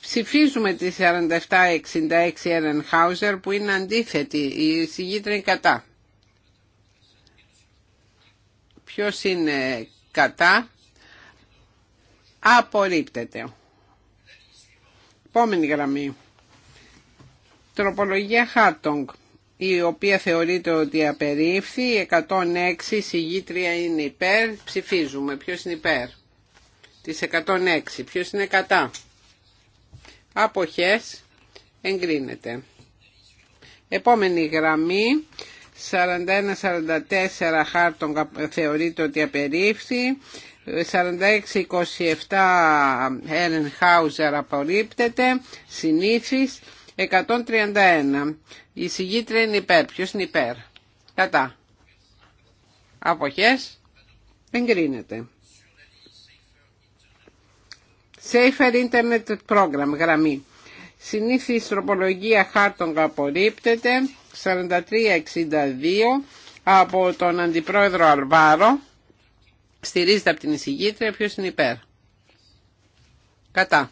Ψηφίζουμε τη 47-66 Χάουζερ, που είναι αντίθετη, η συγγήτρια είναι κατά. Ποιος είναι κατά, απορρίπτεται. Επόμενη γραμμή. Τροπολογία Χάρτογκ, η οποία θεωρείται ότι απερίφθη, 106 συγγήτρια είναι υπέρ, ψηφίζουμε. Ποιος είναι υπέρ της 106, ποιος είναι κατά. Αποχές, εγκρίνεται. Επόμενη γραμμή, 41-44 χάρτων θεωρείται ότι απερίφθη, 46-27 Χάουζερ απορρίπτεται, συνήθις, 131. Η συγγήτρια είναι υπέρ. Ποιο είναι υπέρ. Κατά. Αποχές. Εγκρίνεται. Safer Internet Program γραμμή. Συνήθι τροπολογία χάρτων απορρίπτεται 4362 από τον Αντιπρόεδρο Αλβάρο. Στηρίζεται από την εισηγήτρια. Ποιος είναι υπέρ. Κατά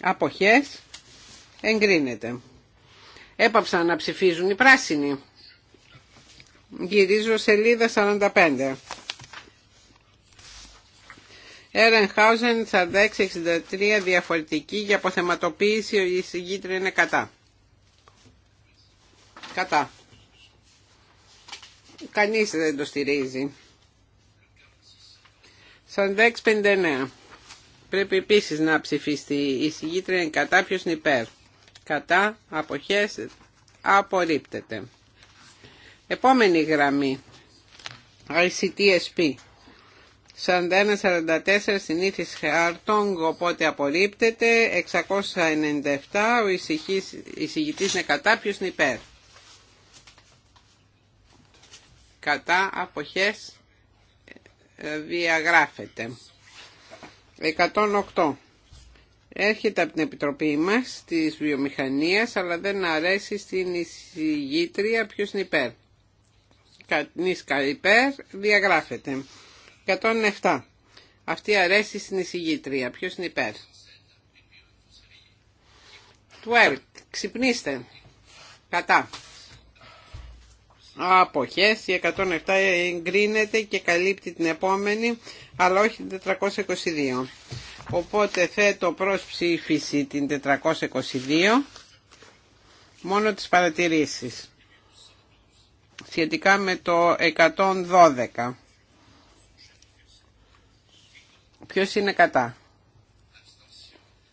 αποχές εγκρίνεται. Έπαψαν να ψηφίζουν οι πράσινοι. Γυρίζω σελίδα 45. Ερενχάουζεν 4663 διαφορετική για αποθεματοποίηση η εισηγήτρια είναι κατά. Κατά. Κανείς δεν το στηρίζει. 4659. Πρέπει επίση να ψηφίσει η εισηγήτρια κατά ποιος νιπέρ. Κατά αποχές απορρίπτεται. Επόμενη γραμμή. ICTSP. 41-44 συνήθις χαρτόγκ οπότε απορρίπτεται 697 ο εισηγητής είναι κατά ποιος νιπέρ. κατά αποχές ε, διαγράφεται 108 έρχεται από την Επιτροπή μας της Βιομηχανίας αλλά δεν αρέσει στην εισηγήτρια ποιος είναι υπέρ. Κανείς υπέρ διαγράφεται. 107. Αυτή αρέσει στην εισηγήτρια. Ποιος είναι υπέρ. 12. Ξυπνήστε. Κατά. Αποχές. 107 εγκρίνεται και καλύπτει την επόμενη αλλά όχι την 422. Οπότε θέτω προς ψήφιση την 422 μόνο τις παρατηρήσεις σχετικά με το 112. Ποιος είναι κατά.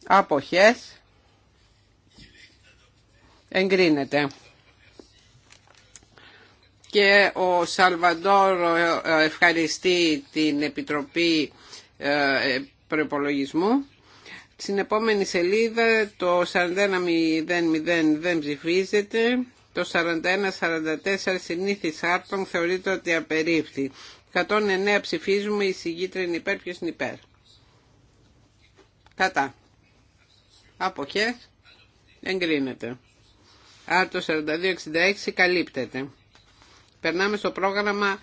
Αποχές. Εγκρίνεται και ο Σαλβαντόρο ε, ε, ευχαριστεί την Επιτροπή ε, Προπολογισμού. Στην επόμενη σελίδα το 4100 δεν ψηφίζεται. Το 41-44 συνήθις άρτων θεωρείται ότι απερίφθη. 109 ψηφίζουμε, η συγκίτρια είναι υπέρ, ποιος είναι υπέρ. χερ, Αποχές. Εγκρίνεται. Άρτο 42-66 καλύπτεται. Περνάμε στο πρόγραμμα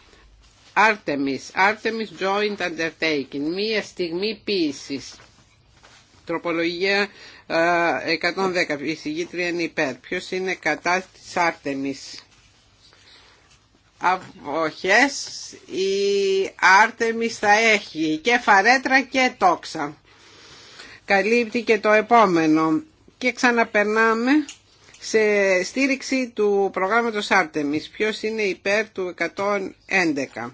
Artemis, Artemis Joint Undertaking, μία στιγμή ποιησης. Τροπολογία 110, ε, η είναι υπέρ. Ποιος είναι κατά της Artemis. Αποχές, η Artemis θα έχει και φαρέτρα και τόξα. Καλύπτει και το επόμενο. Και ξαναπερνάμε σε στήριξη του προγράμματος Άρτεμις. Ποιος είναι υπέρ του 111.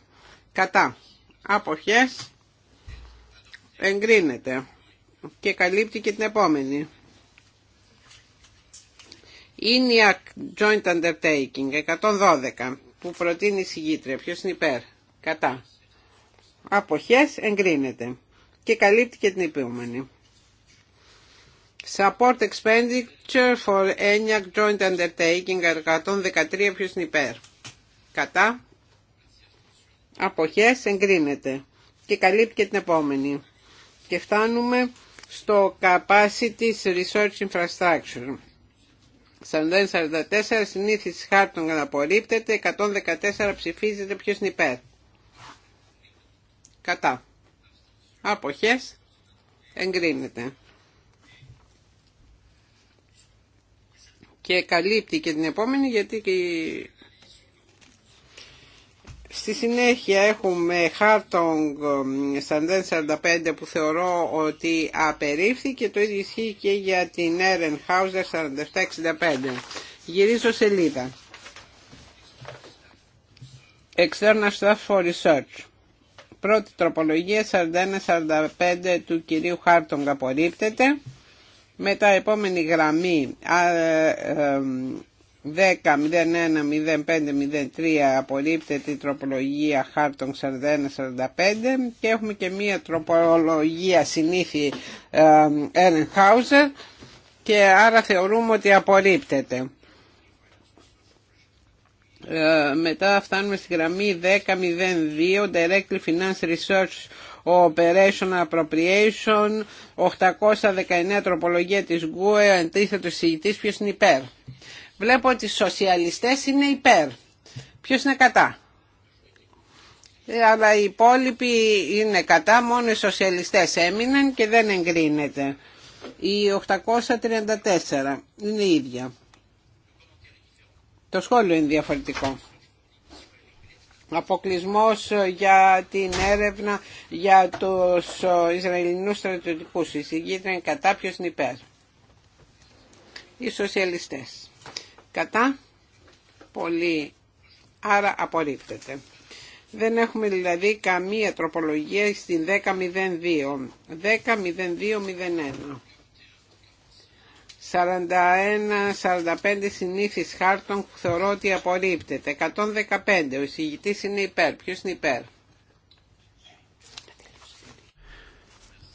Κατά. Αποχές. Εγκρίνεται. Και καλύπτει και την επόμενη. Είναι Joint Undertaking 112 που προτείνει η συγγήτρια. Ποιος είναι υπέρ. Κατά. Αποχές εγκρίνεται. Και καλύπτει και την επόμενη. Support expenditure for ENIAC joint undertaking 113 ποιος είναι υπέρ. Κατά. Αποχές εγκρίνεται. Και καλύπτει και την επόμενη. Και φτάνουμε στο capacity research infrastructure. 41-44 συνήθιση χάρτων να απορρίπτεται. 114 ψηφίζεται ποιος είναι υπέρ. Κατά. Αποχές εγκρίνεται. και καλύπτει και την επόμενη γιατί και Στη συνέχεια έχουμε Χάρτονγκ Σαντέν 45 που θεωρώ ότι απερίφθηκε. και το ίδιο ισχύει και για την Έρεν Χάουζερ 47-65. Γυρίζω σελίδα. External Staff for Research. Πρώτη τροπολογία 41-45 του κυρίου Χάρτονγκ απορρίπτεται. Μετά τα επόμενη γραμμή 10.01.05.03 ε, ε, απορρίπτεται η τροπολογία χάρτων και έχουμε και μία τροπολογία συνήθη Ερενχάουζερ και άρα θεωρούμε ότι απορρίπτεται. Ε, μετά φτάνουμε στη γραμμή 10.02 Directly Finance Research ο Operation Appropriation, 819 τροπολογία της ΓΚΟΕ, αντίθετος συγητής, ποιος είναι υπέρ. Βλέπω ότι οι σοσιαλιστές είναι υπέρ. Ποιος είναι κατά. Ε, αλλά οι υπόλοιποι είναι κατά, μόνο οι σοσιαλιστές έμειναν και δεν εγκρίνεται. Οι 834 είναι ίδια. Το σχόλιο είναι διαφορετικό. Αποκλεισμό ε, για την έρευνα για τους ε, Ισραηλινούς στρατιωτικούς. Η είναι κατά ποιος είναι Οι σοσιαλιστές. Κατά. Πολύ. Άρα απορρίπτεται. Δεν έχουμε δηλαδή καμία τροπολογία στην 10.02. 10.02.01. 41-45 συνήθει χάρτων που θεωρώ ότι απορρίπτεται. 115. Ο εισηγητή είναι υπέρ. Ποιο είναι υπέρ.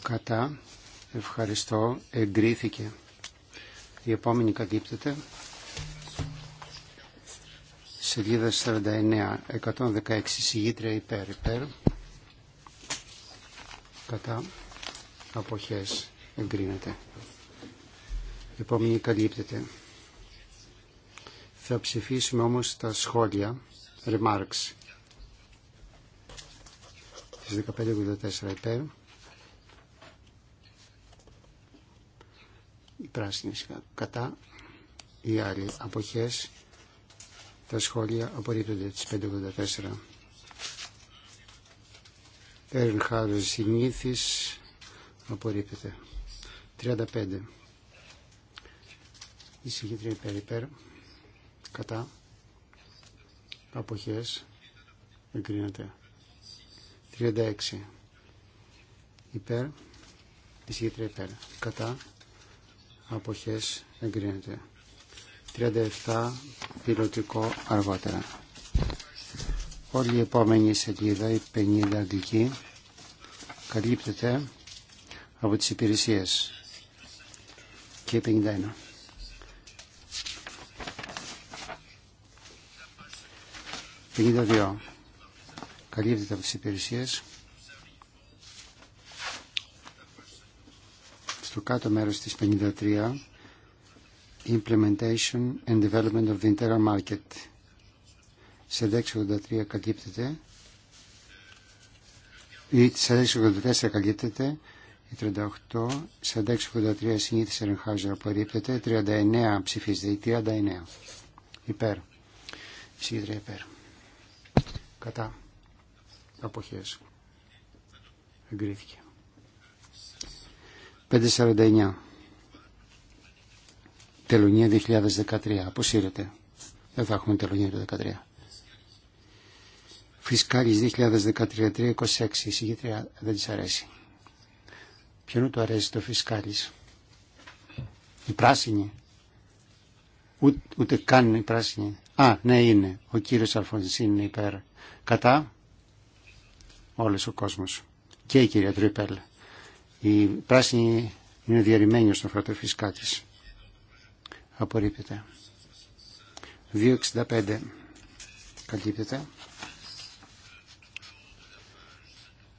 Κατά. Ευχαριστώ. Εγκρίθηκε. Η επόμενη κατήπτεται. Σελίδα 49. 116 εισηγήτρια υπέρ. Υπέρ. Κατά. Αποχές. Εγκρίνεται επόμενη καλύπτεται. Θα ψηφίσουμε όμως τα σχόλια, remarks, τις 15.84 υπέρ. Οι πράσινες κατά, οι άλλοι αποχές, τα σχόλια απορρίπτονται τις 5.84. Έρνχαρ χάρος συνήθις απορρίπτεται. 35 η συγκέντρια υπέρ υπέρ κατά αποχές εγκρίνεται 36 υπέρ η συγκέντρια υπέρ κατά αποχές εγκρίνεται 37 πιλωτικό αργότερα όλη η επόμενη σελίδα η 50 αγγλική καλύπτεται από τις υπηρεσίες και 51 52. Καλύπτεται από τις υπηρεσίες. Στο κάτω μέρος της 53. Implementation and Development of the Internal Market. Σε 683 καλύπτεται. Ή σε 684 καλύπτεται. Η 38. Σε 683 συνήθισε Ερενχάουζερ απορρίπτεται. 39 ψηφίζεται. Η 39. Υπέρ. Η υπέρ. Κατά. Αποχές. Εγκρίθηκε. 549. Τελωνία 2013. Αποσύρεται. Δεν θα έχουμε τελωνία το 2013. Φυσκάρις 2013-326. Η συγκεκριά δεν της αρέσει. Ποιον του αρέσει το φυσκάρις. Η πράσινη. Ούτε, ούτε καν η πράσινη. Α, ναι είναι. Ο κύριος Αλφονσίν είναι υπέρ. Κατά Όλο ο κόσμο Και η κυρία Τρίπελ. Η πράσινη είναι διαρριμένη στο φρατό φυσικά τη. Απορρίπτεται. 2.65 καλύπτεται.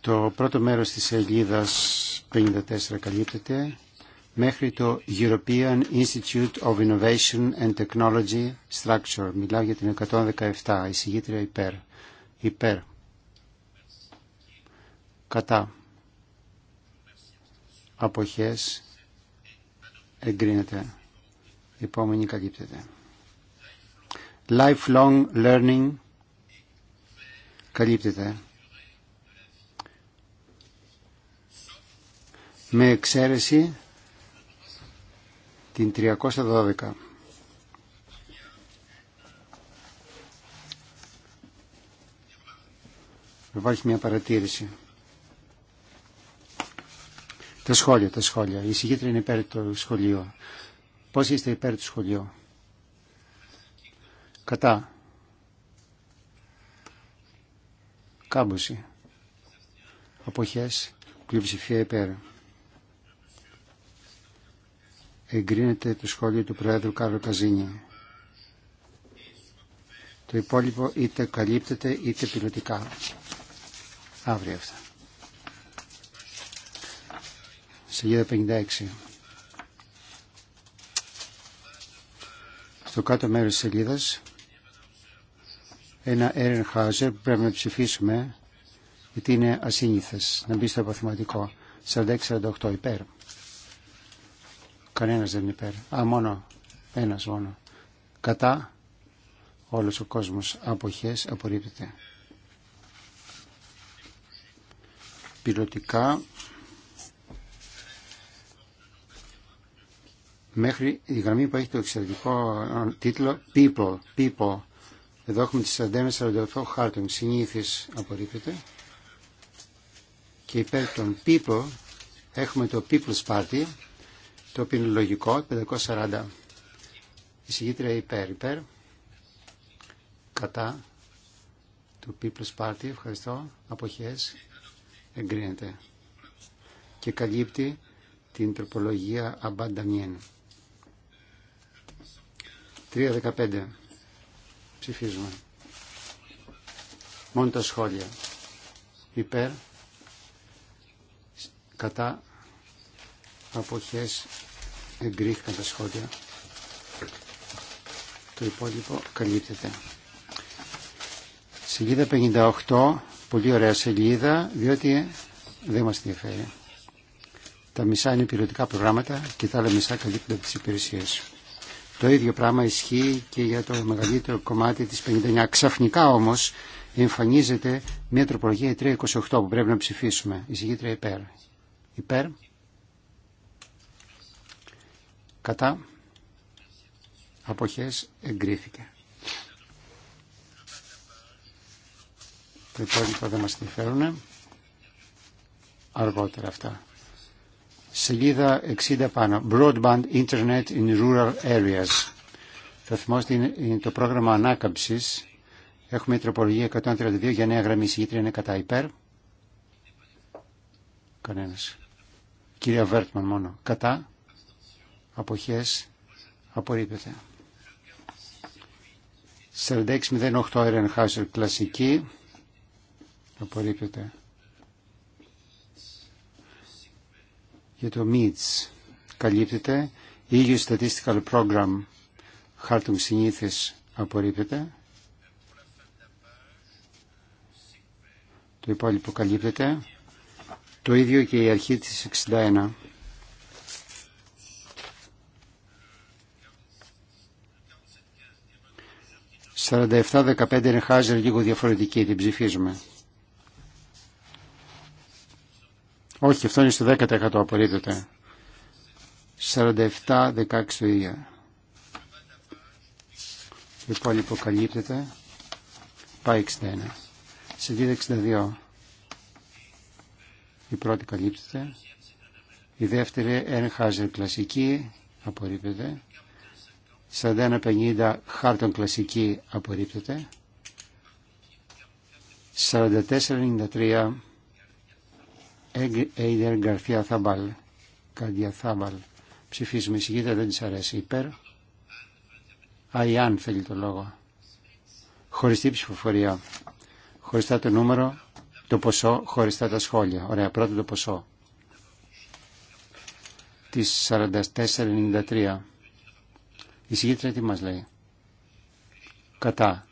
Το πρώτο μέρος της σελίδα 54 καλύπτεται μέχρι το European Institute of Innovation and Technology Structure. Μιλάω για την 117, εισηγήτρια υπέρ υπέρ κατά αποχές εγκρίνεται η επόμενη καλύπτεται lifelong learning καλύπτεται με εξαίρεση την 312 Υπάρχει μια παρατήρηση. Τα σχόλια, τα σχόλια. Η συγκίτρια είναι υπέρ του σχολείου. Πώς είστε υπέρ του σχολείου. Κατά. Κάμποση. Αποχές. Πλειοψηφία υπέρ. Εγκρίνεται το σχόλιο του Προέδρου Κάρλο Καζίνη. Το υπόλοιπο είτε καλύπτεται είτε πιλωτικά. Αύριο αυτά. Σελίδα 56. Στο κάτω μέρος της σελίδας ένα Έρεν Χάζερ που πρέπει να ψηφίσουμε γιατί είναι ασύνηθες να μπει στο αποθηματικό. 46-48 υπέρ. Κανένας δεν είναι υπέρ. Α, μόνο ένας μόνο. Κατά όλος ο κόσμος αποχές απορρίπτεται. πιλωτικά μέχρι η γραμμή που έχει το εξαιρετικό ε, τίτλο People, People. Εδώ έχουμε τις 41-48 χάρτων, συνήθις απορρίπτεται. Και υπέρ των People έχουμε το People's Party, το οποίο είναι λογικό, 540. Η υπέρ, κατά του People's Party, ευχαριστώ, αποχές, εγκρίνεται και καλύπτει την τροπολογία Αμπανταμιέν. 3.15 ψηφίζουμε. Μόνο τα σχόλια. Υπέρ, κατά, αποχές, εγκρίθηκαν τα σχόλια. Το υπόλοιπο καλύπτεται. Σελίδα 58 πολύ ωραία σελίδα διότι δεν μας ενδιαφέρει. Τα μισά είναι πυροτικά προγράμματα και τα άλλα μισά καλύπτουν τις υπηρεσίες. Το ίδιο πράγμα ισχύει και για το μεγαλύτερο κομμάτι της 59. Ξαφνικά όμως εμφανίζεται μια τροπολογία 328 που πρέπει να ψηφίσουμε. Εισηγήτρια υπέρ. Υπέρ. Κατά. Αποχές εγκρίθηκε. Τα υπόλοιπα δεν μας ενδιαφέρουν. Αργότερα αυτά. Σελίδα 60 πάνω. Broadband Internet in Rural Areas. Θα θυμόστε είναι το πρόγραμμα ανάκαμψης. Έχουμε η τροπολογία 132 για νέα γραμμή. Συγήτρια είναι κατά υπέρ. Κανένας. Κυρία Βέρτμαν μόνο. Κατά. Αποχές. Απορρίπτεται. 4608 Ερενχάουσερ κλασική. Απορρίπτεται. Για το MIDS καλύπτεται. EU Statistical Program χάρτουμ συνήθες απορρίπτεται. Το υπόλοιπο καλύπτεται. Το ίδιο και η αρχή της 61. «47-15 είναι χάζερ λίγο διαφορετική, την ψηφίζουμε. Όχι, αυτό είναι στο 10% απορρίπτεται. 47-16 το ίδιο. Το υπόλοιπο καλύπτεται. Πάει 61. Σελίδα 62. Η πρώτη καλύπτεται. Η δεύτερη ένα κλασικη κλασική απορρίπτεται. 41-50 Χάρτον κλασική απορρίπτεται. 44-93 Έιντερ Γκαρθία Θάμπαλ. Καρδιά Θάμπαλ. Ψηφίζουμε. Η δεν της αρέσει. Υπέρ. Αϊάν θέλει το λόγο. Χωριστή ψηφοφορία. Χωριστά το νούμερο, το ποσό, χωριστά τα σχόλια. Ωραία, πρώτο το ποσό. Της 4493. Η συγκίτρια τι μας λέει. Κατά.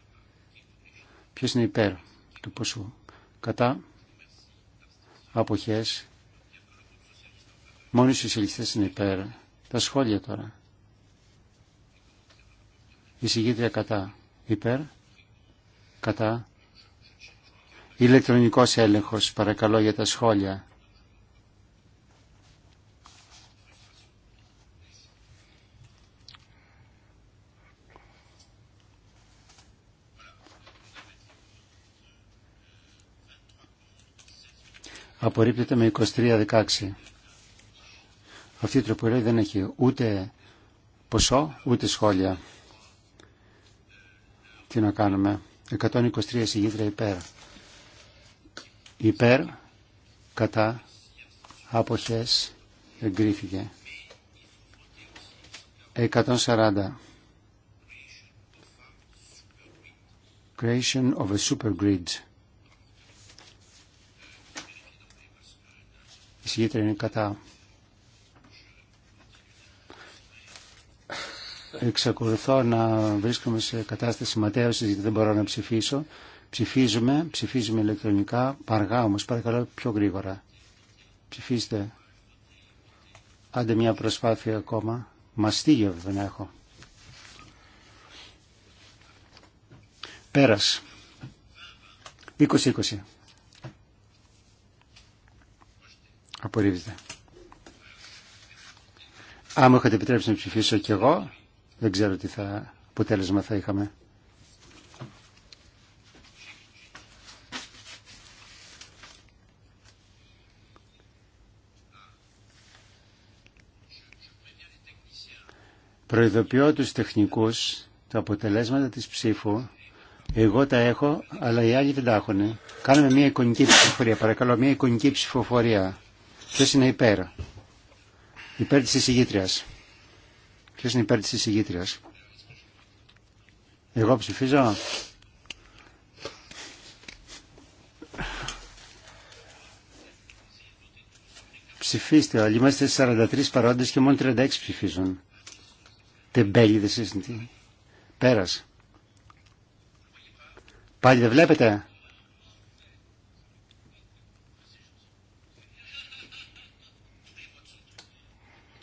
Ποιος είναι υπέρ Το ποσού. Κατά αποχές Μόνοι οι είναι υπέρ τα σχόλια τώρα η κατά υπέρ κατά ηλεκτρονικός έλεγχος παρακαλώ για τα σχόλια απορρίπτεται με 23-16. Αυτή η τροπολογία δεν έχει ούτε ποσό, ούτε σχόλια. Τι να κάνουμε. 123 συγγύτρια υπέρ. Υπέρ, κατά, άποχες, εγκρίθηκε. 140. Creation of a supergrid. Η Εξακολουθώ να βρίσκομαι σε κατάσταση ματέωσης γιατί δεν μπορώ να ψηφίσω. Ψηφίζουμε, ψηφίζουμε ηλεκτρονικά, παργά όμως, παρακαλώ πιο γρήγορα. Ψηφίστε. Άντε μια προσπάθεια ακόμα. Μαστίγιο δεν έχω. Πέρας. 20-20. Απορρίβεται. Αν μου είχατε επιτρέψει να ψηφίσω κι εγώ, δεν ξέρω τι θα, αποτέλεσμα θα είχαμε. Προειδοποιώ τους τεχνικούς τα αποτελέσματα της ψήφου. Εγώ τα έχω, αλλά οι άλλοι δεν τα έχουν. Κάνουμε μια εικονική ψηφοφορία, παρακαλώ, μια εικονική ψηφοφορία. Ποιο είναι υπέρ. Υπέρ της εισηγήτριας. Ποιος είναι υπέρ της εισηγήτριας. Εγώ ψηφίζω. Ψηφίστε όλοι. Είμαστε 43 παρόντες και μόνο 36 ψηφίζουν. Τεμπέλιδες είστε. Πέρας. Πάλι δεν βλέπετε.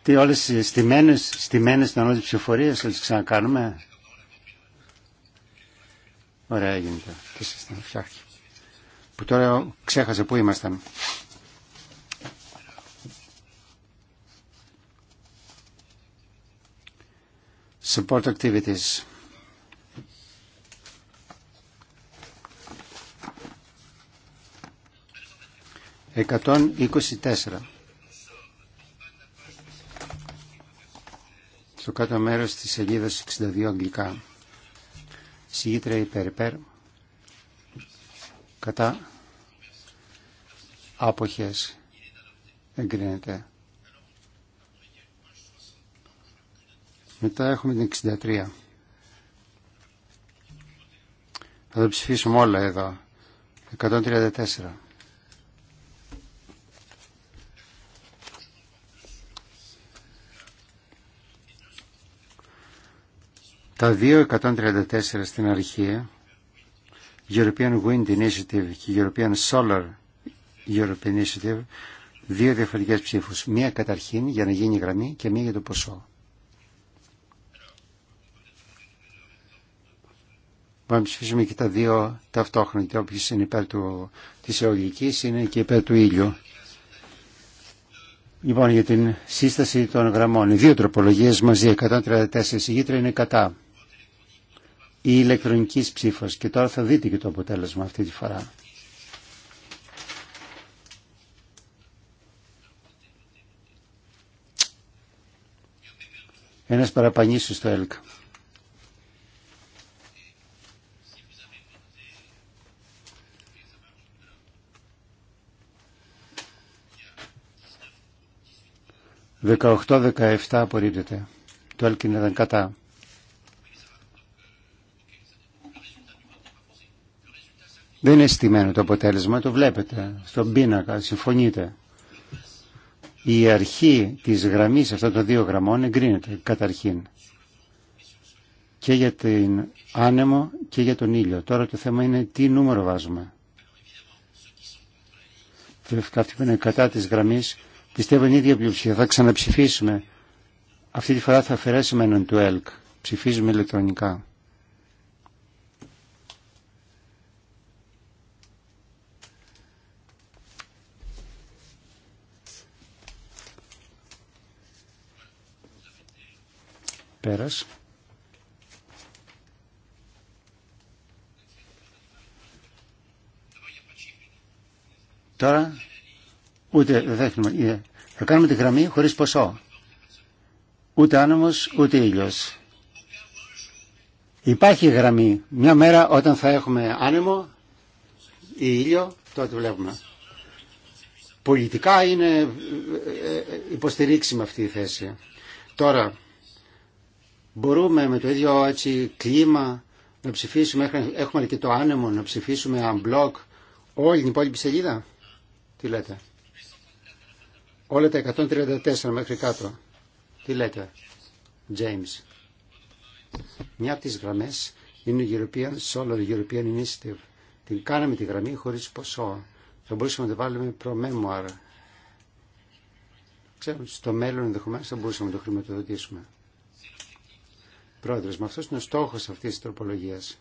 Τι όλες στημένες, στημένες ήταν όλες τις ψηφοφορίες, θα τις ξανακάνουμε. Ωραία γίνεται. Τι σας φτιάχνει. Που τώρα ξέχασε πού ήμασταν. Support activities. 124. στο κάτω μέρος της σελίδα 62 αγγλικά. Συγήτρια υπέρ υπέρ. Κατά. άποχε Εγκρίνεται. Μετά έχουμε την 63. Θα το ψηφίσουμε όλα εδώ. 134. Τα δύο 134 στην αρχή, European Wind Initiative και European Solar European Initiative, δύο διαφορετικές ψήφους. Μία καταρχήν για να γίνει γραμμή και μία για το ποσό. Μπορούμε να ψηφίσουμε και τα δύο ταυτόχρονα, και όποιος είναι υπέρ του, της αιωλικής είναι και υπέρ του ήλιου. Λοιπόν, για την σύσταση των γραμμών. Οι δύο τροπολογίες μαζί, 134 Γητρα είναι κατά η ηλεκτρονικής ψήφος και τώρα θα δείτε και το αποτέλεσμα αυτή τη φορά. Ένας παραπανήσιος στο ΕΛΚ. Δεκαοχτώ-δεκαεφτά απορρίπτεται. Το ΕΛΚ είναι κατά. Δεν είναι στημένο το αποτέλεσμα, το βλέπετε στον πίνακα, συμφωνείτε. Η αρχή της γραμμής αυτών των δύο γραμμών εγκρίνεται καταρχήν και για την άνεμο και για τον ήλιο. Τώρα το θέμα είναι τι νούμερο βάζουμε. Βέβαια που είναι κατά της γραμμής πιστεύω είναι η ίδια πλειοψηφία. Θα ξαναψηφίσουμε. Αυτή τη φορά θα αφαιρέσουμε έναν του ΕΛΚ. Ψηφίζουμε ηλεκτρονικά. Τώρα ούτε δεν δέχνουμε. Ε, θα κάνουμε τη γραμμή χωρίς ποσό. Ούτε άνεμος, ούτε ήλιος. Υπάρχει γραμμή. Μια μέρα όταν θα έχουμε άνεμο ή ήλιο, τότε βλέπουμε. Πολιτικά είναι ε, ε, υποστηρίξιμη αυτή η θέση. Τώρα, Μπορούμε με το ίδιο έτσι κλίμα να ψηφίσουμε, έχουμε το άνεμο, να ψηφίσουμε unblock όλη την υπόλοιπη σελίδα. Τι λέτε. Όλα τα 134 μέχρι κάτω. Τι λέτε. James. Μια από τις γραμμές είναι η European Solar European Initiative. Την κάναμε τη γραμμή χωρίς ποσό. Θα μπορούσαμε να τη βάλουμε προ memoir. Ξέρω, στο μέλλον ενδεχομένως θα μπορούσαμε να το χρηματοδοτήσουμε. Πρόεδρος, με αυτός είναι ο στόχος αυτής της τροπολογίας.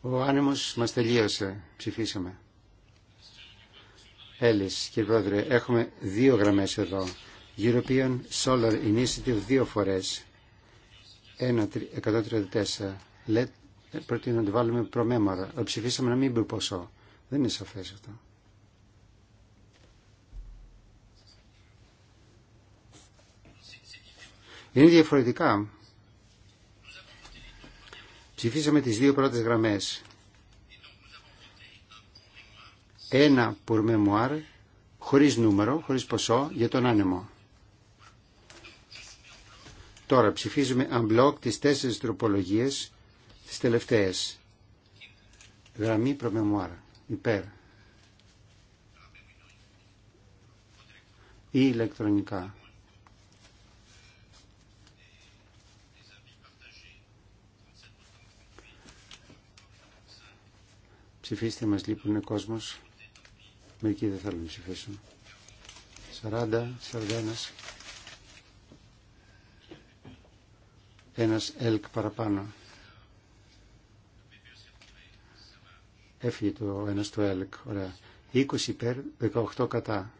Ο άνεμος μας τελείωσε. Ψηφίσαμε. Έλλης, κύριε Πρόεδρε, έχουμε δύο γραμμές εδώ. European Solar Initiative δύο φορές. 134. Προτείνω να το βάλουμε προμέμορα. Ψηφίσαμε να μην πει ποσό. Δεν είναι σαφές αυτό. είναι διαφορετικά. Ψηφίσαμε τις δύο πρώτες γραμμές. Ένα pour mémoire, χωρίς νούμερο, χωρίς ποσό, για τον άνεμο. Τώρα ψηφίζουμε en bloc τις τέσσερις τροπολογίες, τις τελευταίες. Γραμμή mémoire, υπέρ. Ή ηλεκτρονικά. Ψηφίστε μας λείπουν λοιπόν, κόσμος. Μερικοί δεν θέλουν να ψηφίσουν. 40, 41. Ένας ΕΛΚ παραπάνω. Έφυγε το ένας του ΕΛΚ. Ωραία. 20 υπέρ, 18 κατά.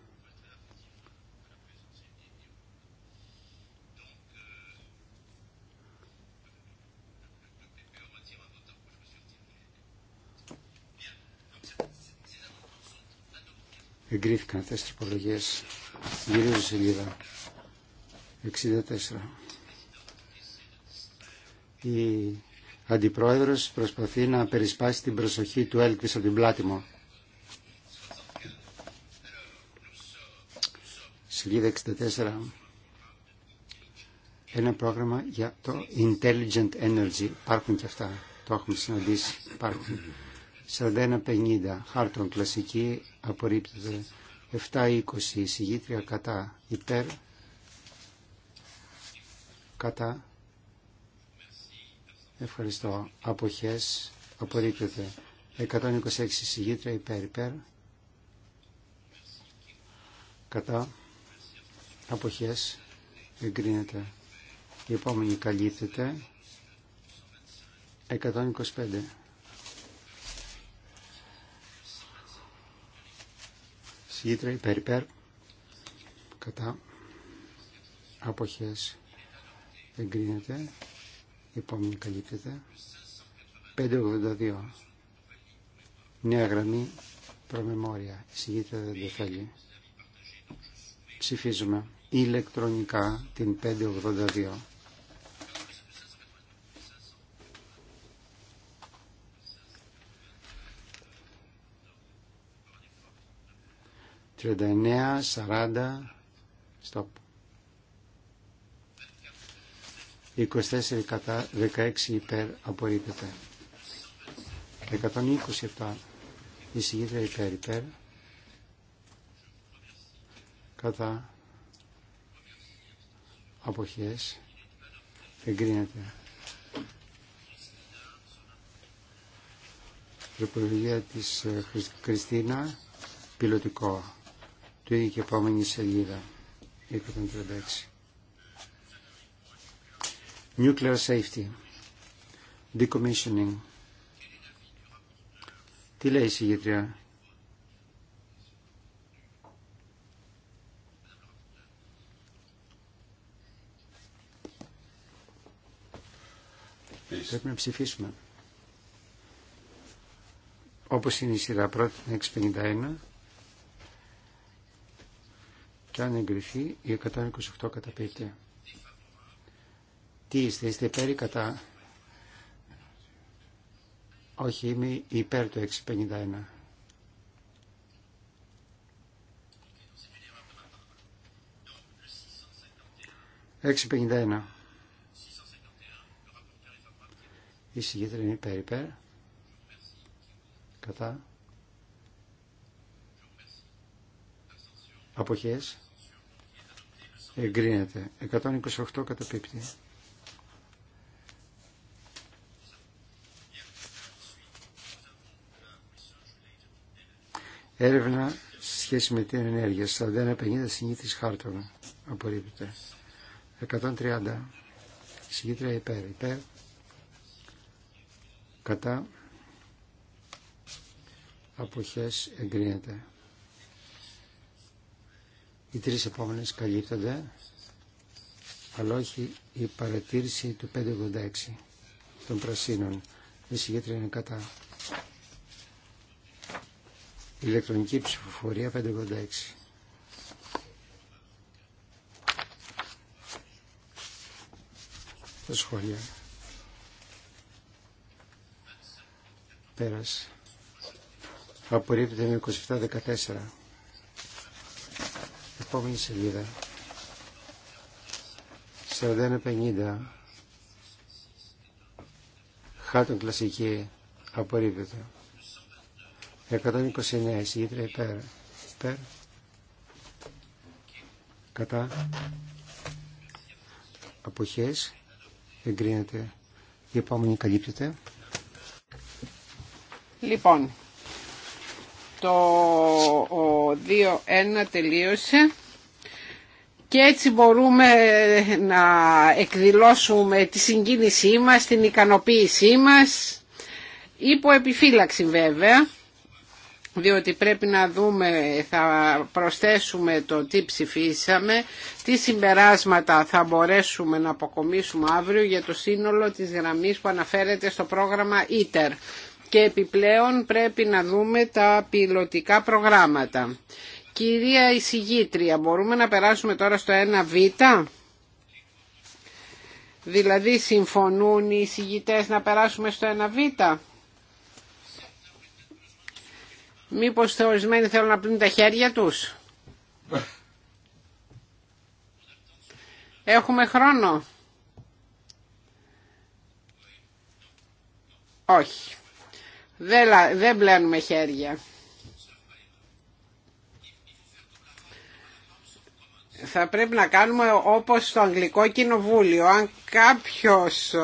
Εγκρίθηκαν αυτές τις τροπολογίες. Γυρίζω σελίδα. 64. Η αντιπρόεδρος προσπαθεί να περισπάσει την προσοχή του Έλκ από την πλάτη μου. Σελίδα 64. Ένα πρόγραμμα για το Intelligent Energy. Υπάρχουν και αυτά. Το έχουμε συναντήσει. Υπάρχουν. 41-50 χάρτον κλασική απορρίπτεται 7-20 εισηγήτρια κατά υπέρ κατά ευχαριστώ αποχές απορρίπτεται 126 εισηγήτρια υπέρ υπέρ κατά αποχές εγκρίνεται η επόμενη καλύπτεται 125 Συγγήτρια υπέρ υπέρ. Κατά. Αποχές. Εγκρίνεται. Η επόμενη καλύπτεται. 582. Νέα γραμμή. Προμεμόρια. Η συγγήτρια δεν το θέλει. Ψηφίζουμε ηλεκτρονικά την 582. 39, 40, stop. 24 16 υπέρ απορρίπτεται. 127 εισηγήτρια υπέρ υπέρ κατά αποχές εγκρίνεται. Προπολογία της ε, Χριστίνα πιλωτικό η επόμενη σελίδα, 136. Nuclear safety. Decommissioning. Τι λέει η συγγετριά. Πρέπει να ψηφίσουμε. Όπως είναι η σειρά πρώτη, 651 αν εγκριθεί η 128 καταπίτη. Τι είστε, είστε υπέρ ή κατά. Όχι, είμαι υπέρ του 651. 6.51. πενήντα ένα. Η συγκέντρια είναι υπέρ, υπέρ. Κατά. Αποχές εγκρίνεται. 128 καταπίπτει. Έρευνα σε σχέση με την ενέργεια. 41-50 συνήθις χάρτογα. Απορρίπτεται. 130. Συγκίτρια υπέρ. Υπέρ. Κατά. Αποχές εγκρίνεται. Οι τρεις επόμενες καλύπτονται, αλλά όχι η παρατήρηση του 586 των πρασίνων. Η συγκέντρια είναι κατά. Ηλεκτρονική ψηφοφορία 586. Τα σχόλια. Πέρασε. Απορρίπτεται με 27 επόμενη σελίδα. 41-50. Χάτον κλασική. Απορρίπτεται. 129. Εισηγήτρια υπέρ. Υπέρ. Κατά. Αποχές. Εγκρίνεται. Η επόμενη καλύπτεται. Λοιπόν, το 2-1 τελείωσε και έτσι μπορούμε να εκδηλώσουμε τη συγκίνησή μας, την ικανοποίησή μας, υπό επιφύλαξη βέβαια, διότι πρέπει να δούμε, θα προσθέσουμε το τι ψηφίσαμε, τι συμπεράσματα θα μπορέσουμε να αποκομίσουμε αύριο για το σύνολο της γραμμής που αναφέρεται στο πρόγραμμα ITER. Και επιπλέον πρέπει να δούμε τα πιλωτικά προγράμματα. Κυρία εισηγήτρια, μπορούμε να περάσουμε τώρα στο 1β. Δηλαδή συμφωνούν οι εισηγητές να περάσουμε στο 1β. Μήπως ορισμένοι θέλουν να πλύνουν τα χέρια τους. Έχουμε χρόνο. Όχι. Δεν, δεν πλένουμε χέρια. θα πρέπει να κάνουμε όπως στο Αγγλικό Κοινοβούλιο. Αν κάποιος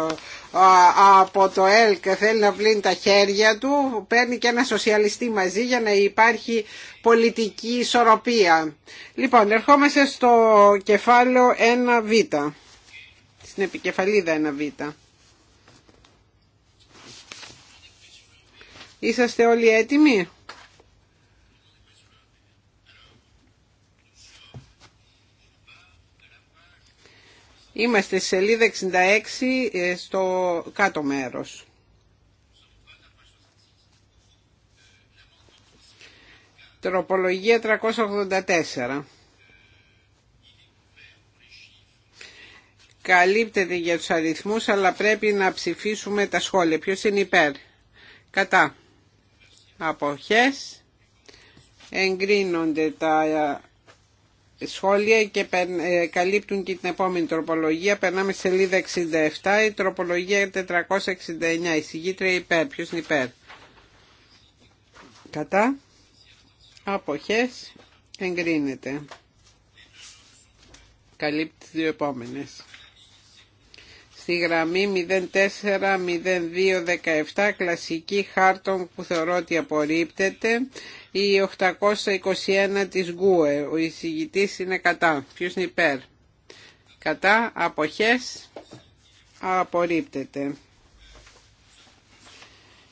από το ΕΛΚ θέλει να πλύνει τα χέρια του, παίρνει και ένα σοσιαλιστή μαζί για να υπάρχει πολιτική ισορροπία. Λοιπόν, ερχόμαστε στο κεφάλαιο 1β, στην επικεφαλίδα 1β. Είσαστε όλοι έτοιμοι. Είμαστε στη σελίδα 66 ε, στο κάτω μέρος. Τροπολογία 384. Καλύπτεται για τους αριθμούς, αλλά πρέπει να ψηφίσουμε τα σχόλια. Ποιος είναι υπέρ. Κατά. Αποχές. Εγκρίνονται τα σχόλια και ε, καλύπτουν και την επόμενη τροπολογία. Περνάμε σελίδα 67, η τροπολογία 469, η συγκήτρια υπέρ. Ποιος είναι υπέρ. Κατά. Αποχές. Εγκρίνεται. Καλύπτει τις δύο επόμενες. Στη γραμμή 040217, κλασική χάρτον που θεωρώ ότι απορρίπτεται η 821 της Γκουε. Ο εισηγητής είναι κατά. Ποιος είναι υπέρ. Κατά αποχές απορρίπτεται.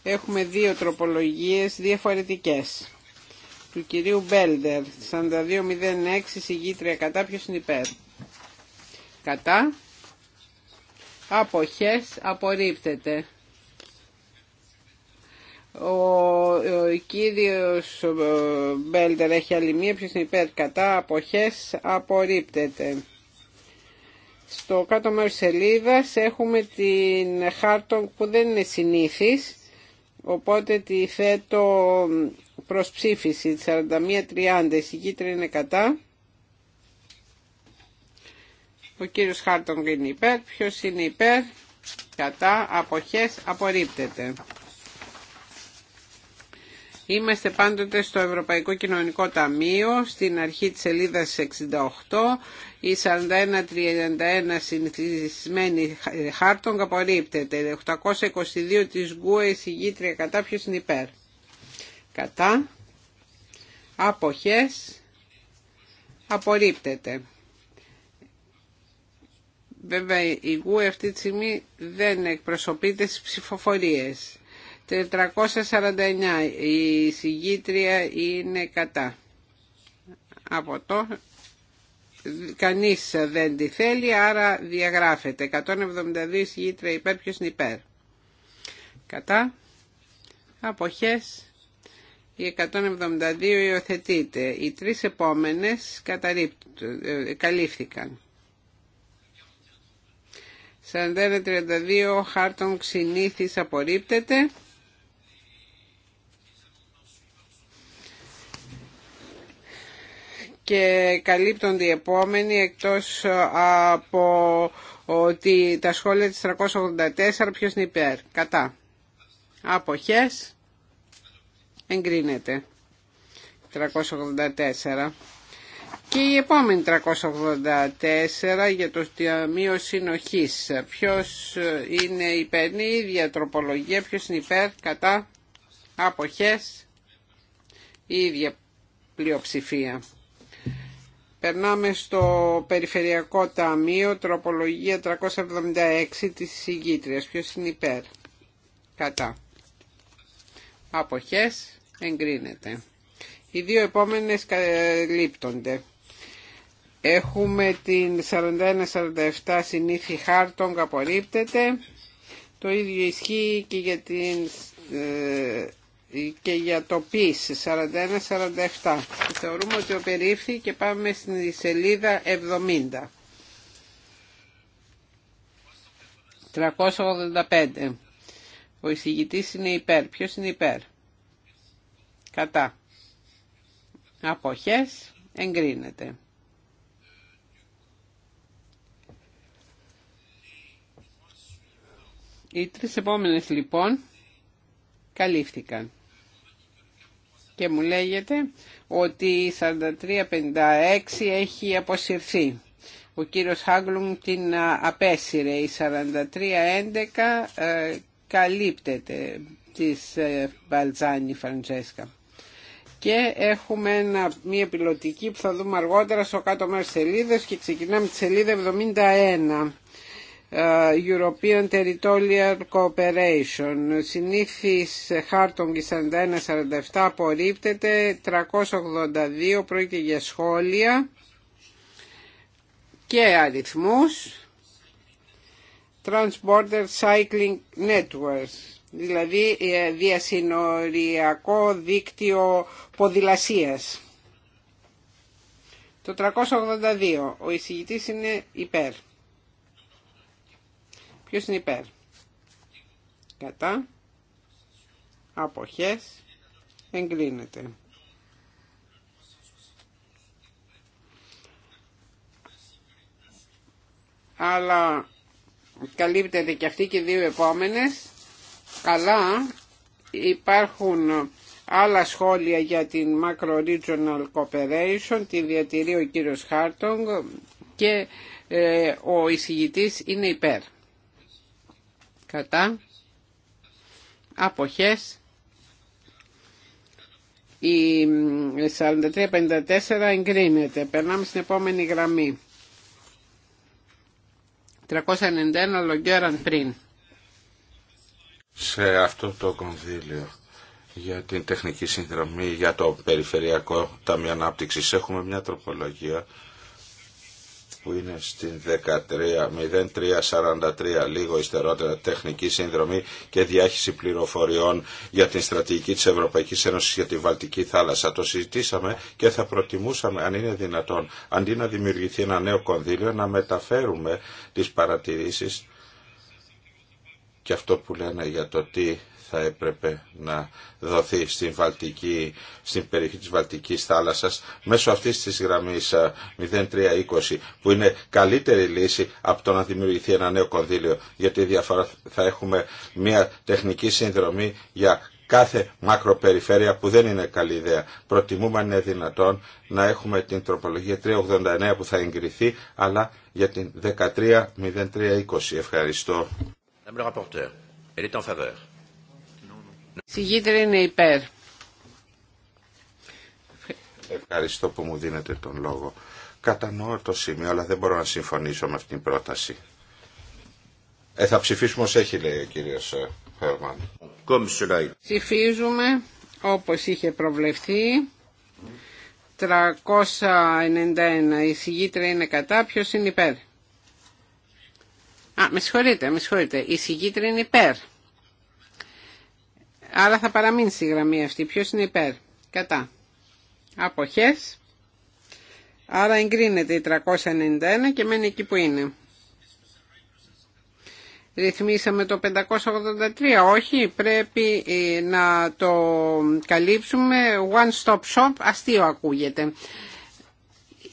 Έχουμε δύο τροπολογίες διαφορετικές. Του κυρίου Μπέλντερ, 4206, Εισηγήτρια. κατά, ποιος είναι υπέρ. Κατά. Αποχές απορρίπτεται. Ο κύριος Μπέλτερ έχει άλλη μία, ποιος είναι υπέρ κατά αποχές απορρίπτεται. Στο κάτω μέρος της σελίδας έχουμε την Χάρτονγκ που δεν είναι συνήθις, οπότε τη θέτω προς ψήφιση 41-30, η κίτρινη είναι κατά. Ο κύριος Χάρτον είναι υπέρ, ποιος είναι υπέρ, κατά, αποχές, απορρίπτεται. Είμαστε πάντοτε στο Ευρωπαϊκό Κοινωνικό Ταμείο, στην αρχή της σελίδα 68, η 4131 συνηθισμένη χάρτον απορρίπτεται, 822 της ΓΚΟΕ εισηγήτρια κατά ποιος είναι υπέρ. Κατά, αποχές, απορρίπτεται. Βέβαια η ΓΚΟΕ αυτή τη στιγμή δεν εκπροσωπείται στις ψηφοφορίες. 449. Η συγγήτρια είναι κατά. Από το κανείς δεν τη θέλει, άρα διαγράφεται. 172 συγγήτρια υπέρ, ποιος είναι υπέρ. Κατά. Αποχές. Η 172 υιοθετείται. Οι τρεις επόμενες ε, καλύφθηκαν. 41-32 χάρτον ξυνήθης απορρίπτεται. και καλύπτονται οι επόμενοι εκτός ε, από ότι τα σχόλια της 384 ποιος είναι υπέρ. Κατά. Αποχές. Εγκρίνεται. 384. Και η επόμενη 384 για το Ταμείο Συνοχής. Ποιο ε, είναι υπέρ, είναι η ίδια τροπολογία, ποιο είναι υπέρ, κατά, αποχές, η ίδια πλειοψηφία. Περνάμε στο Περιφερειακό Ταμείο, τροπολογία 376 της συγκήτριας. Ποιος είναι υπέρ. Κατά. Αποχές. Εγκρίνεται. Οι δύο επόμενες καλύπτονται. Έχουμε την 41-47 συνήθι χάρτων απορρίπτεται. Το ίδιο ισχύει και για την ε, και για το πις 41-47 θεωρούμε ότι περίφθη και πάμε στην σελίδα 70 385 ο εισηγητής είναι υπέρ ποιος είναι υπέρ κατά αποχές εγκρίνεται οι τρεις επόμενες λοιπόν καλύφθηκαν και μου λέγεται ότι η 4356 έχει αποσυρθεί. Ο κύριος Χάγκλουμ την απέσυρε. Η 4311 ε, καλύπτεται της ε, Μπαλτζάνη Φραντζέσκα. Και έχουμε μια πιλωτική που θα δούμε αργότερα στο κάτω μέρος σελίδες και ξεκινάμε τη σελίδα 71. Ε, European Territorial Cooperation. συνηθις χαρτων χάρτονγκη 41-47 απορρίπτεται, 382 πρόκειται για σχόλια και αριθμούς. Transborder Cycling Networks, δηλαδή ε, διασυνοριακό δίκτυο ποδηλασίας. Το 382, ο εισηγητής είναι υπέρ. Ποιο είναι υπέρ. Κατά. αποχέ. Εγκρίνεται. Αλλά καλύπτεται και αυτοί και οι δύο επόμενες. Καλά υπάρχουν άλλα σχόλια για την Macro Regional Cooperation, τη διατηρεί ο κύριος Χάρτογκ και ε, ο εισηγητής είναι υπέρ κατά αποχές η 4354 εγκρίνεται. Περνάμε στην επόμενη γραμμή. 391 Λογκέραν πριν. Σε αυτό το κονδύλιο για την τεχνική συνδρομή για το Περιφερειακό Ταμείο ανάπτυξη, έχουμε μια τροπολογία που είναι στην 13.03.43 λίγο υστερότερα τεχνική σύνδρομη και διάχυση πληροφοριών για την στρατηγική της Ευρωπαϊκής Ένωσης για τη Βαλτική θάλασσα. Το συζητήσαμε και θα προτιμούσαμε αν είναι δυνατόν αντί να δημιουργηθεί ένα νέο κονδύλιο να μεταφέρουμε τις παρατηρήσεις και αυτό που λένε για το τι θα έπρεπε να δοθεί στην, Βαλτική, στην περιοχή της Βαλτικής θάλασσας μέσω αυτής της γραμμής 0320 που είναι καλύτερη λύση από το να δημιουργηθεί ένα νέο κονδύλιο γιατί διαφορά θα έχουμε μια τεχνική συνδρομή για κάθε μακροπεριφέρεια που δεν είναι καλή ιδέα. Προτιμούμε αν είναι δυνατόν να έχουμε την τροπολογία 389 που θα εγκριθεί αλλά για την 130320. Ευχαριστώ. Madame είναι υπέρ. Ευχαριστώ που μου δίνετε τον λόγο. Κατανοώ το σημείο, αλλά δεν μπορώ να συμφωνήσω με αυτήν την πρόταση. Ε, θα ψηφίσουμε όσο έχει, λέει ο κύριος ε, Χέρμαν. Ψηφίζουμε όπως είχε προβλεφθεί. 391. Η συγγήτρια είναι κατά. Ποιος είναι υπέρ. Α, με συγχωρείτε, με συγχωρείτε. Η συγκίτρια είναι υπέρ. Άρα θα παραμείνει στη γραμμή αυτή. Ποιο είναι υπέρ. Κατά. Αποχέ. Άρα εγκρίνεται η 391 και μένει εκεί που είναι. Ρυθμίσαμε το 583, όχι, πρέπει ε, να το καλύψουμε. One stop shop, αστείο ακούγεται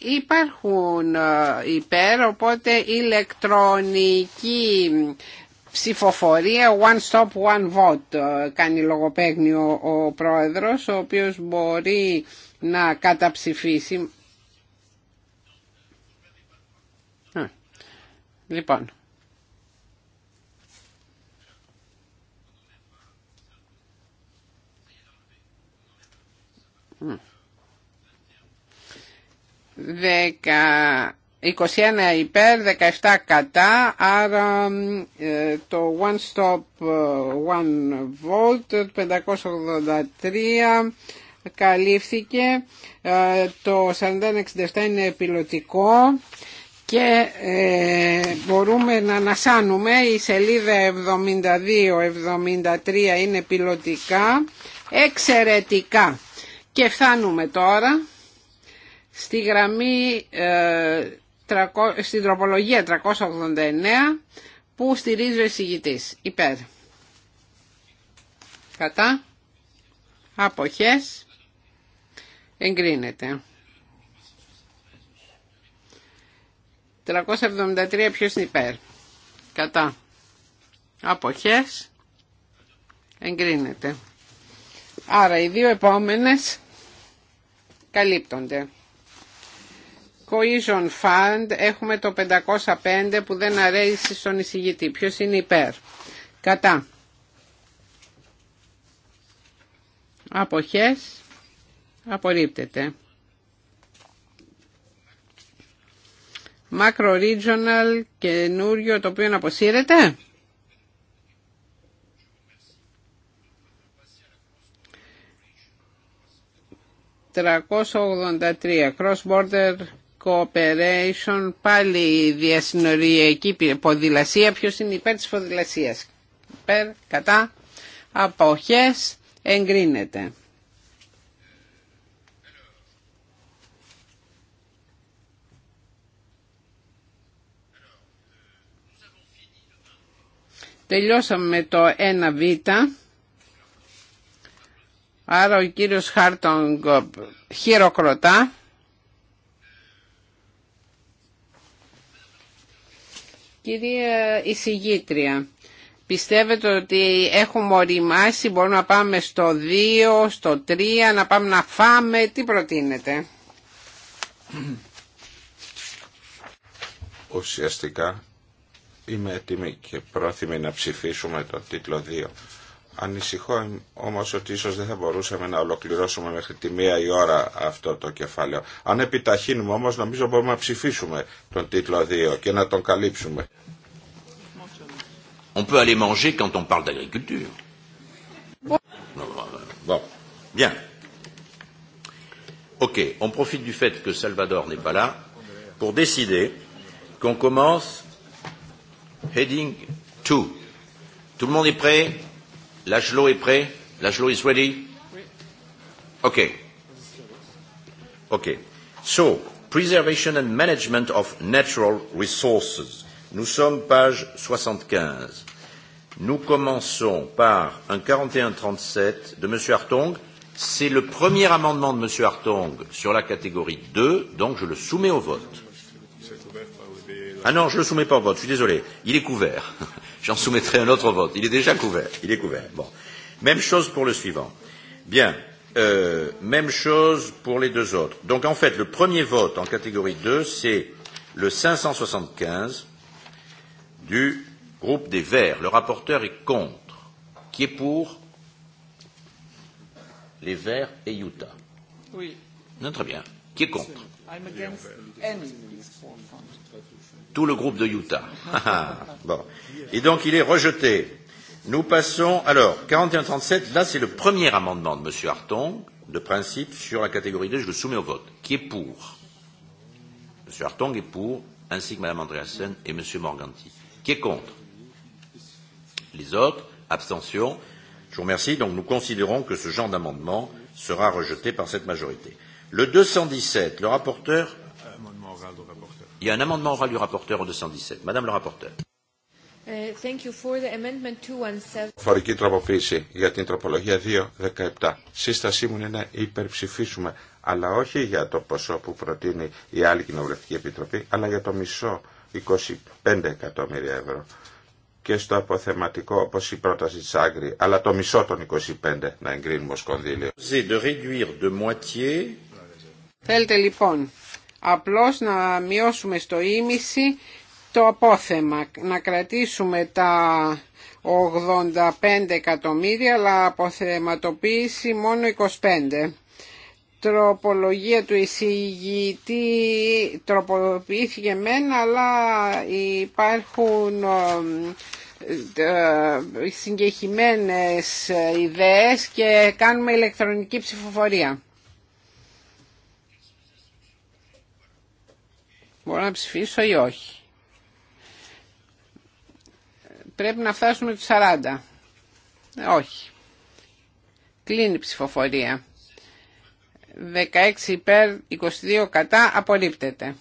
υπάρχουν ε, υπέρ, οπότε ηλεκτρονική ψηφοφορία one stop one vote ε, κάνει λογοπαίγνιο ο πρόεδρος ο οποίος μπορεί να καταψηφίσει Λοιπόν, 21 υπέρ, 17 κατά, άρα ε, το One Stop ε, One Volt 583 καλύφθηκε, ε, το 4167 είναι πιλωτικό και μπορούμε να ανασάνουμε, η σελίδα 72-73 είναι πιλωτικά, εξαιρετικά. Και φτάνουμε τώρα στη γραμμή, ε, στην τροπολογία 389 που στηρίζει ο εισηγητής. Υπέρ. Κατά. Αποχές. Εγκρίνεται. 373 ποιος είναι υπέρ. Κατά. Αποχές. Εγκρίνεται. Άρα οι δύο επόμενες καλύπτονται. Cohesion Fund έχουμε το 505 που δεν αρέσει στον εισηγητή. Ποιο είναι υπέρ. Κατά. Αποχές. Απορρίπτεται. Macro Regional καινούριο το οποίο αποσύρεται. ...383 Cross Border Cooperation, πάλι διασυνοριακή ποδηλασία. Ποιο είναι υπέρ τη ποδηλασίας. Υπέρ, κατά, αποχές, εγκρίνεται. Τελειώσαμε με το 1β. Άρα ο κύριος Χάρτονγκ χειροκροτά. Κυρία εισηγήτρια, πιστεύετε ότι έχουμε οριμάσει, μπορούμε να πάμε στο 2, στο 3, να πάμε να φάμε, τι προτείνετε. Ουσιαστικά είμαι έτοιμη και πρόθυμη να ψηφίσουμε το τίτλο 2 Ανησυχώ όμως ότι ίσως δεν θα μπορούσαμε να ολοκληρώσουμε μέχρι τη μία η ώρα αυτό το κεφάλαιο. Αν επιταχύνουμε όμως νομίζω μπορούμε να ψηφίσουμε τον τίτλο 2 και να τον καλύψουμε. On peut aller manger quand on parle d'agriculture. Bon. Bien. Ok, on profite du fait que Salvador n'est pas là pour décider qu'on commence heading 2. Tout le monde est prêt L'Agelot est prêt L'Agelot is ready Okay. Okay. So, preservation and management of natural resources. Nous sommes page 75. Nous commençons par un 41-37 de M. Hartong. C'est le premier amendement de M. Hartong sur la catégorie 2, donc je le soumets au vote. Ah non, je ne le soumets pas au vote, je suis désolé. Il est couvert. J'en soumettrai un autre vote. Il est déjà couvert. Il est couvert. Bon. Même chose pour le suivant. Bien. Euh, même chose pour les deux autres. Donc en fait, le premier vote en catégorie 2, c'est le 575 du groupe des Verts. Le rapporteur est contre. Qui est pour Les Verts et Utah. Oui. Non, très bien. Qui est contre Tout le groupe de Utah. bon. Et donc il est rejeté. Nous passons alors 4137. là c'est le premier amendement de M. Harton, de principe, sur la catégorie 2, je le soumets au vote. Qui est pour M. Hartong est pour, ainsi que Mme Andreasen et M. Morganti. Qui est contre Les autres Abstention Je vous remercie. Donc nous considérons que ce genre d'amendement sera rejeté par cette majorité. Le 217, le rapporteur. Il y a un amendement oral du rapporteur au 217. Madame le rapporteur. Ε, thank Φορική τροποποίηση για την τροπολογία 2.17. Σύστασή μου είναι να υπερψηφίσουμε, αλλά όχι για το ποσό που προτείνει η άλλη κοινοβουλευτική επιτροπή, αλλά για το μισό 25 εκατομμύρια ευρώ και στο αποθεματικό όπω η πρόταση τη Άγκρη, αλλά το μισό των 25 να εγκρίνουμε ω κονδύλιο. Θέλετε λοιπόν απλώς να μειώσουμε στο ίμιση το απόθεμα, να κρατήσουμε τα 85 εκατομμύρια αλλά αποθεματοποίηση μόνο 25 τροπολογία του εισηγητή τροποποιήθηκε μένα, αλλά υπάρχουν ε, ε, συγκεχημένες ιδέες και κάνουμε ηλεκτρονική ψηφοφορία. Μπορώ να ψηφίσω ή όχι. Πρέπει να φτάσουμε τους 40. Ε, όχι. Κλείνει η ψηφοφορία. 16 υπέρ, 22 κατά, απορρίπτεται.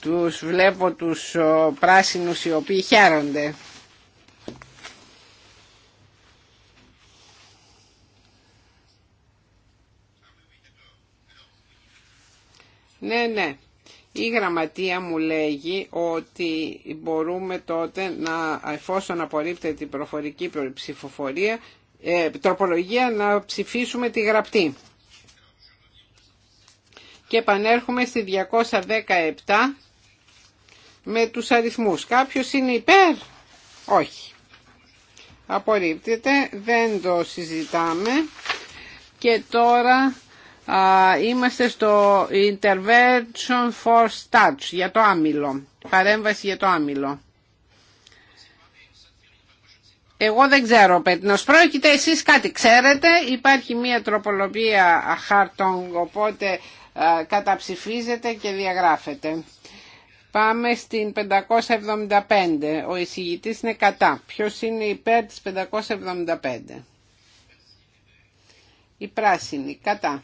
Τους βλέπω τους πράσινους οι οποίοι χαίρονται. Ναι, ναι. Η γραμματεία μου λέγει ότι μπορούμε τότε να, εφόσον απορρίπτεται την προφορική ψηφοφορία, ε, τροπολογία να ψηφίσουμε τη γραπτή. Και επανέρχομαι στη 217 με τους αριθμούς. Κάποιος είναι υπέρ? Όχι. Απορρίπτεται, δεν το συζητάμε. Και τώρα είμαστε στο Intervention for Touch για το άμυλο, παρέμβαση για το άμυλο. Εγώ δεν ξέρω πέτνος πρόκειται, εσείς κάτι ξέρετε, υπάρχει μια τροπολογία χάρτων, οπότε καταψηφίζεται και διαγράφεται. Πάμε στην 575. Ο εισηγητής είναι κατά. Ποιος είναι υπέρ της 575. Η πράσινη, κατά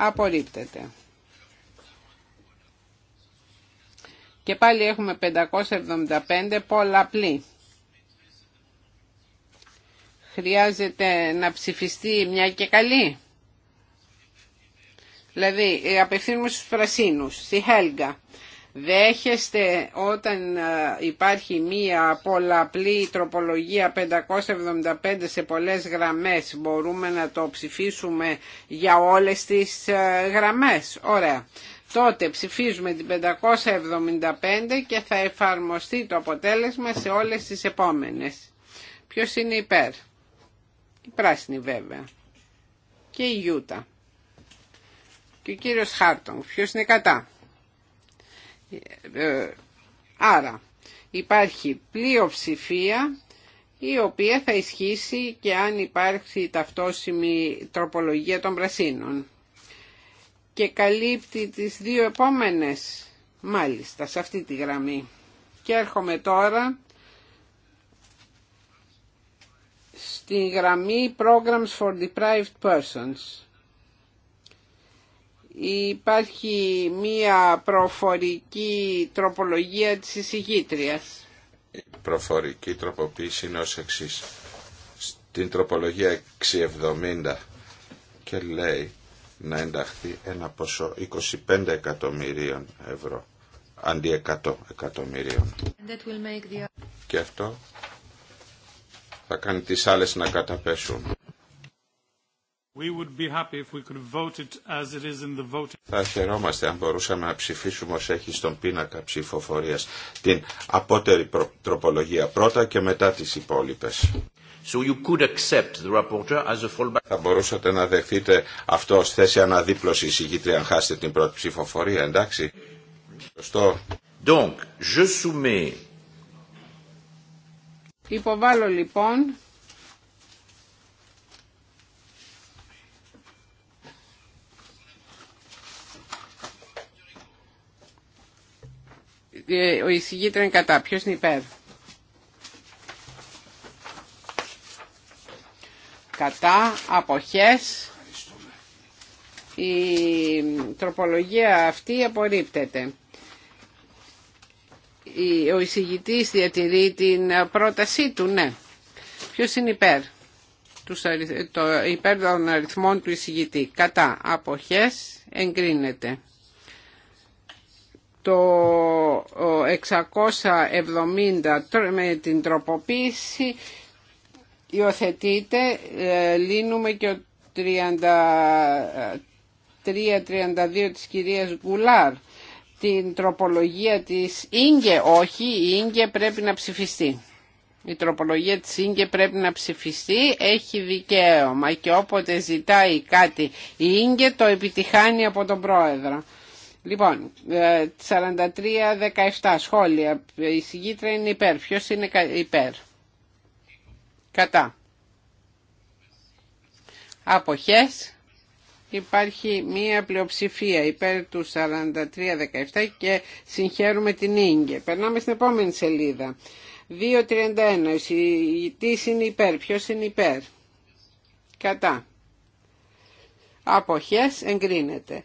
απορρίπτεται. Και πάλι έχουμε 575 πολλαπλή. Χρειάζεται να ψηφιστεί μια και καλή. Δηλαδή ε, απευθύνουμε στους πρασίνους, στη Χέλγα δέχεστε όταν ε, υπάρχει μία πολλαπλή τροπολογία 575 σε πολλές γραμμές μπορούμε να το ψηφίσουμε για όλες τις ε, γραμμές. Ωραία. Τότε ψηφίζουμε την 575 και θα εφαρμοστεί το αποτέλεσμα σε όλες τις επόμενες. Ποιος είναι υπέρ. Η πράσινη βέβαια. Και η Ιούτα. Και ο κύριος Χάρτον. Ποιος είναι κατά. Ε, άρα υπάρχει πλειοψηφία η οποία θα ισχύσει και αν υπάρξει ταυτόσιμη τροπολογία των πρασίνων. Και καλύπτει τις δύο επόμενες, μάλιστα, σε αυτή τη γραμμή. Και έρχομαι τώρα στη γραμμή Programs for Deprived Persons. Υπάρχει μία προφορική τροπολογία της εισηγήτριας. Η προφορική τροποποίηση είναι ως εξής. Στην τροπολογία 670 και λέει να ενταχθεί ένα ποσό 25 εκατομμυρίων ευρώ αντί 100 εκατομμυρίων. Και αυτό θα κάνει τις άλλες να καταπέσουν. Θα χαιρόμαστε αν μπορούσαμε να ψηφίσουμε ως έχει στον πίνακα ψηφοφορίας την απότερη τροπολογία πρώτα και μετά τις υπόλοιπες. So you could accept the rapporteur as a fallback. Θα μπορούσατε να δεχτείτε αυτό ως θέση αναδίπλωση ηγήτρια αν χάσετε την πρώτη ψηφοφορία, εντάξει. Σωστό. Donc, je soumets... Υποβάλλω λοιπόν Ε, ο εισηγήτρια είναι κατά. Ποιος είναι υπέρ. Κατά, αποχές. Η τροπολογία αυτή απορρίπτεται. Ο εισηγητής διατηρεί την πρότασή του, ναι. Ποιος είναι υπέρ. Το υπέρ των αριθμών του εισηγητή. Κατά, αποχές, εγκρίνεται το 670 με την τροποποίηση υιοθετείται, ε, λύνουμε και 33-32 της κυρίας Γκουλάρ. Την τροπολογία της Ίγκε, όχι, η Ίγκε πρέπει να ψηφιστεί. Η τροπολογία της Ίγκε πρέπει να ψηφιστεί, έχει δικαίωμα και όποτε ζητάει κάτι η Ίγκε το επιτυχάνει από τον πρόεδρο. Λοιπόν, 43-17 ε, σχόλια. Η συγκίτρια είναι υπέρ. Ποιο είναι υπέρ. Κατά. Αποχές. Υπάρχει μία πλειοψηφία υπέρ του 43-17 και συγχαίρουμε την Ίγκε. Περνάμε στην επόμενη σελίδα. σελίδα. 2.31. Τι είναι υπέρ. Ποιο είναι υπέρ. Κατά. Αποχές εγκρίνεται.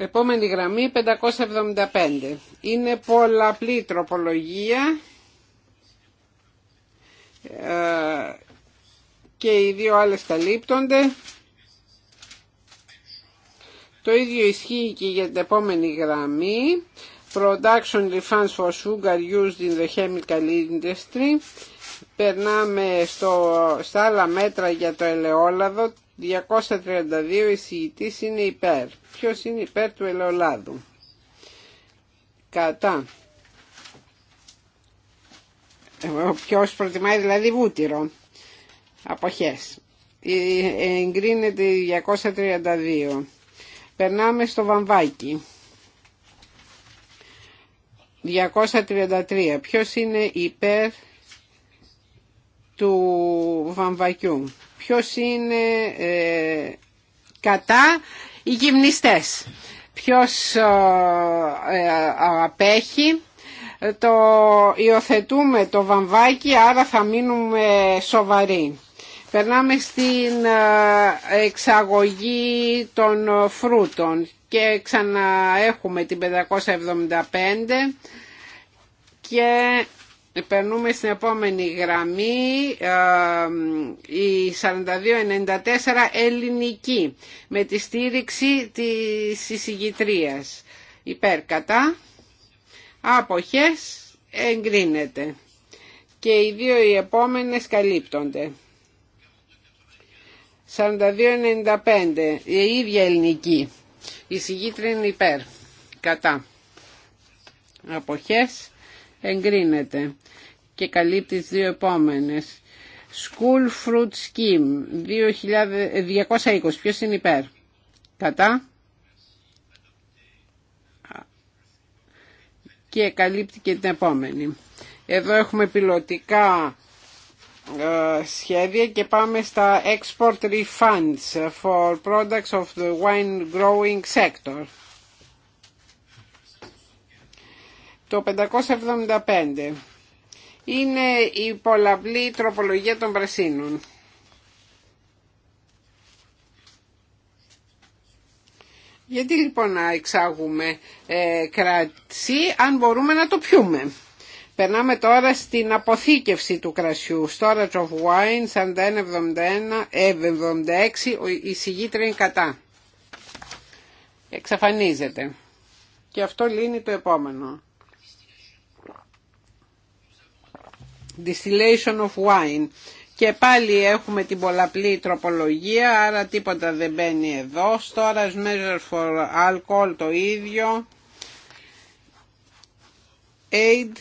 Επόμενη γραμμή 575. Είναι πολλαπλή τροπολογία ε, και οι δύο άλλες καλύπτονται. Το ίδιο ισχύει και για την επόμενη γραμμή. Production refunds for sugar used in the chemical industry. Περνάμε στο, στα άλλα μέτρα για το ελαιόλαδο 232 εισηγητής είναι υπέρ. Ποιος είναι υπέρ του ελαιολάδου. Κατά. Ποιος προτιμάει δηλαδή βούτυρο. Αποχές. Εγκρίνεται 232. Περνάμε στο βαμβάκι. 233. Ποιος είναι υπέρ του βαμβακιού ποιος είναι ε, κατά οι γυμνιστές, ποιος ε, ε, απέχει. Το υιοθετούμε το βαμβάκι, άρα θα μείνουμε σοβαροί. Περνάμε στην εξαγωγή των φρούτων και ξαναέχουμε την 575 και Περνούμε στην επόμενη γραμμή, ε, η 4294 ελληνική, με τη στήριξη της εισηγητρίας. Υπέρ κατά, άποχες, εγκρίνεται. Και οι δύο οι επόμενες καλύπτονται. 4295, η ίδια ελληνική. Η εισηγήτρια είναι υπέρ, κατά. Αποχές εγκρίνεται και καλύπτει τις δύο επόμενες. School Fruit Scheme 220. Ε, Ποιος είναι υπέρ. Κατά. Και καλύπτει και την επόμενη. Εδώ έχουμε πιλωτικά ε, σχέδια και πάμε στα export refunds for products of the wine growing sector. Το 575 είναι η πολλαπλή τροπολογία των πρασίνων. Γιατί λοιπόν να εξάγουμε ε, κρασί αν μπορούμε να το πιούμε. Περνάμε τώρα στην αποθήκευση του κρασιού. Storage of wine 41-76 η συγγήτρια είναι κατά. Εξαφανίζεται. Και αυτό λύνει το επόμενο. distillation of wine. Και πάλι έχουμε την πολλαπλή τροπολογία, άρα τίποτα δεν μπαίνει εδώ. Τώρα measure for alcohol το ίδιο. Aid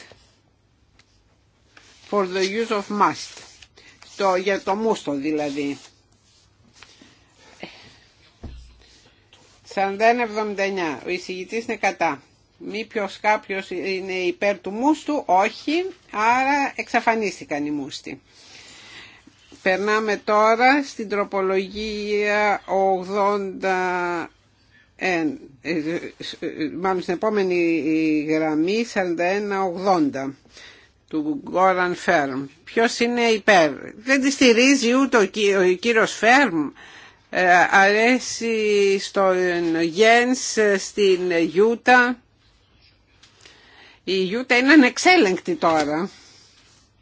for the use of must. για το μουστο δηλαδή. 41-79. Ο εισηγητής είναι κατά. Μήπως κάποιος είναι υπέρ του μουστου, όχι, άρα εξαφανίστηκαν οι μουστοι. Περνάμε τώρα στην τροπολογία 80 ε, μάλλον στην επόμενη γραμμή γραμμή 41-80 του Γκόραν Φέρμ. Ποιος είναι υπέρ. Δεν τη στηρίζει ούτε ο κύριος Φέρμ. Ε, αρέσει στον Γένς, στην Γιούτα. Η Γιούτα είναι ανεξέλεγκτη τώρα.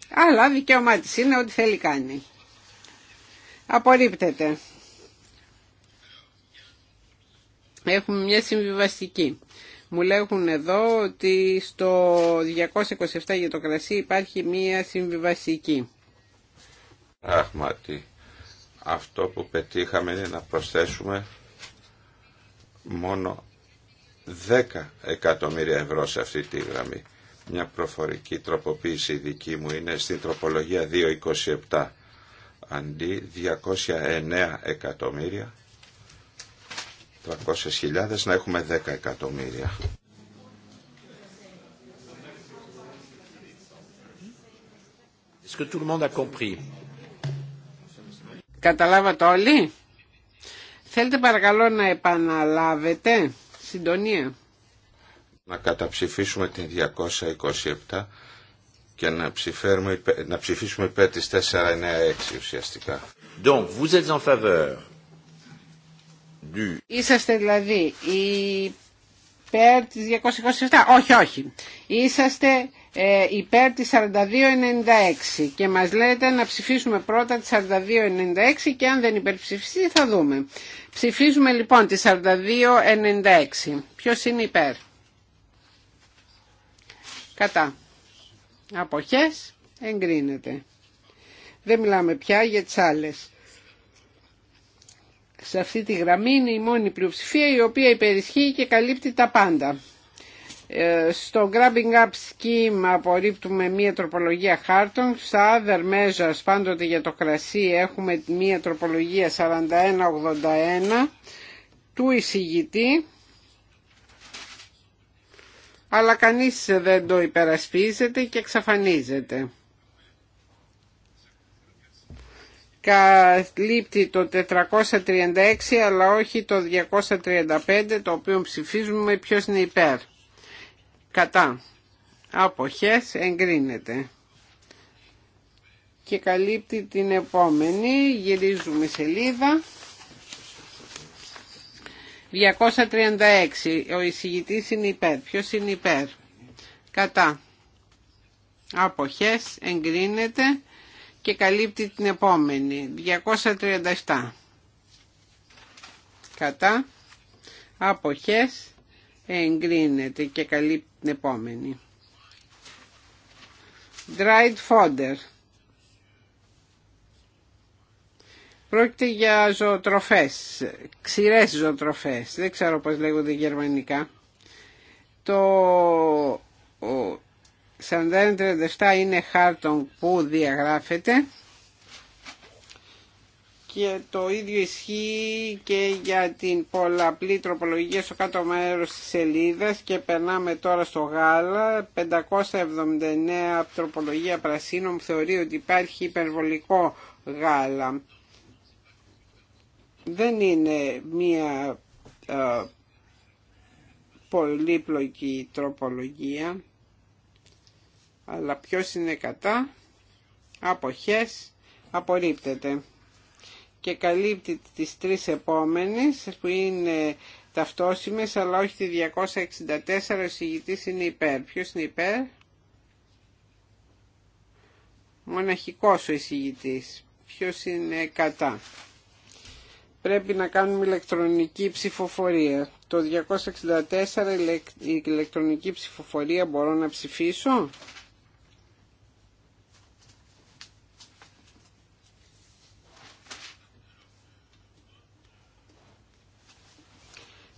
Αλλά δικαίωμά τη είναι ό,τι θέλει κάνει. Απορρίπτεται. Έχουμε μια συμβιβαστική. Μου λέγουν εδώ ότι στο 227 για το κρασί υπάρχει μια συμβιβαστική. Πράγματι, αυτό που πετύχαμε είναι να προσθέσουμε μόνο 10 εκατομμύρια ευρώ σε αυτή τη γραμμή. Μια προφορική τροποποίηση δική μου είναι στην τροπολογία 227 αντί 209 εκατομμύρια 300.000 να έχουμε 10 εκατομμύρια. Καταλάβατε όλοι. Θέλετε παρακαλώ να επαναλάβετε. Να καταψηφίσουμε την 227 και να, ψηφίσουμε, να ψηφίσουμε υπέρ της 496 ουσιαστικά. Donc, vous êtes en faveur Είσαστε δηλαδή υπέρ της 227, όχι, όχι. Είσαστε ε, υπέρ της 4296 και μας λέτε να ψηφίσουμε πρώτα τη 4296 και αν δεν υπερψηφιστεί θα δούμε. Ψηφίζουμε λοιπόν τη 4296. Ποιος είναι υπέρ. Κατά. Αποχές εγκρίνεται. Δεν μιλάμε πια για τις άλλες. Σε αυτή τη γραμμή είναι η μόνη πλειοψηφία η οποία υπερισχύει και καλύπτει τα πάντα. Ε, στο grabbing up scheme απορρίπτουμε μία τροπολογία χάρτων, στα other measures πάντοτε για το κρασί έχουμε μία τροπολογία 4181 του εισηγητή αλλά κανείς δεν το υπερασπίζεται και εξαφανίζεται. καλύπτει το 436 αλλά όχι το 235 το οποίο ψηφίζουμε ποιος είναι υπέρ κατά αποχές εγκρίνεται και καλύπτει την επόμενη γυρίζουμε σελίδα 236 ο εισηγητής είναι υπέρ ποιος είναι υπέρ κατά αποχές εγκρίνεται και καλύπτει την επόμενη 237 κατά αποχές εγκρίνεται και καλή την επόμενη. Dried fodder. Πρόκειται για ζωοτροφές, ξηρές ζωοτροφές, δεν ξέρω πώς λέγονται γερμανικά. Το 37 είναι χάρτον που διαγράφεται και το ίδιο ισχύει και για την πολλαπλή τροπολογία στο κάτω μέρος της σελίδας και περνάμε τώρα στο γάλα 579 τροπολογία πρασίνων που θεωρεί ότι υπάρχει υπερβολικό γάλα δεν είναι μία ε, πολύπλοκη τροπολογία αλλά ποιος είναι κατά αποχές απορρίπτεται και καλύπτει τις τρεις επόμενες που είναι ταυτόσιμες αλλά όχι τη 264 ο συγητής είναι υπέρ. Ποιος είναι υπέρ? Μοναχικός ο εισηγητής. Ποιος είναι κατά. Πρέπει να κάνουμε ηλεκτρονική ψηφοφορία. Το 264 η ηλεκτρονική ψηφοφορία μπορώ να ψηφίσω.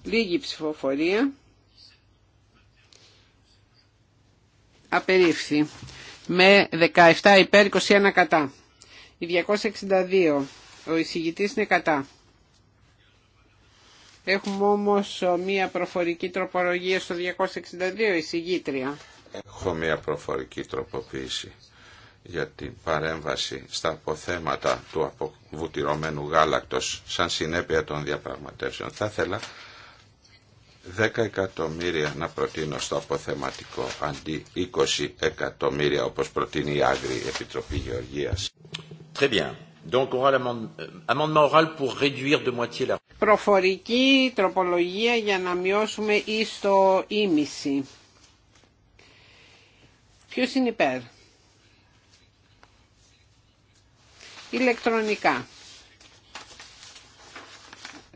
Λίγη ψηφοφορία. Απερίφθη. Με 17 υπέρ 21 κατά. Η 262. Ο εισηγητής είναι κατά. Έχουμε όμως μία προφορική τροπολογία στο 262 εισηγήτρια. Έχω μία προφορική τροποποίηση για την παρέμβαση στα αποθέματα του αποβουτυρωμένου γάλακτος σαν συνέπεια των διαπραγματεύσεων. Θα ήθελα 10 εκατομμύρια να προτείνω στο αποθεματικό αντί 20 εκατομμύρια όπως προτείνει η Άγρη Επιτροπή Γεωργίας. Très bien. Donc on euh, oral pour Προφορική τροπολογία για να μειώσουμε ίστο στο ίμιση. Ποιος είναι υπέρ. Ηλεκτρονικά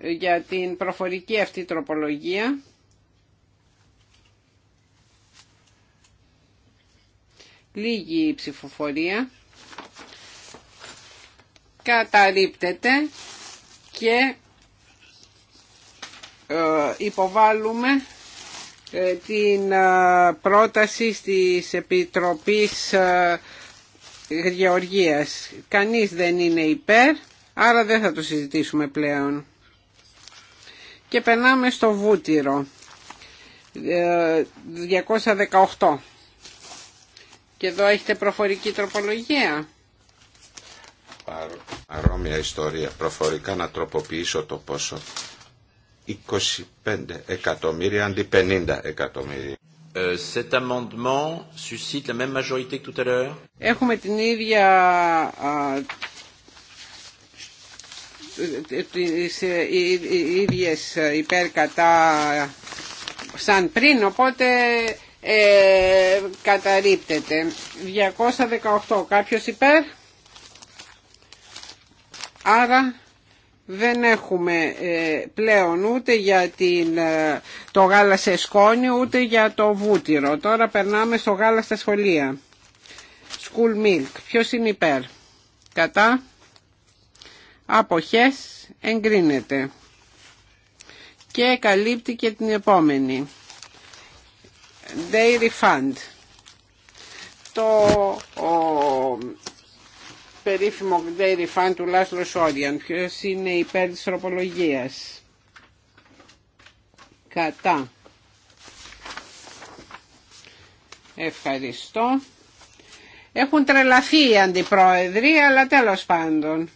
για την προφορική αυτή τροπολογία. Λίγη ψηφοφορία. Καταρρύπτεται και ε, υποβάλλουμε ε, την ε, πρόταση της Επιτροπής Γεωργίας. Κανείς δεν είναι υπέρ, άρα δεν θα το συζητήσουμε πλέον και περνάμε στο βούτυρο 218 ε, και εδώ έχετε προφορική τροπολογία Παρόμοια ιστορία προφορικά να τροποποιήσω το πόσο 25 εκατομμύρια αντί 50 εκατομμύρια ε, Cet amendement suscite la même majorité que tout à l'heure. Έχουμε την ίδια τις ε, ίδιες κατά σαν πριν, οπότε ε, καταρρύπτεται. 218, κάποιος υπέρ. Άρα δεν έχουμε ε, πλέον ούτε για την, ε, το γάλα σε σκόνη ούτε για το βούτυρο. Τώρα περνάμε στο γάλα στα σχολεία. School milk. Ποιος είναι υπέρ. Κατά αποχές εγκρίνεται και καλύπτει και την επόμενη day Fund το ο, περίφημο day Fund του Λάσλο Σόριαν ποιος είναι υπέρ της τροπολογίας κατά ευχαριστώ έχουν τρελαθεί οι αντιπρόεδροι αλλά τέλος πάντων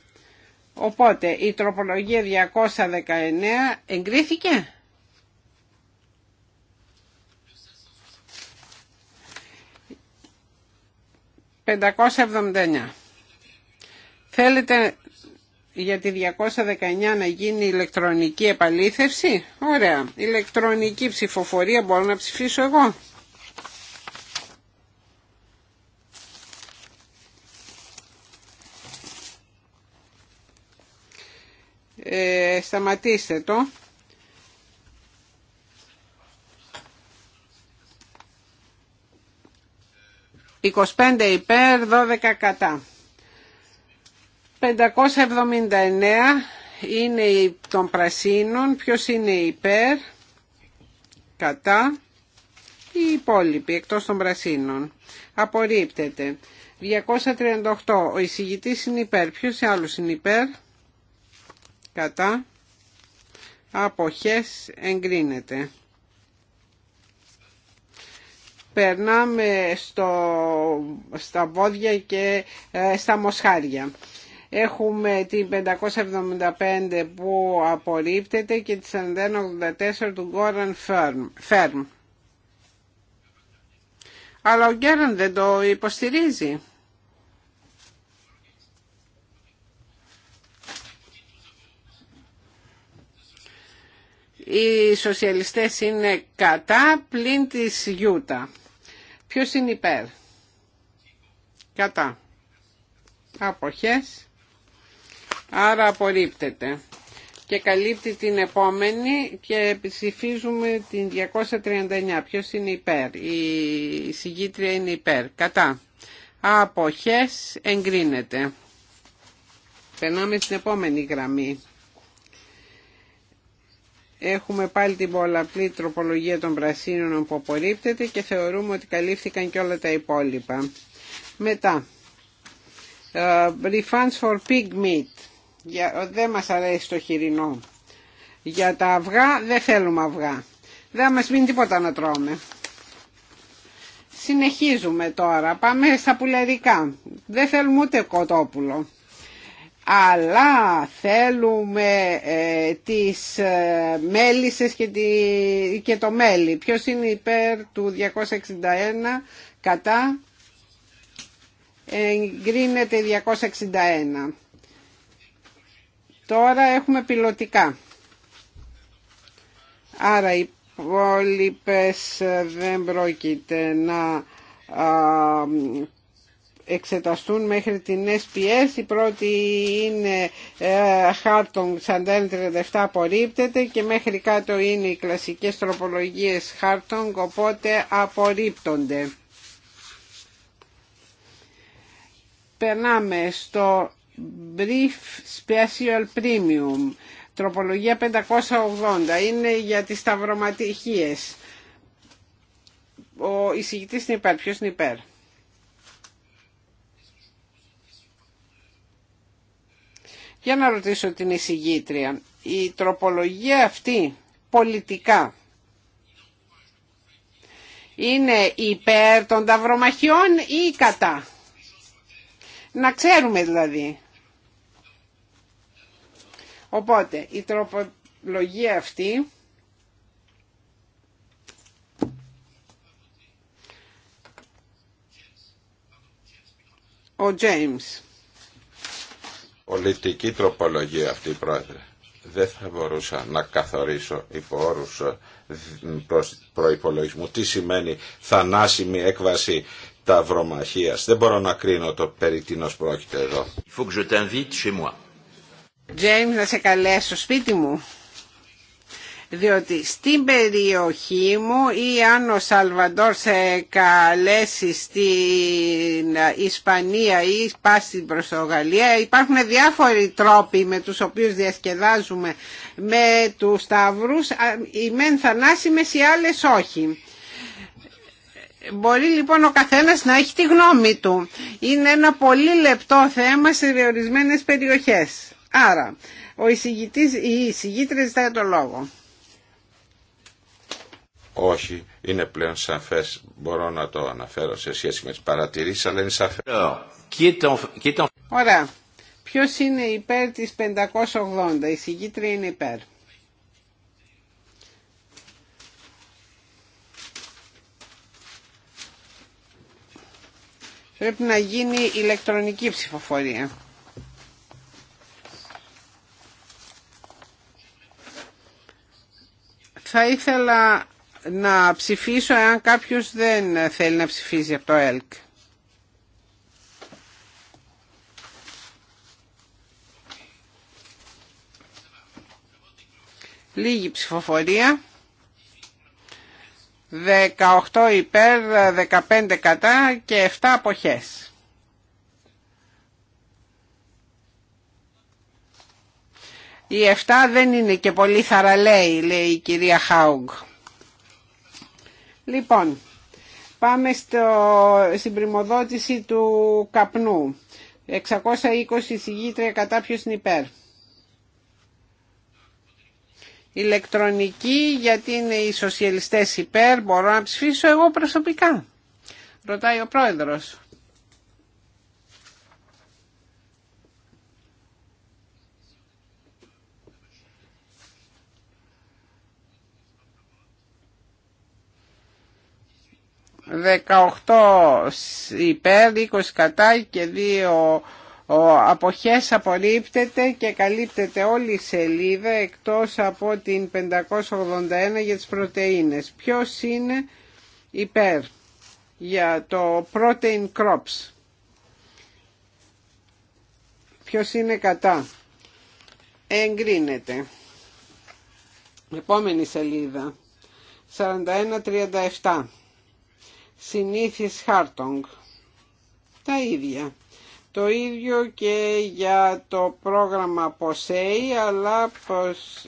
Οπότε η τροπολογία 219 εγκρίθηκε. «579. Θέλετε για τη 219 να γίνει ηλεκτρονική επαλήθευση. Ωραία. Ηλεκτρονική ψηφοφορία μπορώ να ψηφίσω εγώ. σταματήστε το. «25 υπέρ, 12 κατά». 579 είναι των πρασίνων. Ποιος είναι υπέρ, κατά. Οι υπόλοιποι εκτός των πρασίνων. Απορρίπτεται. 238. Ο εισηγητής είναι υπέρ. Ποιος άλλος είναι υπέρ, κατά αποχές εγκρίνεται. Περνάμε στο, στα βόδια και ε, στα μοσχάρια. Έχουμε την 575 που απορρίπτεται και τη 4184 του Γκόραν Φέρμ. Αλλά ο Γκέραν δεν το υποστηρίζει. Οι σοσιαλιστές είναι κατά πλην της Γιούτα. Ποιος είναι υπέρ. Κατά. Αποχές. Άρα απορρίπτεται. Και καλύπτει την επόμενη και ψηφίζουμε την 239. Ποιος είναι υπέρ. Η συγκήτρια είναι υπέρ. Κατά. Αποχές εγκρίνεται. Περνάμε στην επόμενη γραμμή. Έχουμε πάλι την πολλαπλή τροπολογία των πρασίνων που απορρίπτεται και θεωρούμε ότι καλύφθηκαν και όλα τα υπόλοιπα. Μετά, uh, refunds for pig meat. Για, δεν μας αρέσει το χοιρινό. Για τα αυγά δεν θέλουμε αυγά. Δεν μας μείνει τίποτα να τρώμε. Συνεχίζουμε τώρα. Πάμε στα πουλερικά. Δεν θέλουμε ούτε κοτόπουλο αλλά θέλουμε ε, τις ε, και, και το μέλι. Ποιος είναι υπέρ του 261 κατά εγκρίνεται 261. Τώρα έχουμε πιλωτικά. Άρα οι υπόλοιπες ε, δεν πρόκειται να εξεταστούν μέχρι την SPS. Η πρώτη είναι ε, Χάρτονγκ 4137 απορρίπτεται και μέχρι κάτω είναι οι κλασικές τροπολογίες Χάρτονγκ οπότε απορρίπτονται. Περνάμε στο Brief Special Premium. Τροπολογία 580 είναι για τις σταυρωματιχίες. Ο εισηγητής είναι υπέρ. Ποιος είναι υπέρ. Για να ρωτήσω την εισηγήτρια. Η τροπολογία αυτή πολιτικά είναι υπέρ των ταυρομαχιών ή κατά. Να ξέρουμε δηλαδή. Οπότε η τροπολογία αυτή ο Τζέιμς. Πολιτική τροπολογία αυτή, πρόεδρε. Δεν θα μπορούσα να καθορίσω υπό όρους ε, προϋπολογισμού τι σημαίνει θανάσιμη έκβαση βρομαχίας; Δεν μπορώ να κρίνω το περί τίνος πρόκειται εδώ. James, να σε καλέσω σπίτι μου διότι στην περιοχή μου ή αν ο Σαλβαντόρ σε καλέσει στην Ισπανία ή πάσει προς το Γαλλία υπάρχουν διάφοροι τρόποι με τους οποίους διασκεδάζουμε με τους σταύρους οι μεν θανάσιμες οι άλλες όχι. Μπορεί λοιπόν ο καθένας να έχει τη γνώμη του. Είναι ένα πολύ λεπτό θέμα σε διορισμένες περιοχές. Άρα, ο εισηγητής, η ζητάει το λόγο όχι, είναι πλέον σαφές, μπορώ να το αναφέρω σε σχέση με τις παρατηρήσεις, αλλά είναι σαφές. Ωραία. Ποιος είναι υπέρ της 580, η συγκίτρια είναι υπέρ. Πρέπει να γίνει ηλεκτρονική ψηφοφορία. Θα ήθελα να ψηφίσω εάν κάποιος δεν θέλει να ψηφίζει από το ΕΛΚ. Λίγη ψηφοφορία. 18 υπέρ, 15 κατά και 7 αποχές. Οι 7 δεν είναι και πολύ θαραλέοι, λέει η κυρία Χάουγκ. Λοιπόν, πάμε στο, στην πρημοδότηση του καπνού. 620 συγγήτρια κατά ποιος είναι υπέρ. Ηλεκτρονική γιατί είναι οι σοσιαλιστές υπέρ, μπορώ να ψηφίσω εγώ προσωπικά. Ρωτάει ο πρόεδρος. 18 υπέρ, 20 κατά και 2 ο αποχές απορρίπτεται και καλύπτεται όλη η σελίδα εκτός από την 581 για τις πρωτεΐνες. Ποιος είναι υπέρ για το protein crops. Ποιος είναι κατά. Εγκρίνεται. Επόμενη σελίδα. 41-37 συνήθις χάρτονγκ. Τα ίδια. Το ίδιο και για το πρόγραμμα ΠΟΣΕΙ, αλλά πως,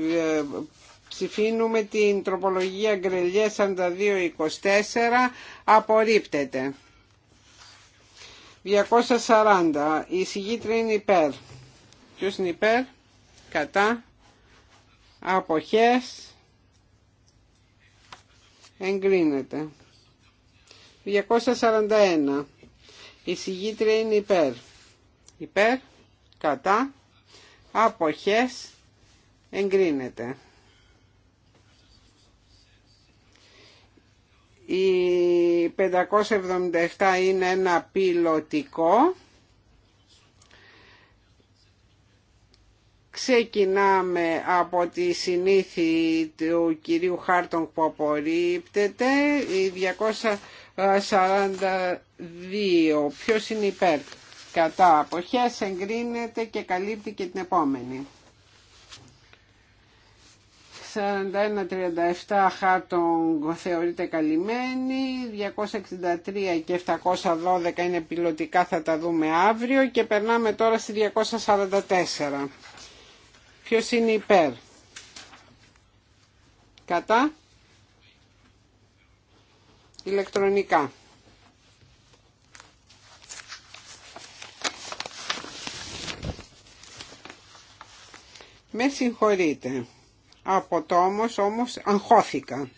ε, ψηφίνουμε την τροπολογία Γκρελιέ 24 απορρίπτεται. 240, η συγκίτρια είναι υπέρ. Ποιος είναι υπέρ, κατά, αποχές, εγκρίνεται. 241. Η συγγήτρια είναι υπέρ. Υπέρ, κατά, αποχές, εγκρίνεται. Η 577 είναι ένα πιλωτικό. Ξεκινάμε από τη συνήθεια του κυρίου Χάρτον που απορρίπτεται. Η 200... 42. Ποιος είναι υπέρ. Κατά αποχές εγκρίνεται και καλύπτει και την επόμενη. 41-37 χάρτον θεωρείται καλυμμένη, 263 και 712 είναι πιλωτικά, θα τα δούμε αύριο και περνάμε τώρα στη 244. Ποιος είναι υπέρ. Κατά ηλεκτρονικά. Με συγχωρείτε. Από το όμως όμως αγχώθηκα.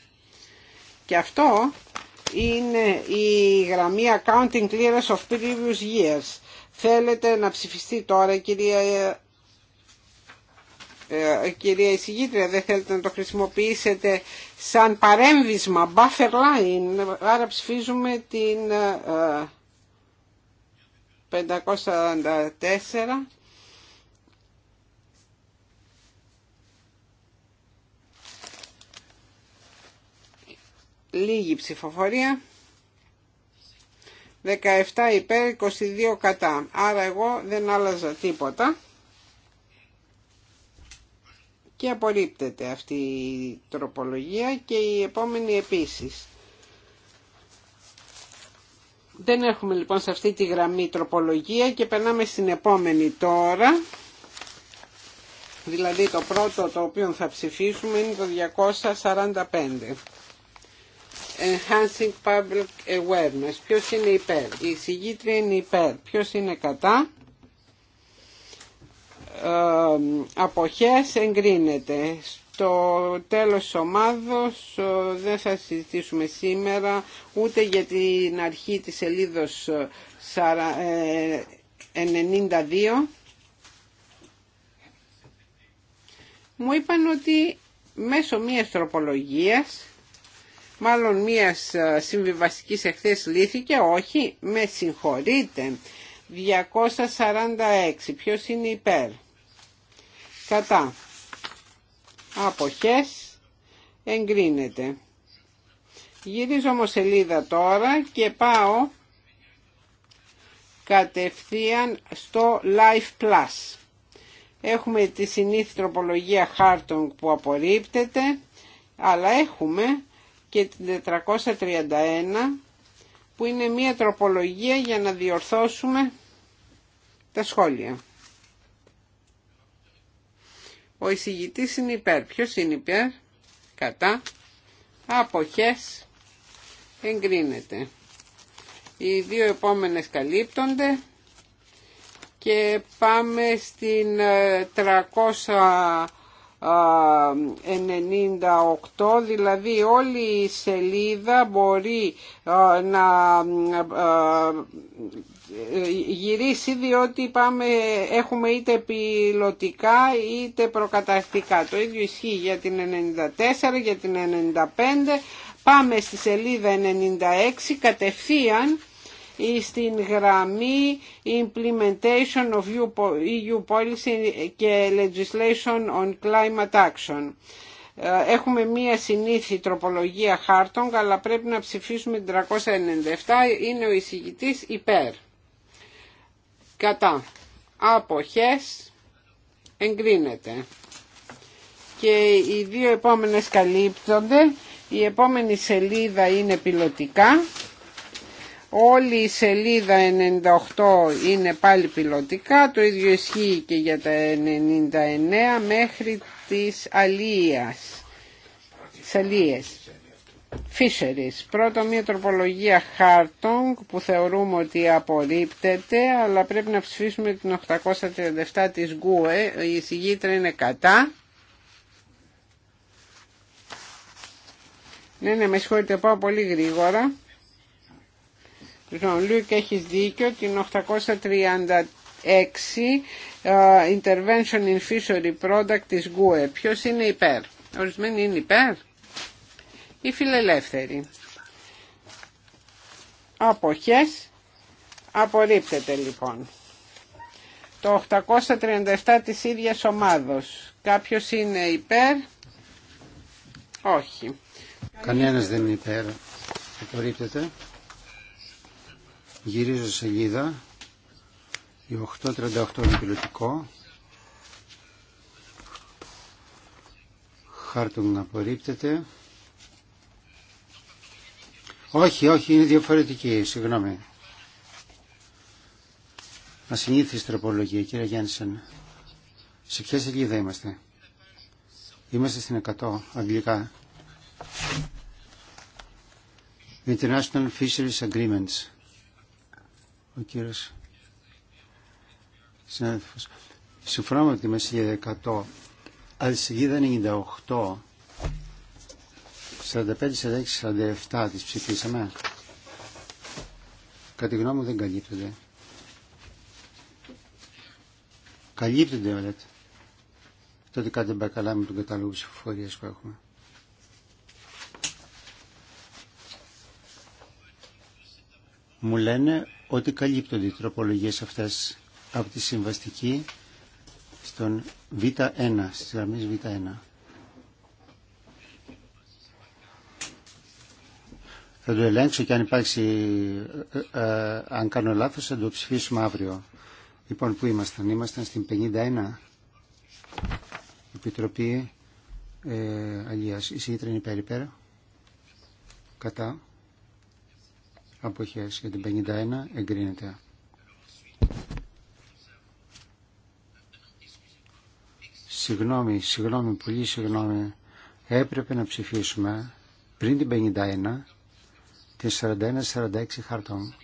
Και αυτό είναι η γραμμή Accounting Clearance of Previous Years. Θέλετε να ψηφιστεί τώρα κυρία ε, κυρία εισηγήτρια, δεν θέλετε να το χρησιμοποιήσετε σαν παρέμβισμα, buffer line, άρα ψηφίζουμε την 544. Ε, Λίγη ψηφοφορία. 17 υπέρ, 22 κατά. Άρα εγώ δεν άλλαζα τίποτα και απορρίπτεται αυτή η τροπολογία και η επόμενη επίσης. Δεν έχουμε λοιπόν σε αυτή τη γραμμή τροπολογία και περνάμε στην επόμενη τώρα. Δηλαδή το πρώτο το οποίο θα ψηφίσουμε είναι το 245. Enhancing Public Awareness. Ποιος είναι υπέρ. Η συγγήτρια είναι υπέρ. Ποιος είναι κατά. Ε, αποχές εγκρίνεται. στο τέλος ομάδος ε, δεν θα συζητήσουμε σήμερα ούτε για την αρχή της σελίδος 92. Ε, Μου είπαν ότι μέσω μίας τροπολογίας, μάλλον μίας συμβιβαστικής εχθές λύθηκε, όχι, με συγχωρείτε, 246, ποιος είναι υπέρ κατά αποχές εγκρίνεται. Γυρίζω όμως σελίδα τώρα και πάω κατευθείαν στο Life Plus. Έχουμε τη συνήθη τροπολογία χάρτων που απορρίπτεται, αλλά έχουμε και την 431 που είναι μία τροπολογία για να διορθώσουμε τα σχόλια. Ο εισηγητής είναι υπέρ. Ποιος είναι υπέρ. Κατά. Αποχές. Εγκρίνεται. Οι δύο επόμενες καλύπτονται. Και πάμε στην 398, ε, ε, δηλαδή όλη η σελίδα μπορεί ε, να γυρίσει διότι πάμε, έχουμε είτε πιλωτικά είτε προκαταρκτικά. Το ίδιο ισχύει για την 94, για την 95. Πάμε στη σελίδα 96 κατευθείαν στην γραμμή Implementation of EU e Policy και Legislation on Climate Action. Ε, έχουμε μία συνήθη τροπολογία χάρτων, αλλά πρέπει να ψηφίσουμε την 397. Είναι ο εισηγητής υπέρ κατά αποχές εγκρίνεται και οι δύο επόμενες καλύπτονται η επόμενη σελίδα είναι πιλωτικά όλη η σελίδα 98 είναι πάλι πιλωτικά το ίδιο ισχύει και για τα 99 μέχρι τις αλίας, σελίες Φίσερις, Πρώτο μια τροπολογία Χάρτονγκ που θεωρούμε ότι απορρίπτεται αλλά πρέπει να ψηφίσουμε την 837 της Γκουε. Η συγγήτρα είναι κατά. Ναι, ναι, με συγχωρείτε, πάω πολύ γρήγορα. Λοιπόν, Λουίκ, έχει δίκιο, την 836 ε, Intervention in Fishery Product της Γκουε. Ποιος είναι υπέρ. Ορισμένοι είναι υπέρ οι φιλελεύθεροι. Αποχές απορρίπτεται λοιπόν. Το 837 της ίδιας ομάδος. Κάποιος είναι υπέρ. Όχι. Κανένας δεν είναι υπέρ. Απορρίπτεται. Γυρίζω σελίδα. Η 838 είναι πιλωτικό. Χάρτον απορρίπτεται. Όχι, όχι, είναι διαφορετική, συγγνώμη. Ασυνήθιστη τροπολογία, κύριε Γιάννησεν. Σε ποια σελίδα είμαστε. Είμαστε στην 100, αγγλικά. International Fisheries Agreements. Ο κύριος συνάδελφος. Συμφωνώ με τη μεσηλίδα 100, αλλά στη σελίδα 98 45, 46, 47 τις ψηφίσαμε. Κατά τη γνώμη μου δεν καλύπτονται. Καλύπτονται όλα. Τότε κάτι δεν πάει καλά με τον κατάλογο ψηφοφορία που έχουμε. Μου λένε ότι καλύπτονται οι τροπολογίε αυτέ. από τη συμβαστική στον Β1, στι γραμμε β Β1. Θα το ελέγξω και αν υπάρξει, ε, ε, ε, αν κάνω λάθος, θα το ψηφίσουμε αύριο. Λοιπόν, πού ήμασταν, ήμασταν στην 51. Επιτροπή ε, Αλίας. Η σύγητρα είναι υπέρ υπέρ. Κατά. Αποχές για την 51 εγκρίνεται. Συγγνώμη, συγγνώμη, πολύ συγγνώμη. Έπρεπε να ψηφίσουμε πριν την 51 και 41-46 χαρτών.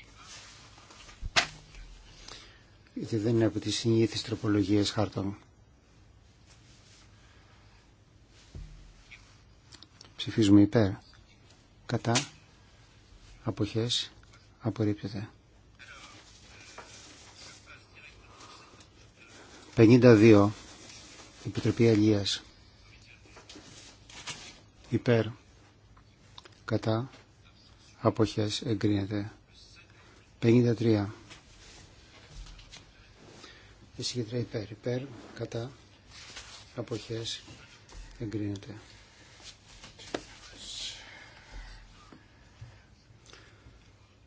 Γιατί δεν είναι από τις συνήθεις τροπολογίες χαρτών. Ψηφίζουμε υπέρ. Κατά. Αποχές. Απορρίπτεται. 52. Επιτροπή Αλίας. Υπέρ. Κατά αποχές εγκρίνεται 53 η υπέρ υπέρ κατά αποχές εγκρίνεται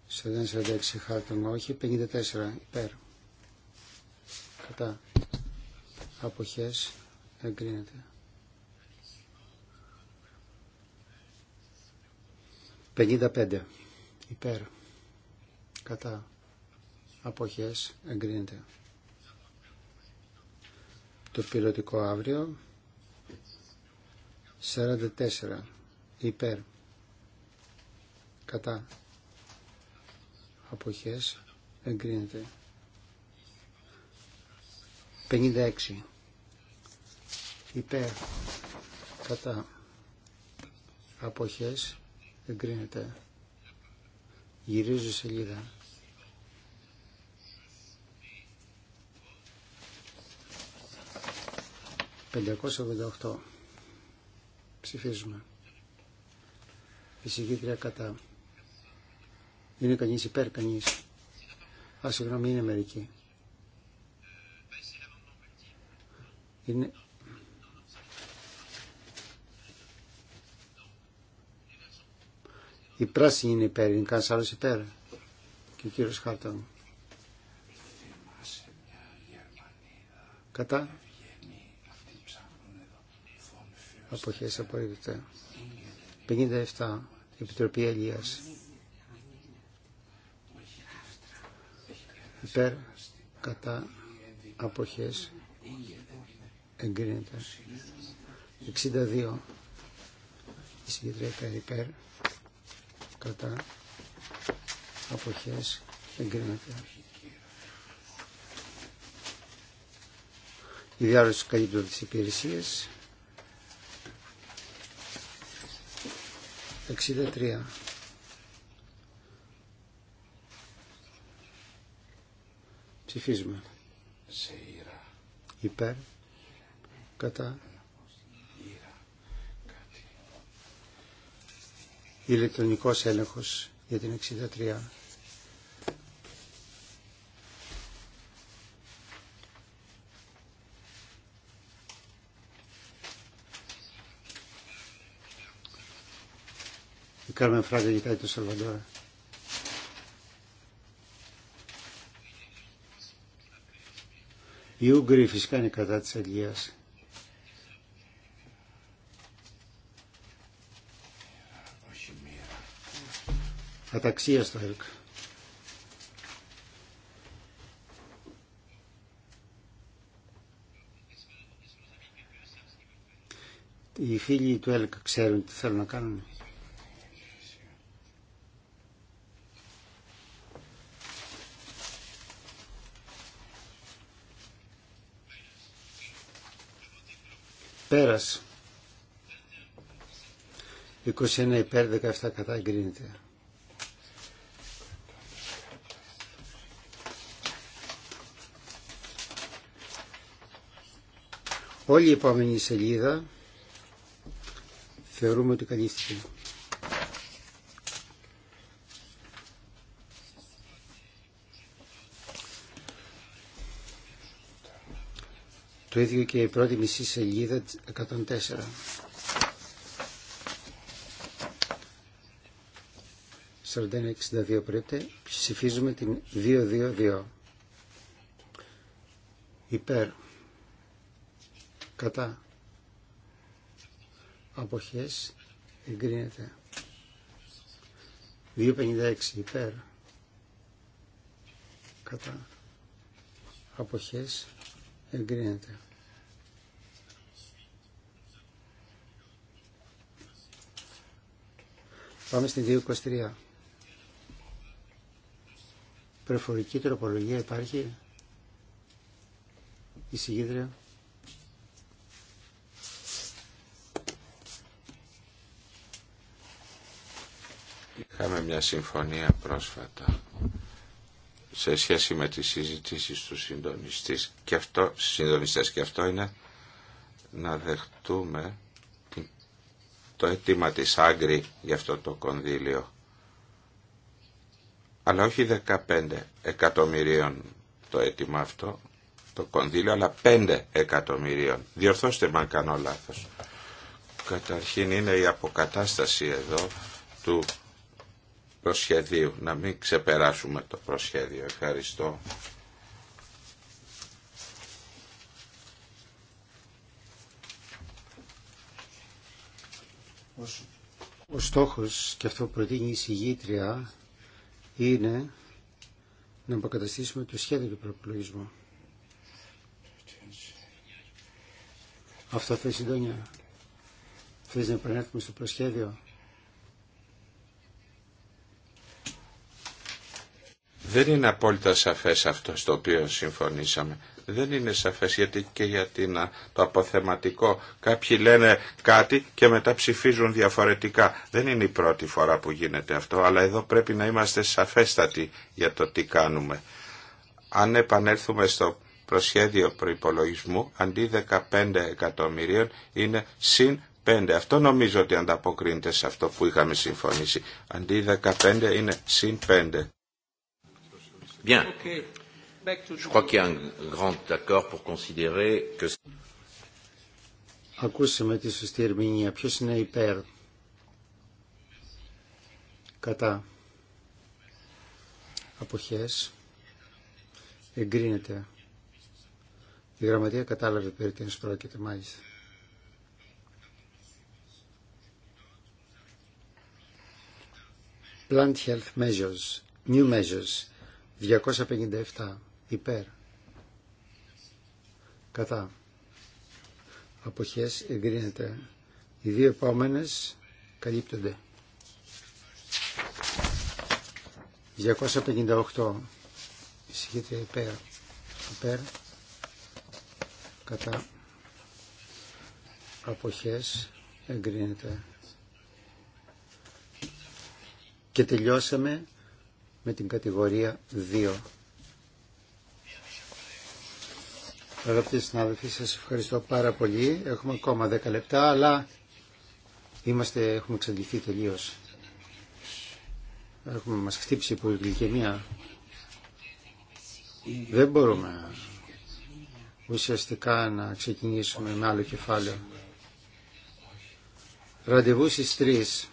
σε 46 χάρτον όχι 54 υπέρ κατά αποχές εγκρίνεται 55 υπέρ κατά αποχές εγκρίνεται. Το πιλωτικό αύριο 44 υπέρ κατά αποχές εγκρίνεται. 56 υπέρ κατά αποχές εγκρίνεται. Γυρίζω σελίδα. ...588... ...ψηφίζουμε... ...εισηγήτρια κατά... ...είναι κανείς υπέρ κανείς... ...α, συγγνώμη, είναι μερικοί... ...είναι Η πράσινη είναι υπέρ, είναι κανένα άλλο υπέρ. Και ο κύριο Χάρτον. Κατά. Αποχέ απορρίπτεται. 57. Επιτροπή Ελία. Υπέρ. Κατά. Αποχέ. Εγκρίνεται. 62. Η συγκεντρία υπέρ κατά αποχές εγκρίνεται. Η διάρρωση καλύπτουν της υπηρεσίας 63. Ψηφίζουμε. Υπέρ. Κατά. ηλεκτρονικός έλεγχος για την 63. Κάνουμε φράγκα για κάτι το Σαλβαντόρα. Η Ούγγροι φυσικά είναι κατά της Αγγλίας. αταξίας στο ΕΛΚ. Οι φίλοι του ΕΛΚ ξέρουν τι θέλουν να κάνουν. Πέρας. 21 υπέρ 17 κατά εγκρίνεται. Όλη η επόμενη σελίδα θεωρούμε ότι καλύφθηκε. Το ίδιο και η πρώτη μισή σελίδα 104. 41 62 πρέπει. Ψηφίζουμε την 222. Υπέρ κατά αποχές εγκρίνεται 2.56 υπέρ κατά αποχές εγκρίνεται Πάμε στην 2.23 Προφορική τροπολογία υπάρχει η συγκίδρια Είχαμε μια συμφωνία πρόσφατα σε σχέση με τις συζητήσεις του συντονιστής και αυτό, συντονιστές και αυτό είναι να δεχτούμε το αίτημα της Άγκρη για αυτό το κονδύλιο αλλά όχι 15 εκατομμυρίων το αίτημα αυτό το κονδύλιο αλλά 5 εκατομμυρίων διορθώστε με αν κάνω λάθος καταρχήν είναι η αποκατάσταση εδώ του προσχεδίου, να μην ξεπεράσουμε το προσχέδιο. Ευχαριστώ. Ο στόχος και αυτό που προτείνει η συγγήτρια είναι να αποκαταστήσουμε το σχέδιο του προπολογισμού. Αυτό θες συντόνια. Θες να επανέλθουμε στο προσχέδιο. Δεν είναι απόλυτα σαφές αυτό στο οποίο συμφωνήσαμε. Δεν είναι σαφές γιατί και για το αποθεματικό. Κάποιοι λένε κάτι και μετά ψηφίζουν διαφορετικά. Δεν είναι η πρώτη φορά που γίνεται αυτό, αλλά εδώ πρέπει να είμαστε σαφέστατοι για το τι κάνουμε. Αν επανέλθουμε στο προσχέδιο προϋπολογισμού, αντί 15 εκατομμυρίων είναι συν 5. Αυτό νομίζω ότι ανταποκρίνεται σε αυτό που είχαμε συμφωνήσει. Αντί 15 είναι συν 5. Bien. Je crois qu'il y a un grand accord pour considérer que... Ακούσαμε τη σωστή ερμηνεία. Ποιο είναι υπέρ. Κατά. αποχέ, Εγκρίνεται. Η γραμματεία κατάλαβε περί τίνο πρόκειται μάλιστα. Plant Health Measures, New Measures, 257 υπέρ κατά αποχές εγκρίνεται οι δύο επόμενες καλύπτονται 258 εισηγείται υπέρ υπέρ κατά αποχές εγκρίνεται και τελειώσαμε με την κατηγορία 2. Αγαπητοί συνάδελφοι, σας ευχαριστώ πάρα πολύ. Έχουμε ακόμα 10 λεπτά, αλλά είμαστε, έχουμε εξαντληθεί τελείως. Έχουμε μας χτύψει που μία. Δεν μπορούμε ουσιαστικά να ξεκινήσουμε με άλλο κεφάλαιο. Ραντεβού στις 3.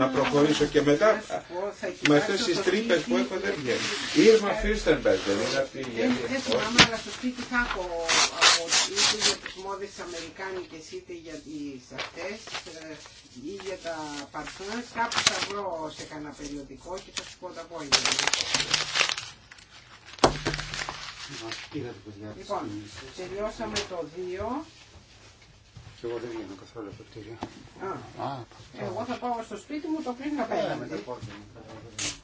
να προχωρήσω και μετά με αυτέ τι τρύπε που έχω δεν βγαίνει. Ήρμα Φίρστενμπεργκ δεν είναι αυτή η Δεν ε, θυμάμαι, αλλά στο σπίτι θα έχω είτε για τι μόδε αμερικάνικε είτε για τι αυτέ ε, ή για τα παρθούνε. Κάπου θα βρω σε κανένα περιοδικό και θα σου πω τα πόδια. Λοιπόν, τελειώσαμε το 2. Και εγώ δεν βγαίνω καθόλου από το κτίριο. Α, α, εγώ θα πάω στο σπίτι μου, το κλείνω ναι, μου.